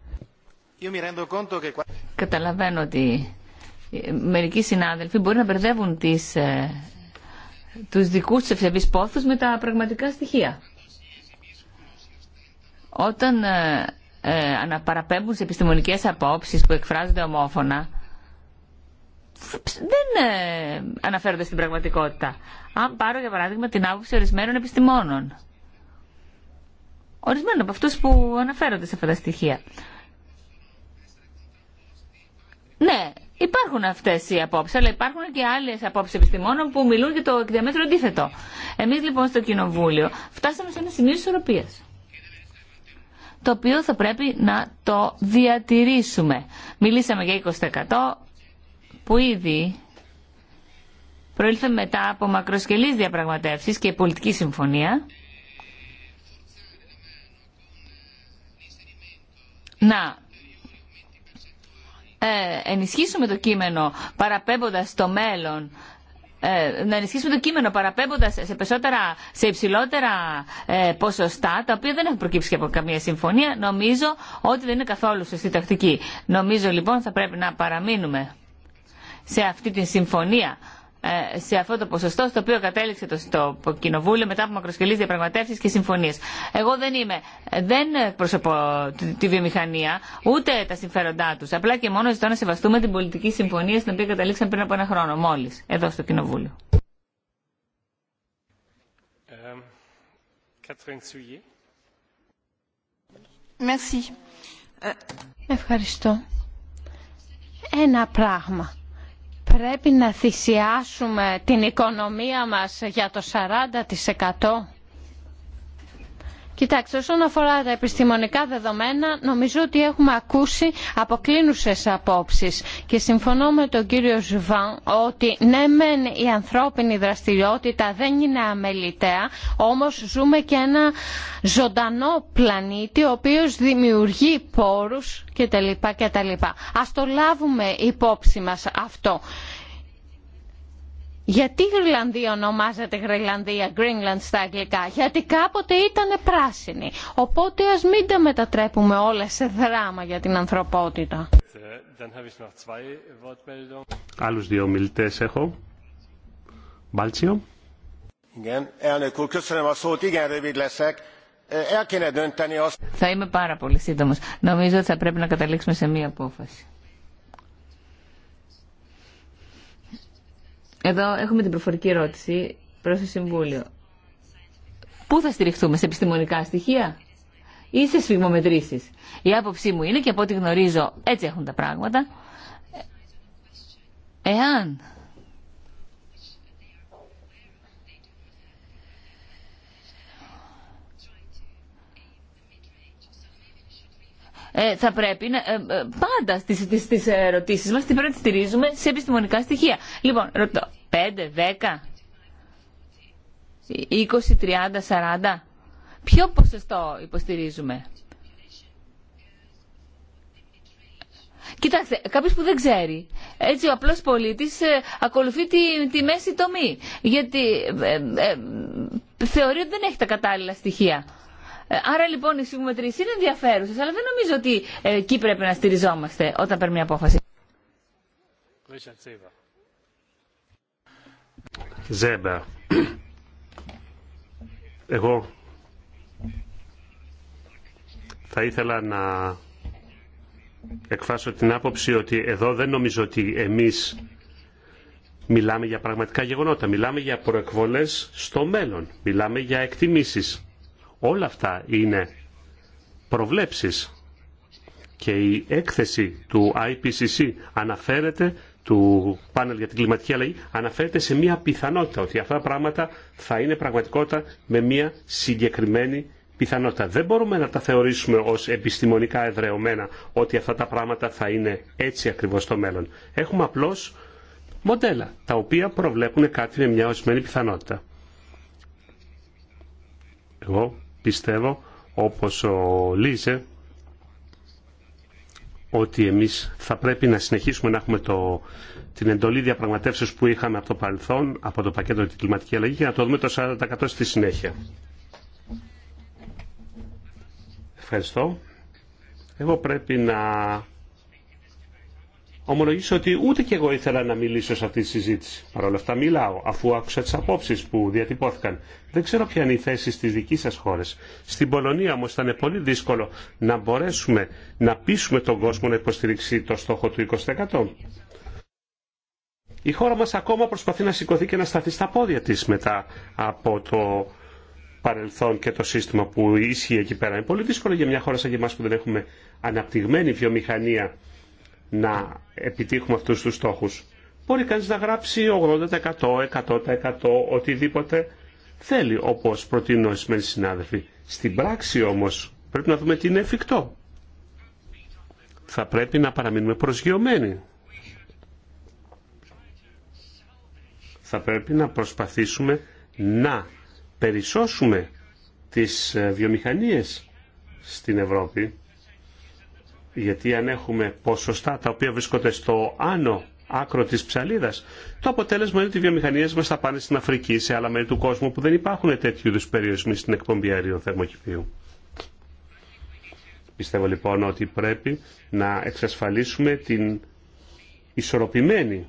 Καταλαβαίνω ότι μερικοί συνάδελφοι μπορεί να μπερδεύουν τις, ε, τους δικούς τους πόθου πόθους με τα πραγματικά στοιχεία. Όταν ε, ε, αναπαραπέμπουν σε επιστημονικές απόψεις που εκφράζονται ομόφωνα, δεν ε, αναφέρονται στην πραγματικότητα. Αν πάρω για παράδειγμα την άποψη ορισμένων επιστημόνων, ορισμένων από αυτούς που αναφέρονται σε αυτά τα στοιχεία. Ναι, υπάρχουν αυτέ οι απόψει, αλλά υπάρχουν και άλλε απόψει επιστημόνων που μιλούν για το διαμέτρο αντίθετο. Εμεί λοιπόν στο Κοινοβούλιο φτάσαμε σε ένα σημείο ισορροπία. Το οποίο θα πρέπει να το διατηρήσουμε. Μιλήσαμε για 20% που ήδη προήλθε μετά από μακροσκελής διαπραγματεύσεις και πολιτική συμφωνία να ε, ενισχύσουμε το κείμενο παραπέμποντας το μέλλον ε, να ενισχύσουμε το κείμενο παραπέμποντας σε, περισσότερα, σε υψηλότερα ε, ποσοστά, τα οποία δεν έχουν προκύψει από καμία συμφωνία, νομίζω ότι δεν είναι καθόλου σωστή τακτική. Νομίζω λοιπόν θα πρέπει να παραμείνουμε σε αυτή τη συμφωνία ε, σε αυτό το ποσοστό στο οποίο κατέληξε το, στο Κοινοβούλιο μετά από μακροσκελής διαπραγματεύσεις και συμφωνίες. Εγώ δεν είμαι, δεν προσωπώ τη βιομηχανία, ούτε τα συμφέροντά τους. Απλά και μόνο ζητώ να σεβαστούμε την πολιτική συμφωνία στην οποία καταλήξαμε πριν από ένα χρόνο μόλις, εδώ στο Κοινοβούλιο. Ε, ε, Ευχαριστώ. Ένα πράγμα πρέπει να θυσιάσουμε την οικονομία μας για το 40%. Κοιτάξτε, όσον αφορά τα επιστημονικά δεδομένα, νομίζω ότι έχουμε ακούσει αποκλίνουσες απόψεις και συμφωνώ με τον κύριο Ζουβάν ότι ναι μεν η ανθρώπινη δραστηριότητα δεν είναι αμεληταία, όμως ζούμε και ένα ζωντανό πλανήτη ο οποίος δημιουργεί πόρους κτλ. κτλ. Ας το λάβουμε υπόψη μας αυτό. Γιατί Γρυλανδία ονομάζεται Γρυλανδία, Greenland στα αγγλικά, γιατί κάποτε ήταν πράσινη. Οπότε ας μην τα μετατρέπουμε όλα σε δράμα για την ανθρωπότητα. Άλλους δύο μιλητές έχω. Μπάλτσιο. Θα είμαι πάρα πολύ σύντομος. Νομίζω ότι θα πρέπει να καταλήξουμε σε μία απόφαση. Εδώ έχουμε την προφορική ερώτηση προ το Συμβούλιο. Πού θα στηριχθούμε, σε επιστημονικά στοιχεία ή σε σφιγμομετρήσεις. Η σε σφιγμομετρησει η αποψη μου είναι και από ό,τι γνωρίζω έτσι έχουν τα πράγματα. Εάν Ε, θα πρέπει να, ε, ε, πάντα στις, στις, στις ερωτήσεις μας την πρέπει να στηρίζουμε σε επιστημονικά στοιχεία. Λοιπόν, ρωτώ, 5, 10, 20, 30, 40, ποιο ποσοστό υποστηρίζουμε. Κοιτάξτε, κάποιο που δεν ξέρει, έτσι ο απλός πολίτης ακολουθεί τη, τη μέση τομή, γιατί ε, θεωρεί ότι δεν έχει τα κατάλληλα στοιχεία. Ε, άρα λοιπόν οι συμμετρήσει είναι ενδιαφέρουσε, αλλά δεν νομίζω ότι ε, εκεί πρέπει να στηριζόμαστε όταν παίρνει μια απόφαση. Ζέμπα. Εγώ θα ήθελα να εκφράσω την άποψη ότι εδώ δεν νομίζω ότι εμείς μιλάμε για πραγματικά γεγονότα. Μιλάμε για προεκβολές στο μέλλον. Μιλάμε για εκτιμήσεις. Όλα αυτά είναι προβλέψεις και η έκθεση του IPCC αναφέρεται του πάνελ για την κλιματική αλλαγή αναφέρεται σε μια πιθανότητα ότι αυτά τα πράγματα θα είναι πραγματικότητα με μια συγκεκριμένη πιθανότητα. Δεν μπορούμε να τα θεωρήσουμε ως επιστημονικά εδρεωμένα ότι αυτά τα πράγματα θα είναι έτσι ακριβώς στο μέλλον. Έχουμε απλώς μοντέλα τα οποία προβλέπουν κάτι με μια ορισμένη πιθανότητα. Εγώ πιστεύω όπως ο Λίζε ότι εμείς θα πρέπει να συνεχίσουμε να έχουμε το, την εντολή διαπραγματεύσεως που είχαμε από το παρελθόν, από το πακέτο για την κλιματική αλλαγή και να το δούμε το 40% στη συνέχεια. Ευχαριστώ. Εγώ πρέπει να ομολογήσω ότι ούτε και εγώ ήθελα να μιλήσω σε αυτή τη συζήτηση. Παρ' όλα αυτά μιλάω, αφού άκουσα τι απόψει που διατυπώθηκαν. Δεν ξέρω ποια είναι η θέση στι δικής σα χώρε. Στην Πολωνία όμω ήταν πολύ δύσκολο να μπορέσουμε να πείσουμε τον κόσμο να υποστηρίξει το στόχο του 20%. Η χώρα μας ακόμα προσπαθεί να σηκωθεί και να σταθεί στα πόδια της μετά από το παρελθόν και το σύστημα που ισχύει εκεί πέρα. Είναι πολύ δύσκολο για μια χώρα σαν και εμάς που δεν έχουμε αναπτυγμένη βιομηχανία να επιτύχουμε αυτούς τους στόχους. Μπορεί κανείς να γράψει 80%, 100%, οτιδήποτε θέλει, όπως προτείνουν ορισμένοι συνάδελφοι. Στην πράξη όμως πρέπει να δούμε τι είναι εφικτό. Θα πρέπει να παραμείνουμε προσγειωμένοι. Θα πρέπει να προσπαθήσουμε να περισσώσουμε τις ε, βιομηχανίες στην Ευρώπη γιατί αν έχουμε ποσοστά τα οποία βρίσκονται στο άνω άκρο της ψαλίδας, το αποτέλεσμα είναι ότι οι βιομηχανίες μας θα πάνε στην Αφρική, σε άλλα μέρη του κόσμου που δεν υπάρχουν τέτοιου είδους περιορισμοί στην εκπομπή αερίων θερμοκηπίου. Πιστεύω λοιπόν ότι πρέπει να εξασφαλίσουμε την ισορροπημένη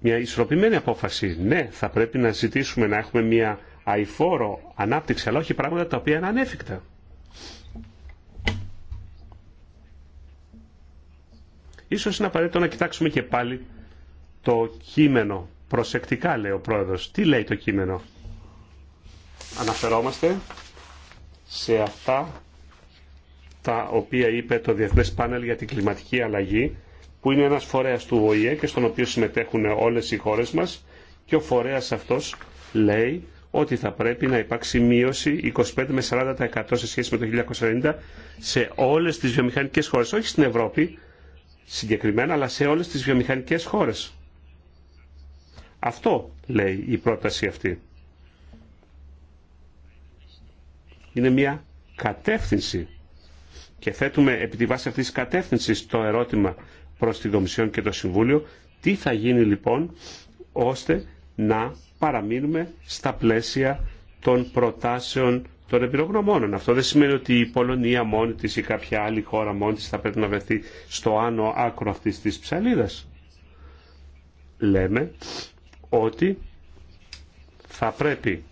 μια ισορροπημένη απόφαση. Ναι, θα πρέπει να ζητήσουμε να έχουμε μια αηφόρο ανάπτυξη, αλλά όχι πράγματα τα οποία είναι ανέφικτα. Ίσως είναι απαραίτητο να κοιτάξουμε και πάλι το κείμενο. Προσεκτικά λέει ο πρόεδρος. Τι λέει το κείμενο. Αναφερόμαστε σε αυτά τα οποία είπε το Διεθνές Πάνελ για την κλιματική αλλαγή που είναι ένας φορέας του ΟΗΕ και στον οποίο συμμετέχουν όλες οι χώρες μας και ο φορέας αυτός λέει ότι θα πρέπει να υπάρξει μείωση 25 με 40% σε σχέση με το 1990 σε όλες τις βιομηχανικές χώρες, όχι στην Ευρώπη, συγκεκριμένα, αλλά σε όλες τις βιομηχανικές χώρες. Αυτό λέει η πρόταση αυτή. Είναι μια κατεύθυνση και θέτουμε επί τη βάση αυτής της κατεύθυνσης το ερώτημα προς τη Κομισιόν και το Συμβούλιο τι θα γίνει λοιπόν ώστε να παραμείνουμε στα πλαίσια των προτάσεων των εμπειρογνωμόνων. Αυτό δεν σημαίνει ότι η Πολωνία μόνη της ή κάποια άλλη χώρα μόνη της θα πρέπει να βρεθεί στο άνω άκρο αυτής της ψαλίδας. Λέμε ότι θα πρέπει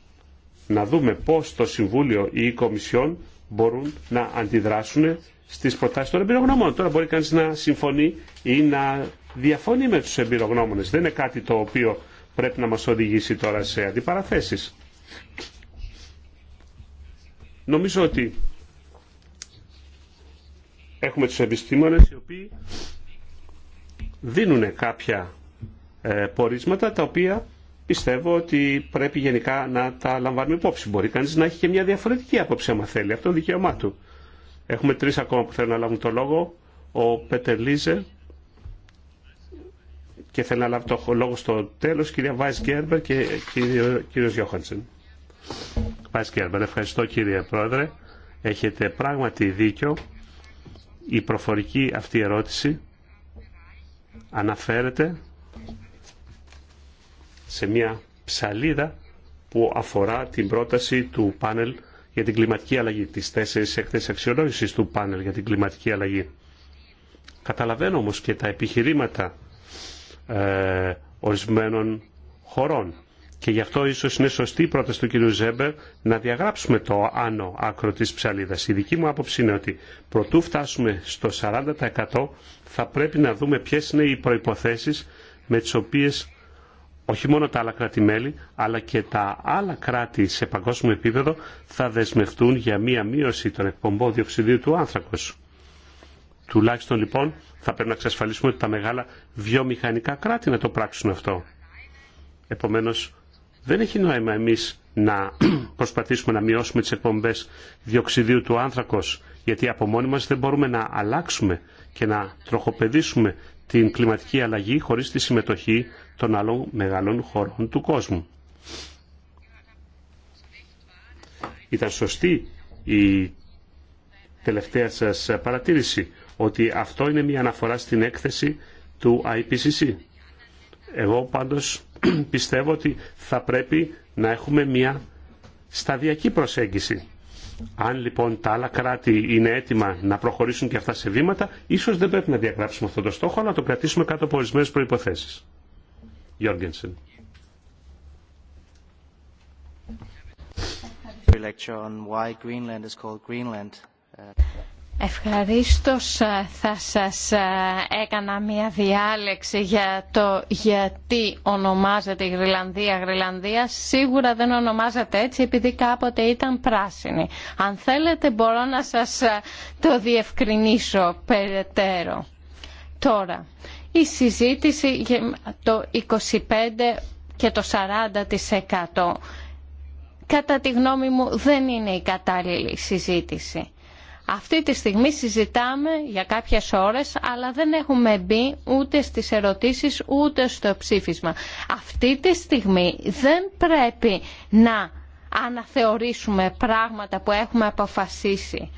να δούμε πώς το Συμβούλιο ή η Κομισιόν μπορούν να αντιδράσουν στις προτάσεις των εμπειρογνώμων. Τώρα μπορεί κανείς να συμφωνεί ή να διαφωνεί με τους εμπειρογνώμονες. Δεν είναι κάτι το οποίο πρέπει να μας οδηγήσει τώρα σε αντιπαραθέσεις. Νομίζω ότι έχουμε τους επιστήμονες οι οποίοι δίνουν κάποια ε, πορίσματα τα οποία πιστεύω ότι πρέπει γενικά να τα λαμβάνουμε υπόψη. Μπορεί κανείς να έχει και μια διαφορετική άποψη άμα θέλει. Αυτό είναι δικαίωμά του. Έχουμε τρεις ακόμα που θέλουν να λάβουν το λόγο. Ο Πέτερ Λίζε και θέλει να λάβει το λόγο στο τέλος. Κυρία Βάις Γκέρμπερ και κύριο, κύριος Ευχαριστώ κύριε Πρόεδρε. Έχετε πράγματι δίκιο. Η προφορική αυτή ερώτηση αναφέρεται σε μια ψαλίδα που αφορά την πρόταση του πάνελ για την κλιματική αλλαγή, τις τέσσερις έκθεσεις αξιολόγησης του πάνελ για την κλιματική αλλαγή. Καταλαβαίνω όμως και τα επιχειρήματα ε, ορισμένων χωρών. Και γι' αυτό ίσως είναι σωστή η πρόταση του κ. Ζέμπερ να διαγράψουμε το άνω άκρο της ψαλίδας. Η δική μου άποψη είναι ότι προτού φτάσουμε στο 40% θα πρέπει να δούμε ποιες είναι οι προϋποθέσεις με τις οποίες όχι μόνο τα άλλα κράτη-μέλη, αλλά και τα άλλα κράτη σε παγκόσμιο επίπεδο θα δεσμευτούν για μία μείωση των εκπομπών διοξιδίου του άνθρακος. Τουλάχιστον λοιπόν θα πρέπει να εξασφαλίσουμε ότι τα μεγάλα βιομηχανικά κράτη να το πράξουν αυτό. Επομένως δεν έχει νόημα εμείς να προσπαθήσουμε να μειώσουμε τις εκπομπές διοξιδίου του άνθρακος, γιατί από μόνοι μας δεν μπορούμε να αλλάξουμε και να τροχοπεδίσουμε την κλιματική αλλαγή χωρίς τη συμμετοχή των άλλων μεγάλων χωρών του κόσμου. Ήταν σωστή η τελευταία σας παρατήρηση ότι αυτό είναι μια αναφορά στην έκθεση του IPCC. Εγώ πάντως πιστεύω ότι θα πρέπει να έχουμε μια σταδιακή προσέγγιση. Αν λοιπόν τα άλλα κράτη είναι έτοιμα να προχωρήσουν και αυτά σε βήματα, ίσως δεν πρέπει να διαγράψουμε αυτό το στόχο, αλλά να το κρατήσουμε κάτω από ορισμένε προϋποθέσεις. Ευχαριστώ. Ε, θα σας ε, έκανα μια διάλεξη για το γιατί ονομάζεται η Γρυλανδία Γρυλανδία. Σίγουρα δεν ονομάζεται έτσι επειδή κάποτε ήταν πράσινη. Αν θέλετε μπορώ να σας ε, το διευκρινίσω περαιτέρω. Τώρα, η συζήτηση για το 25 και το 40% κατά τη γνώμη μου δεν είναι η κατάλληλη συζήτηση αυτή τη στιγμή συζητάμε για κάποιες ώρες, αλλά δεν έχουμε μπει ούτε στις ερωτήσεις ούτε στο ψήφισμα. Αυτή τη στιγμή δεν πρέπει να αναθεωρήσουμε πράγματα που έχουμε αποφασίσει.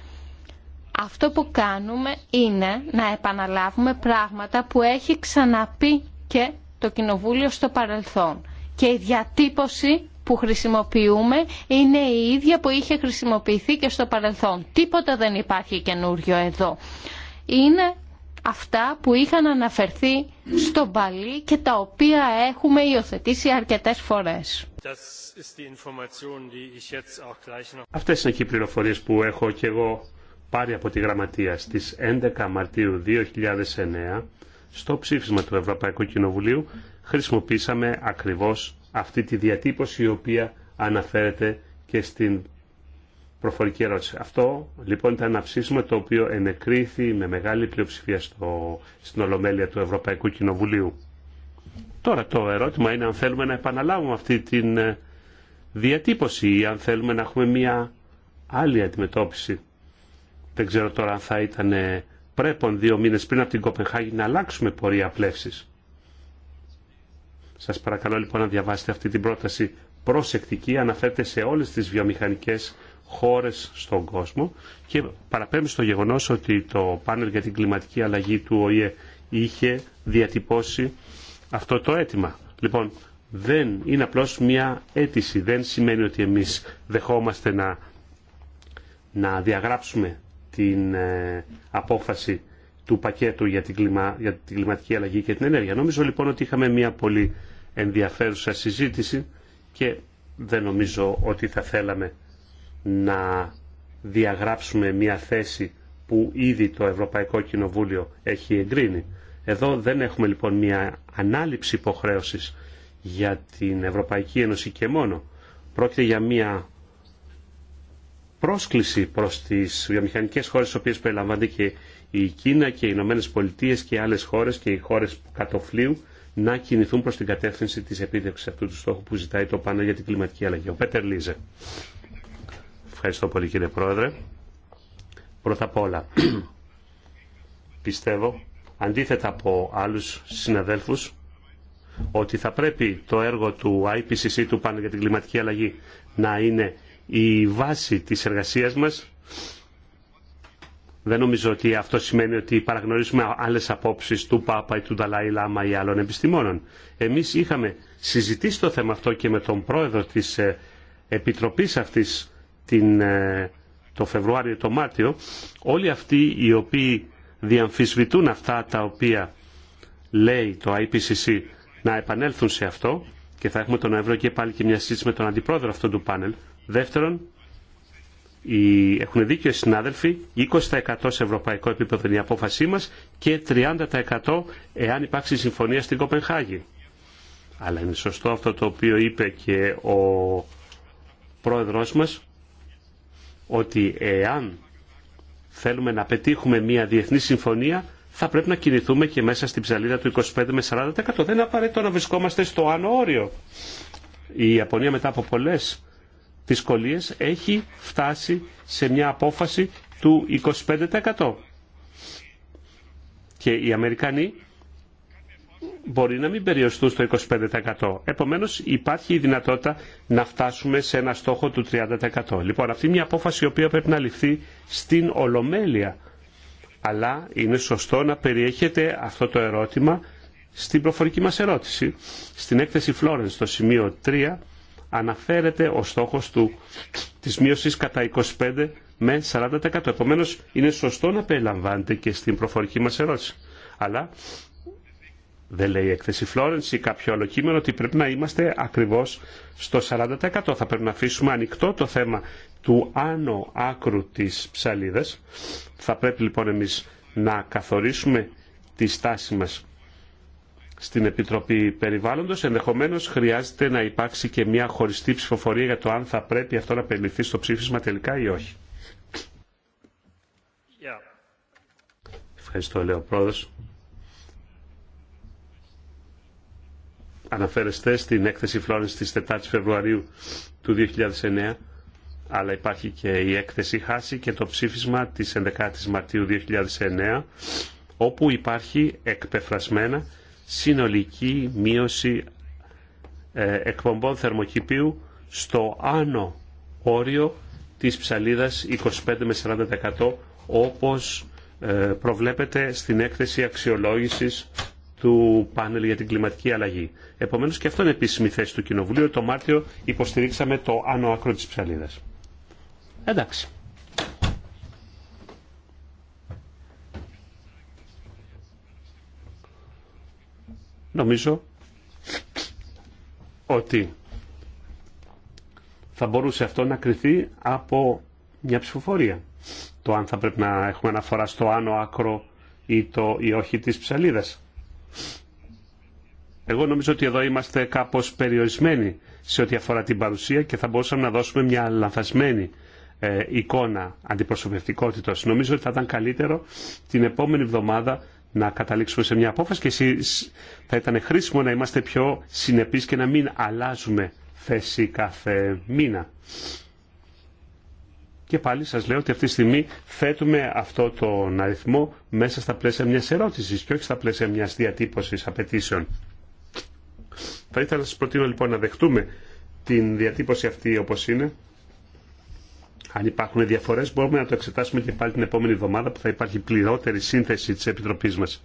Αυτό που κάνουμε είναι να επαναλάβουμε πράγματα που έχει ξαναπεί και το Κοινοβούλιο στο παρελθόν. Και η διατύπωση που χρησιμοποιούμε είναι η ίδια που είχε χρησιμοποιηθεί και στο παρελθόν. Τίποτα δεν υπάρχει καινούριο εδώ. Είναι αυτά που είχαν αναφερθεί στο παλι και τα οποία έχουμε υιοθετήσει αρκετές φορές. Αυτές είναι και οι πληροφορίες που έχω και εγώ πάρει από τη Γραμματεία στις 11 Μαρτίου 2009 στο ψήφισμα του Ευρωπαϊκού Κοινοβουλίου χρησιμοποίησαμε ακριβώς αυτή τη διατύπωση η οποία αναφέρεται και στην προφορική ερώτηση. Αυτό λοιπόν ήταν ένα ψήσιμο το οποίο ενεκρίθη με μεγάλη πλειοψηφία στο, στην Ολομέλεια του Ευρωπαϊκού Κοινοβουλίου. Τώρα το ερώτημα είναι αν θέλουμε να επαναλάβουμε αυτή την ε, διατύπωση ή αν θέλουμε να έχουμε μία άλλη αντιμετώπιση. Δεν ξέρω τώρα αν θα ήταν ε, πρέπον δύο μήνες πριν από την Κοπεχάγη να αλλάξουμε πορεία πλεύσης. Σας παρακαλώ λοιπόν να διαβάσετε αυτή την πρόταση προσεκτική, αναφέρεται σε όλες τις βιομηχανικές χώρες στον κόσμο και παραπέμπει στο γεγονός ότι το πάνελ για την κλιματική αλλαγή του ΟΗΕ είχε διατυπώσει αυτό το αίτημα. Λοιπόν, δεν είναι απλώς μια αίτηση, δεν σημαίνει ότι εμείς δεχόμαστε να, να διαγράψουμε την ε, απόφαση του πακέτου για την, κλιμα, κλιματική αλλαγή και την ενέργεια. Νομίζω λοιπόν ότι είχαμε μια πολύ ενδιαφέρουσα συζήτηση και δεν νομίζω ότι θα θέλαμε να διαγράψουμε μια θέση που ήδη το Ευρωπαϊκό Κοινοβούλιο έχει εγκρίνει. Εδώ δεν έχουμε λοιπόν μια ανάληψη υποχρέωσης για την Ευρωπαϊκή Ένωση και μόνο. Πρόκειται για μια πρόσκληση προς τις βιομηχανικές χώρες στις οποίες περιλαμβάνεται και η Κίνα και οι Ηνωμένε Πολιτείε και άλλες χώρες και οι χώρες κατοφλίου να κινηθούν προς την κατεύθυνση της επίτευξης αυτού του στόχου που ζητάει το πάνω για την κλιματική αλλαγή. Ο Πέτερ Λίζε. Ευχαριστώ πολύ κύριε Πρόεδρε. Πρώτα απ' όλα, πιστεύω, αντίθετα από άλλους συναδέλφους, ότι θα πρέπει το έργο του IPCC, του πάνω για την κλιματική αλλαγή, να είναι η βάση της εργασίας μας δεν νομίζω ότι αυτό σημαίνει ότι παραγνωρίζουμε άλλες απόψεις του Πάπα ή του Νταλάη Λάμα ή άλλων επιστημόνων. Εμείς είχαμε συζητήσει το θέμα αυτό και με τον πρόεδρο της ε, Επιτροπής αυτής την, ε, το Φεβρουάριο το Μάρτιο. Όλοι αυτοί οι οποίοι διαμφισβητούν αυτά τα οποία λέει το IPCC να επανέλθουν σε αυτό και θα έχουμε τον Νοέμβριο και πάλι και μια συζήτηση με τον αντιπρόεδρο αυτού του πάνελ. Δεύτερον, οι, έχουν δίκιο οι συνάδελφοι, 20% σε ευρωπαϊκό επίπεδο είναι η απόφασή μας και 30% εάν υπάρξει συμφωνία στην Κοπενχάγη. Αλλά είναι σωστό αυτό το οποίο είπε και ο πρόεδρος μας, ότι εάν θέλουμε να πετύχουμε μια διεθνή συμφωνία, θα πρέπει να κινηθούμε και μέσα στην ψαλίδα του 25 με 40%. Δεν είναι απαραίτητο να βρισκόμαστε στο άνω όριο. Η Ιαπωνία μετά από πολλές δυσκολίες έχει φτάσει σε μια απόφαση του 25%. Και οι Αμερικανοί μπορεί να μην περιοριστούν στο 25%. Επομένως υπάρχει η δυνατότητα να φτάσουμε σε ένα στόχο του 30%. Λοιπόν, αυτή είναι μια απόφαση η οποία πρέπει να ληφθεί στην Ολομέλεια. Αλλά είναι σωστό να περιέχεται αυτό το ερώτημα στην προφορική μας ερώτηση. Στην έκθεση Florence, στο σημείο 3, αναφέρεται ο στόχος του, της μείωσης κατά 25 με 40%. Επομένως είναι σωστό να περιλαμβάνεται και στην προφορική μας ερώτηση. Αλλά δεν λέει η έκθεση Florence ή κάποιο άλλο κείμενο ότι πρέπει να είμαστε ακριβώς στο 40%. Θα πρέπει να αφήσουμε ανοιχτό το θέμα του άνω άκρου της ψαλίδας. Θα πρέπει λοιπόν εμείς να καθορίσουμε τη στάση μας στην Επιτροπή Περιβάλλοντος. Ενδεχομένως χρειάζεται να υπάρξει και μια χωριστή ψηφοφορία για το αν θα πρέπει αυτό να περιληφθεί στο ψήφισμα τελικά ή όχι. Ευχαριστώ, λέω πρόεδρος. Αναφέρεστε στην έκθεση Φλόρενς της 4 Φεβρουαρίου του 2009 αλλά υπάρχει και η έκθεση χάση και το ψήφισμα της 11ης Μαρτίου 2009 όπου υπάρχει εκπεφρασμένα συνολική μείωση ε, εκπομπών θερμοκηπίου στο άνω όριο της ψαλίδας 25 με 40% όπως ε, προβλέπεται στην έκθεση αξιολόγησης του πάνελ για την κλιματική αλλαγή. Επομένως και αυτό είναι επίσημη θέση του Κοινοβουλίου. Το Μάρτιο υποστηρίξαμε το άνω άκρο της ψαλίδας. Εντάξει. Νομίζω ότι θα μπορούσε αυτό να κριθεί από μια ψηφοφορία. Το αν θα πρέπει να έχουμε αναφορά στο άνω άκρο ή, το, ή όχι της ψαλίδας. Εγώ νομίζω ότι εδώ είμαστε κάπως περιορισμένοι σε ό,τι αφορά την παρουσία και θα μπορούσαμε να δώσουμε μια λανθασμένη ε, εικόνα αντιπροσωπευτικότητας. Νομίζω ότι θα ήταν καλύτερο την επόμενη εβδομάδα να καταλήξουμε σε μια απόφαση και εσείς θα ήταν χρήσιμο να είμαστε πιο συνεπείς και να μην αλλάζουμε θέση κάθε μήνα. Και πάλι σας λέω ότι αυτή τη στιγμή θέτουμε αυτό τον αριθμό μέσα στα πλαίσια μιας ερώτησης και όχι στα πλαίσια μιας διατύπωσης απαιτήσεων. Θα ήθελα να σας προτείνω λοιπόν να δεχτούμε την διατύπωση αυτή όπως είναι αν υπάρχουν διαφορέ μπορούμε να το εξετάσουμε και πάλι την επόμενη εβδομάδα που θα υπάρχει πληρότερη σύνθεση τη επιτροπή μας.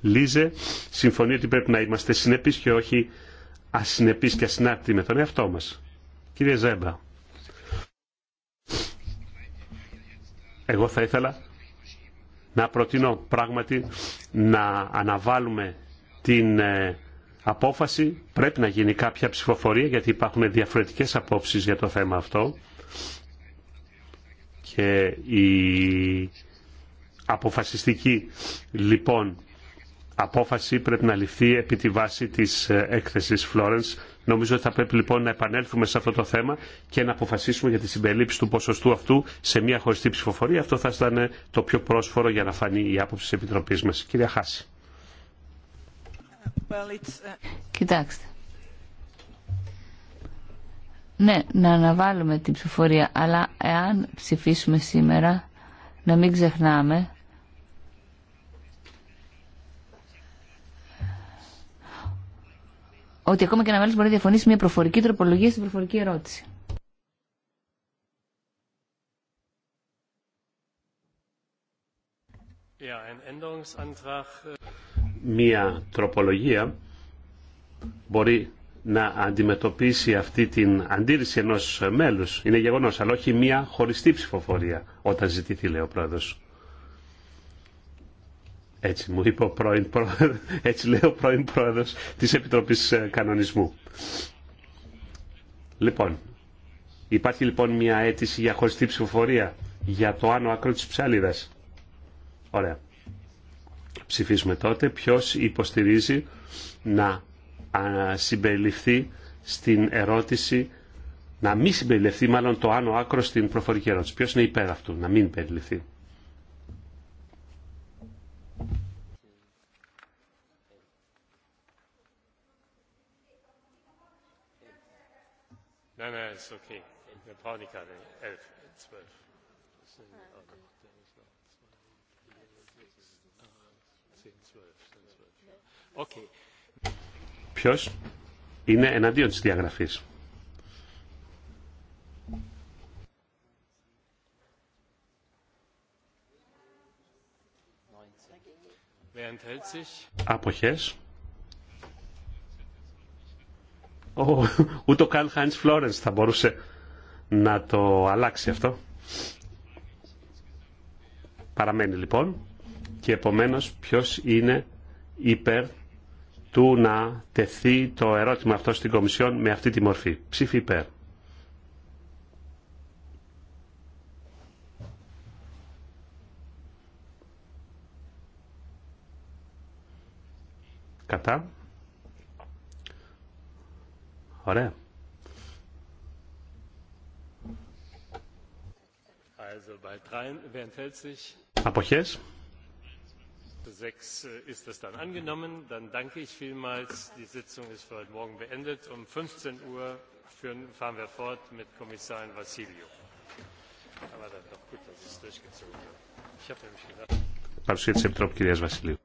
Λίζε, συμφωνεί ότι πρέπει να είμαστε συνεπείς και όχι ασυνεπείς και ασυνάρτητοι με τον εαυτό μας. Κύριε Ζέμπα, εγώ θα ήθελα να προτείνω πράγματι να αναβάλουμε την ε, απόφαση πρέπει να γίνει κάποια ψηφοφορία γιατί υπάρχουν διαφορετικές απόψεις για το θέμα αυτό και η αποφασιστική λοιπόν απόφαση πρέπει να ληφθεί επί τη βάση της ε, έκθεσης Florence. Νομίζω ότι θα πρέπει λοιπόν να επανέλθουμε σε αυτό το θέμα και να αποφασίσουμε για τη συμπερίληψη του ποσοστού αυτού σε μια χωριστή ψηφοφορία. Αυτό θα ήταν το πιο πρόσφορο για να φανεί η άποψη της Επιτροπής μας. Κυρία Χάση. Uh, Κοιτάξτε. Ναι, να αναβάλουμε την ψηφοφορία, αλλά εάν ψηφίσουμε σήμερα, να μην ξεχνάμε ότι ακόμα και ένα μέλος μπορεί να διαφωνήσει μια προφορική τροπολογία στην προφορική ερώτηση. Äh, μία τροπολογία μπορεί να αντιμετωπίσει αυτή την αντίρρηση ο προϊόν μέλους. Είναι γεγονός, αλλά όχι μία χωριστή ψηφοφορία όταν ζητηθει λέει ο προεδρο Έτσι μου είπε έτσι λέει ο πρώην πρόεδρο της Επιτροπής ε, Κανονισμού. Λοιπόν, υπάρχει λοιπόν μία αίτηση για χωριστή ψηφοφορία για το άνω άκρο τη ψαλίδας. Ωραία. Ψηφίσουμε τότε ποιος υποστηρίζει να συμπεριληφθεί στην ερώτηση να μην συμπεριληφθεί μάλλον το άνω άκρο στην προφορική ερώτηση. Ποιος είναι υπέρ αυτού, να μην περιληφθεί. Ναι ναι, Είναι okay. The 12. Ποιος είναι εναντίον της διαγραφής. Αποχές. Ο, ούτε ο Καλ Φλόρενς θα μπορούσε να το αλλάξει αυτό. Παραμένει λοιπόν και επομένως ποιος είναι υπέρ του να τεθεί το ερώτημα αυτό στην Κομισιόν με αυτή τη μορφή. Ψήφι υπέρ. Κατά. Ωραία. Αποχές sechs ist es dann angenommen. Dann danke ich vielmals. Die Sitzung ist für heute Morgen beendet. Um 15 Uhr fahren wir fort mit Kommissarin Vassiliou. Aber dann doch gut, dass es durchgezogen wird. Ich habe nämlich gedacht.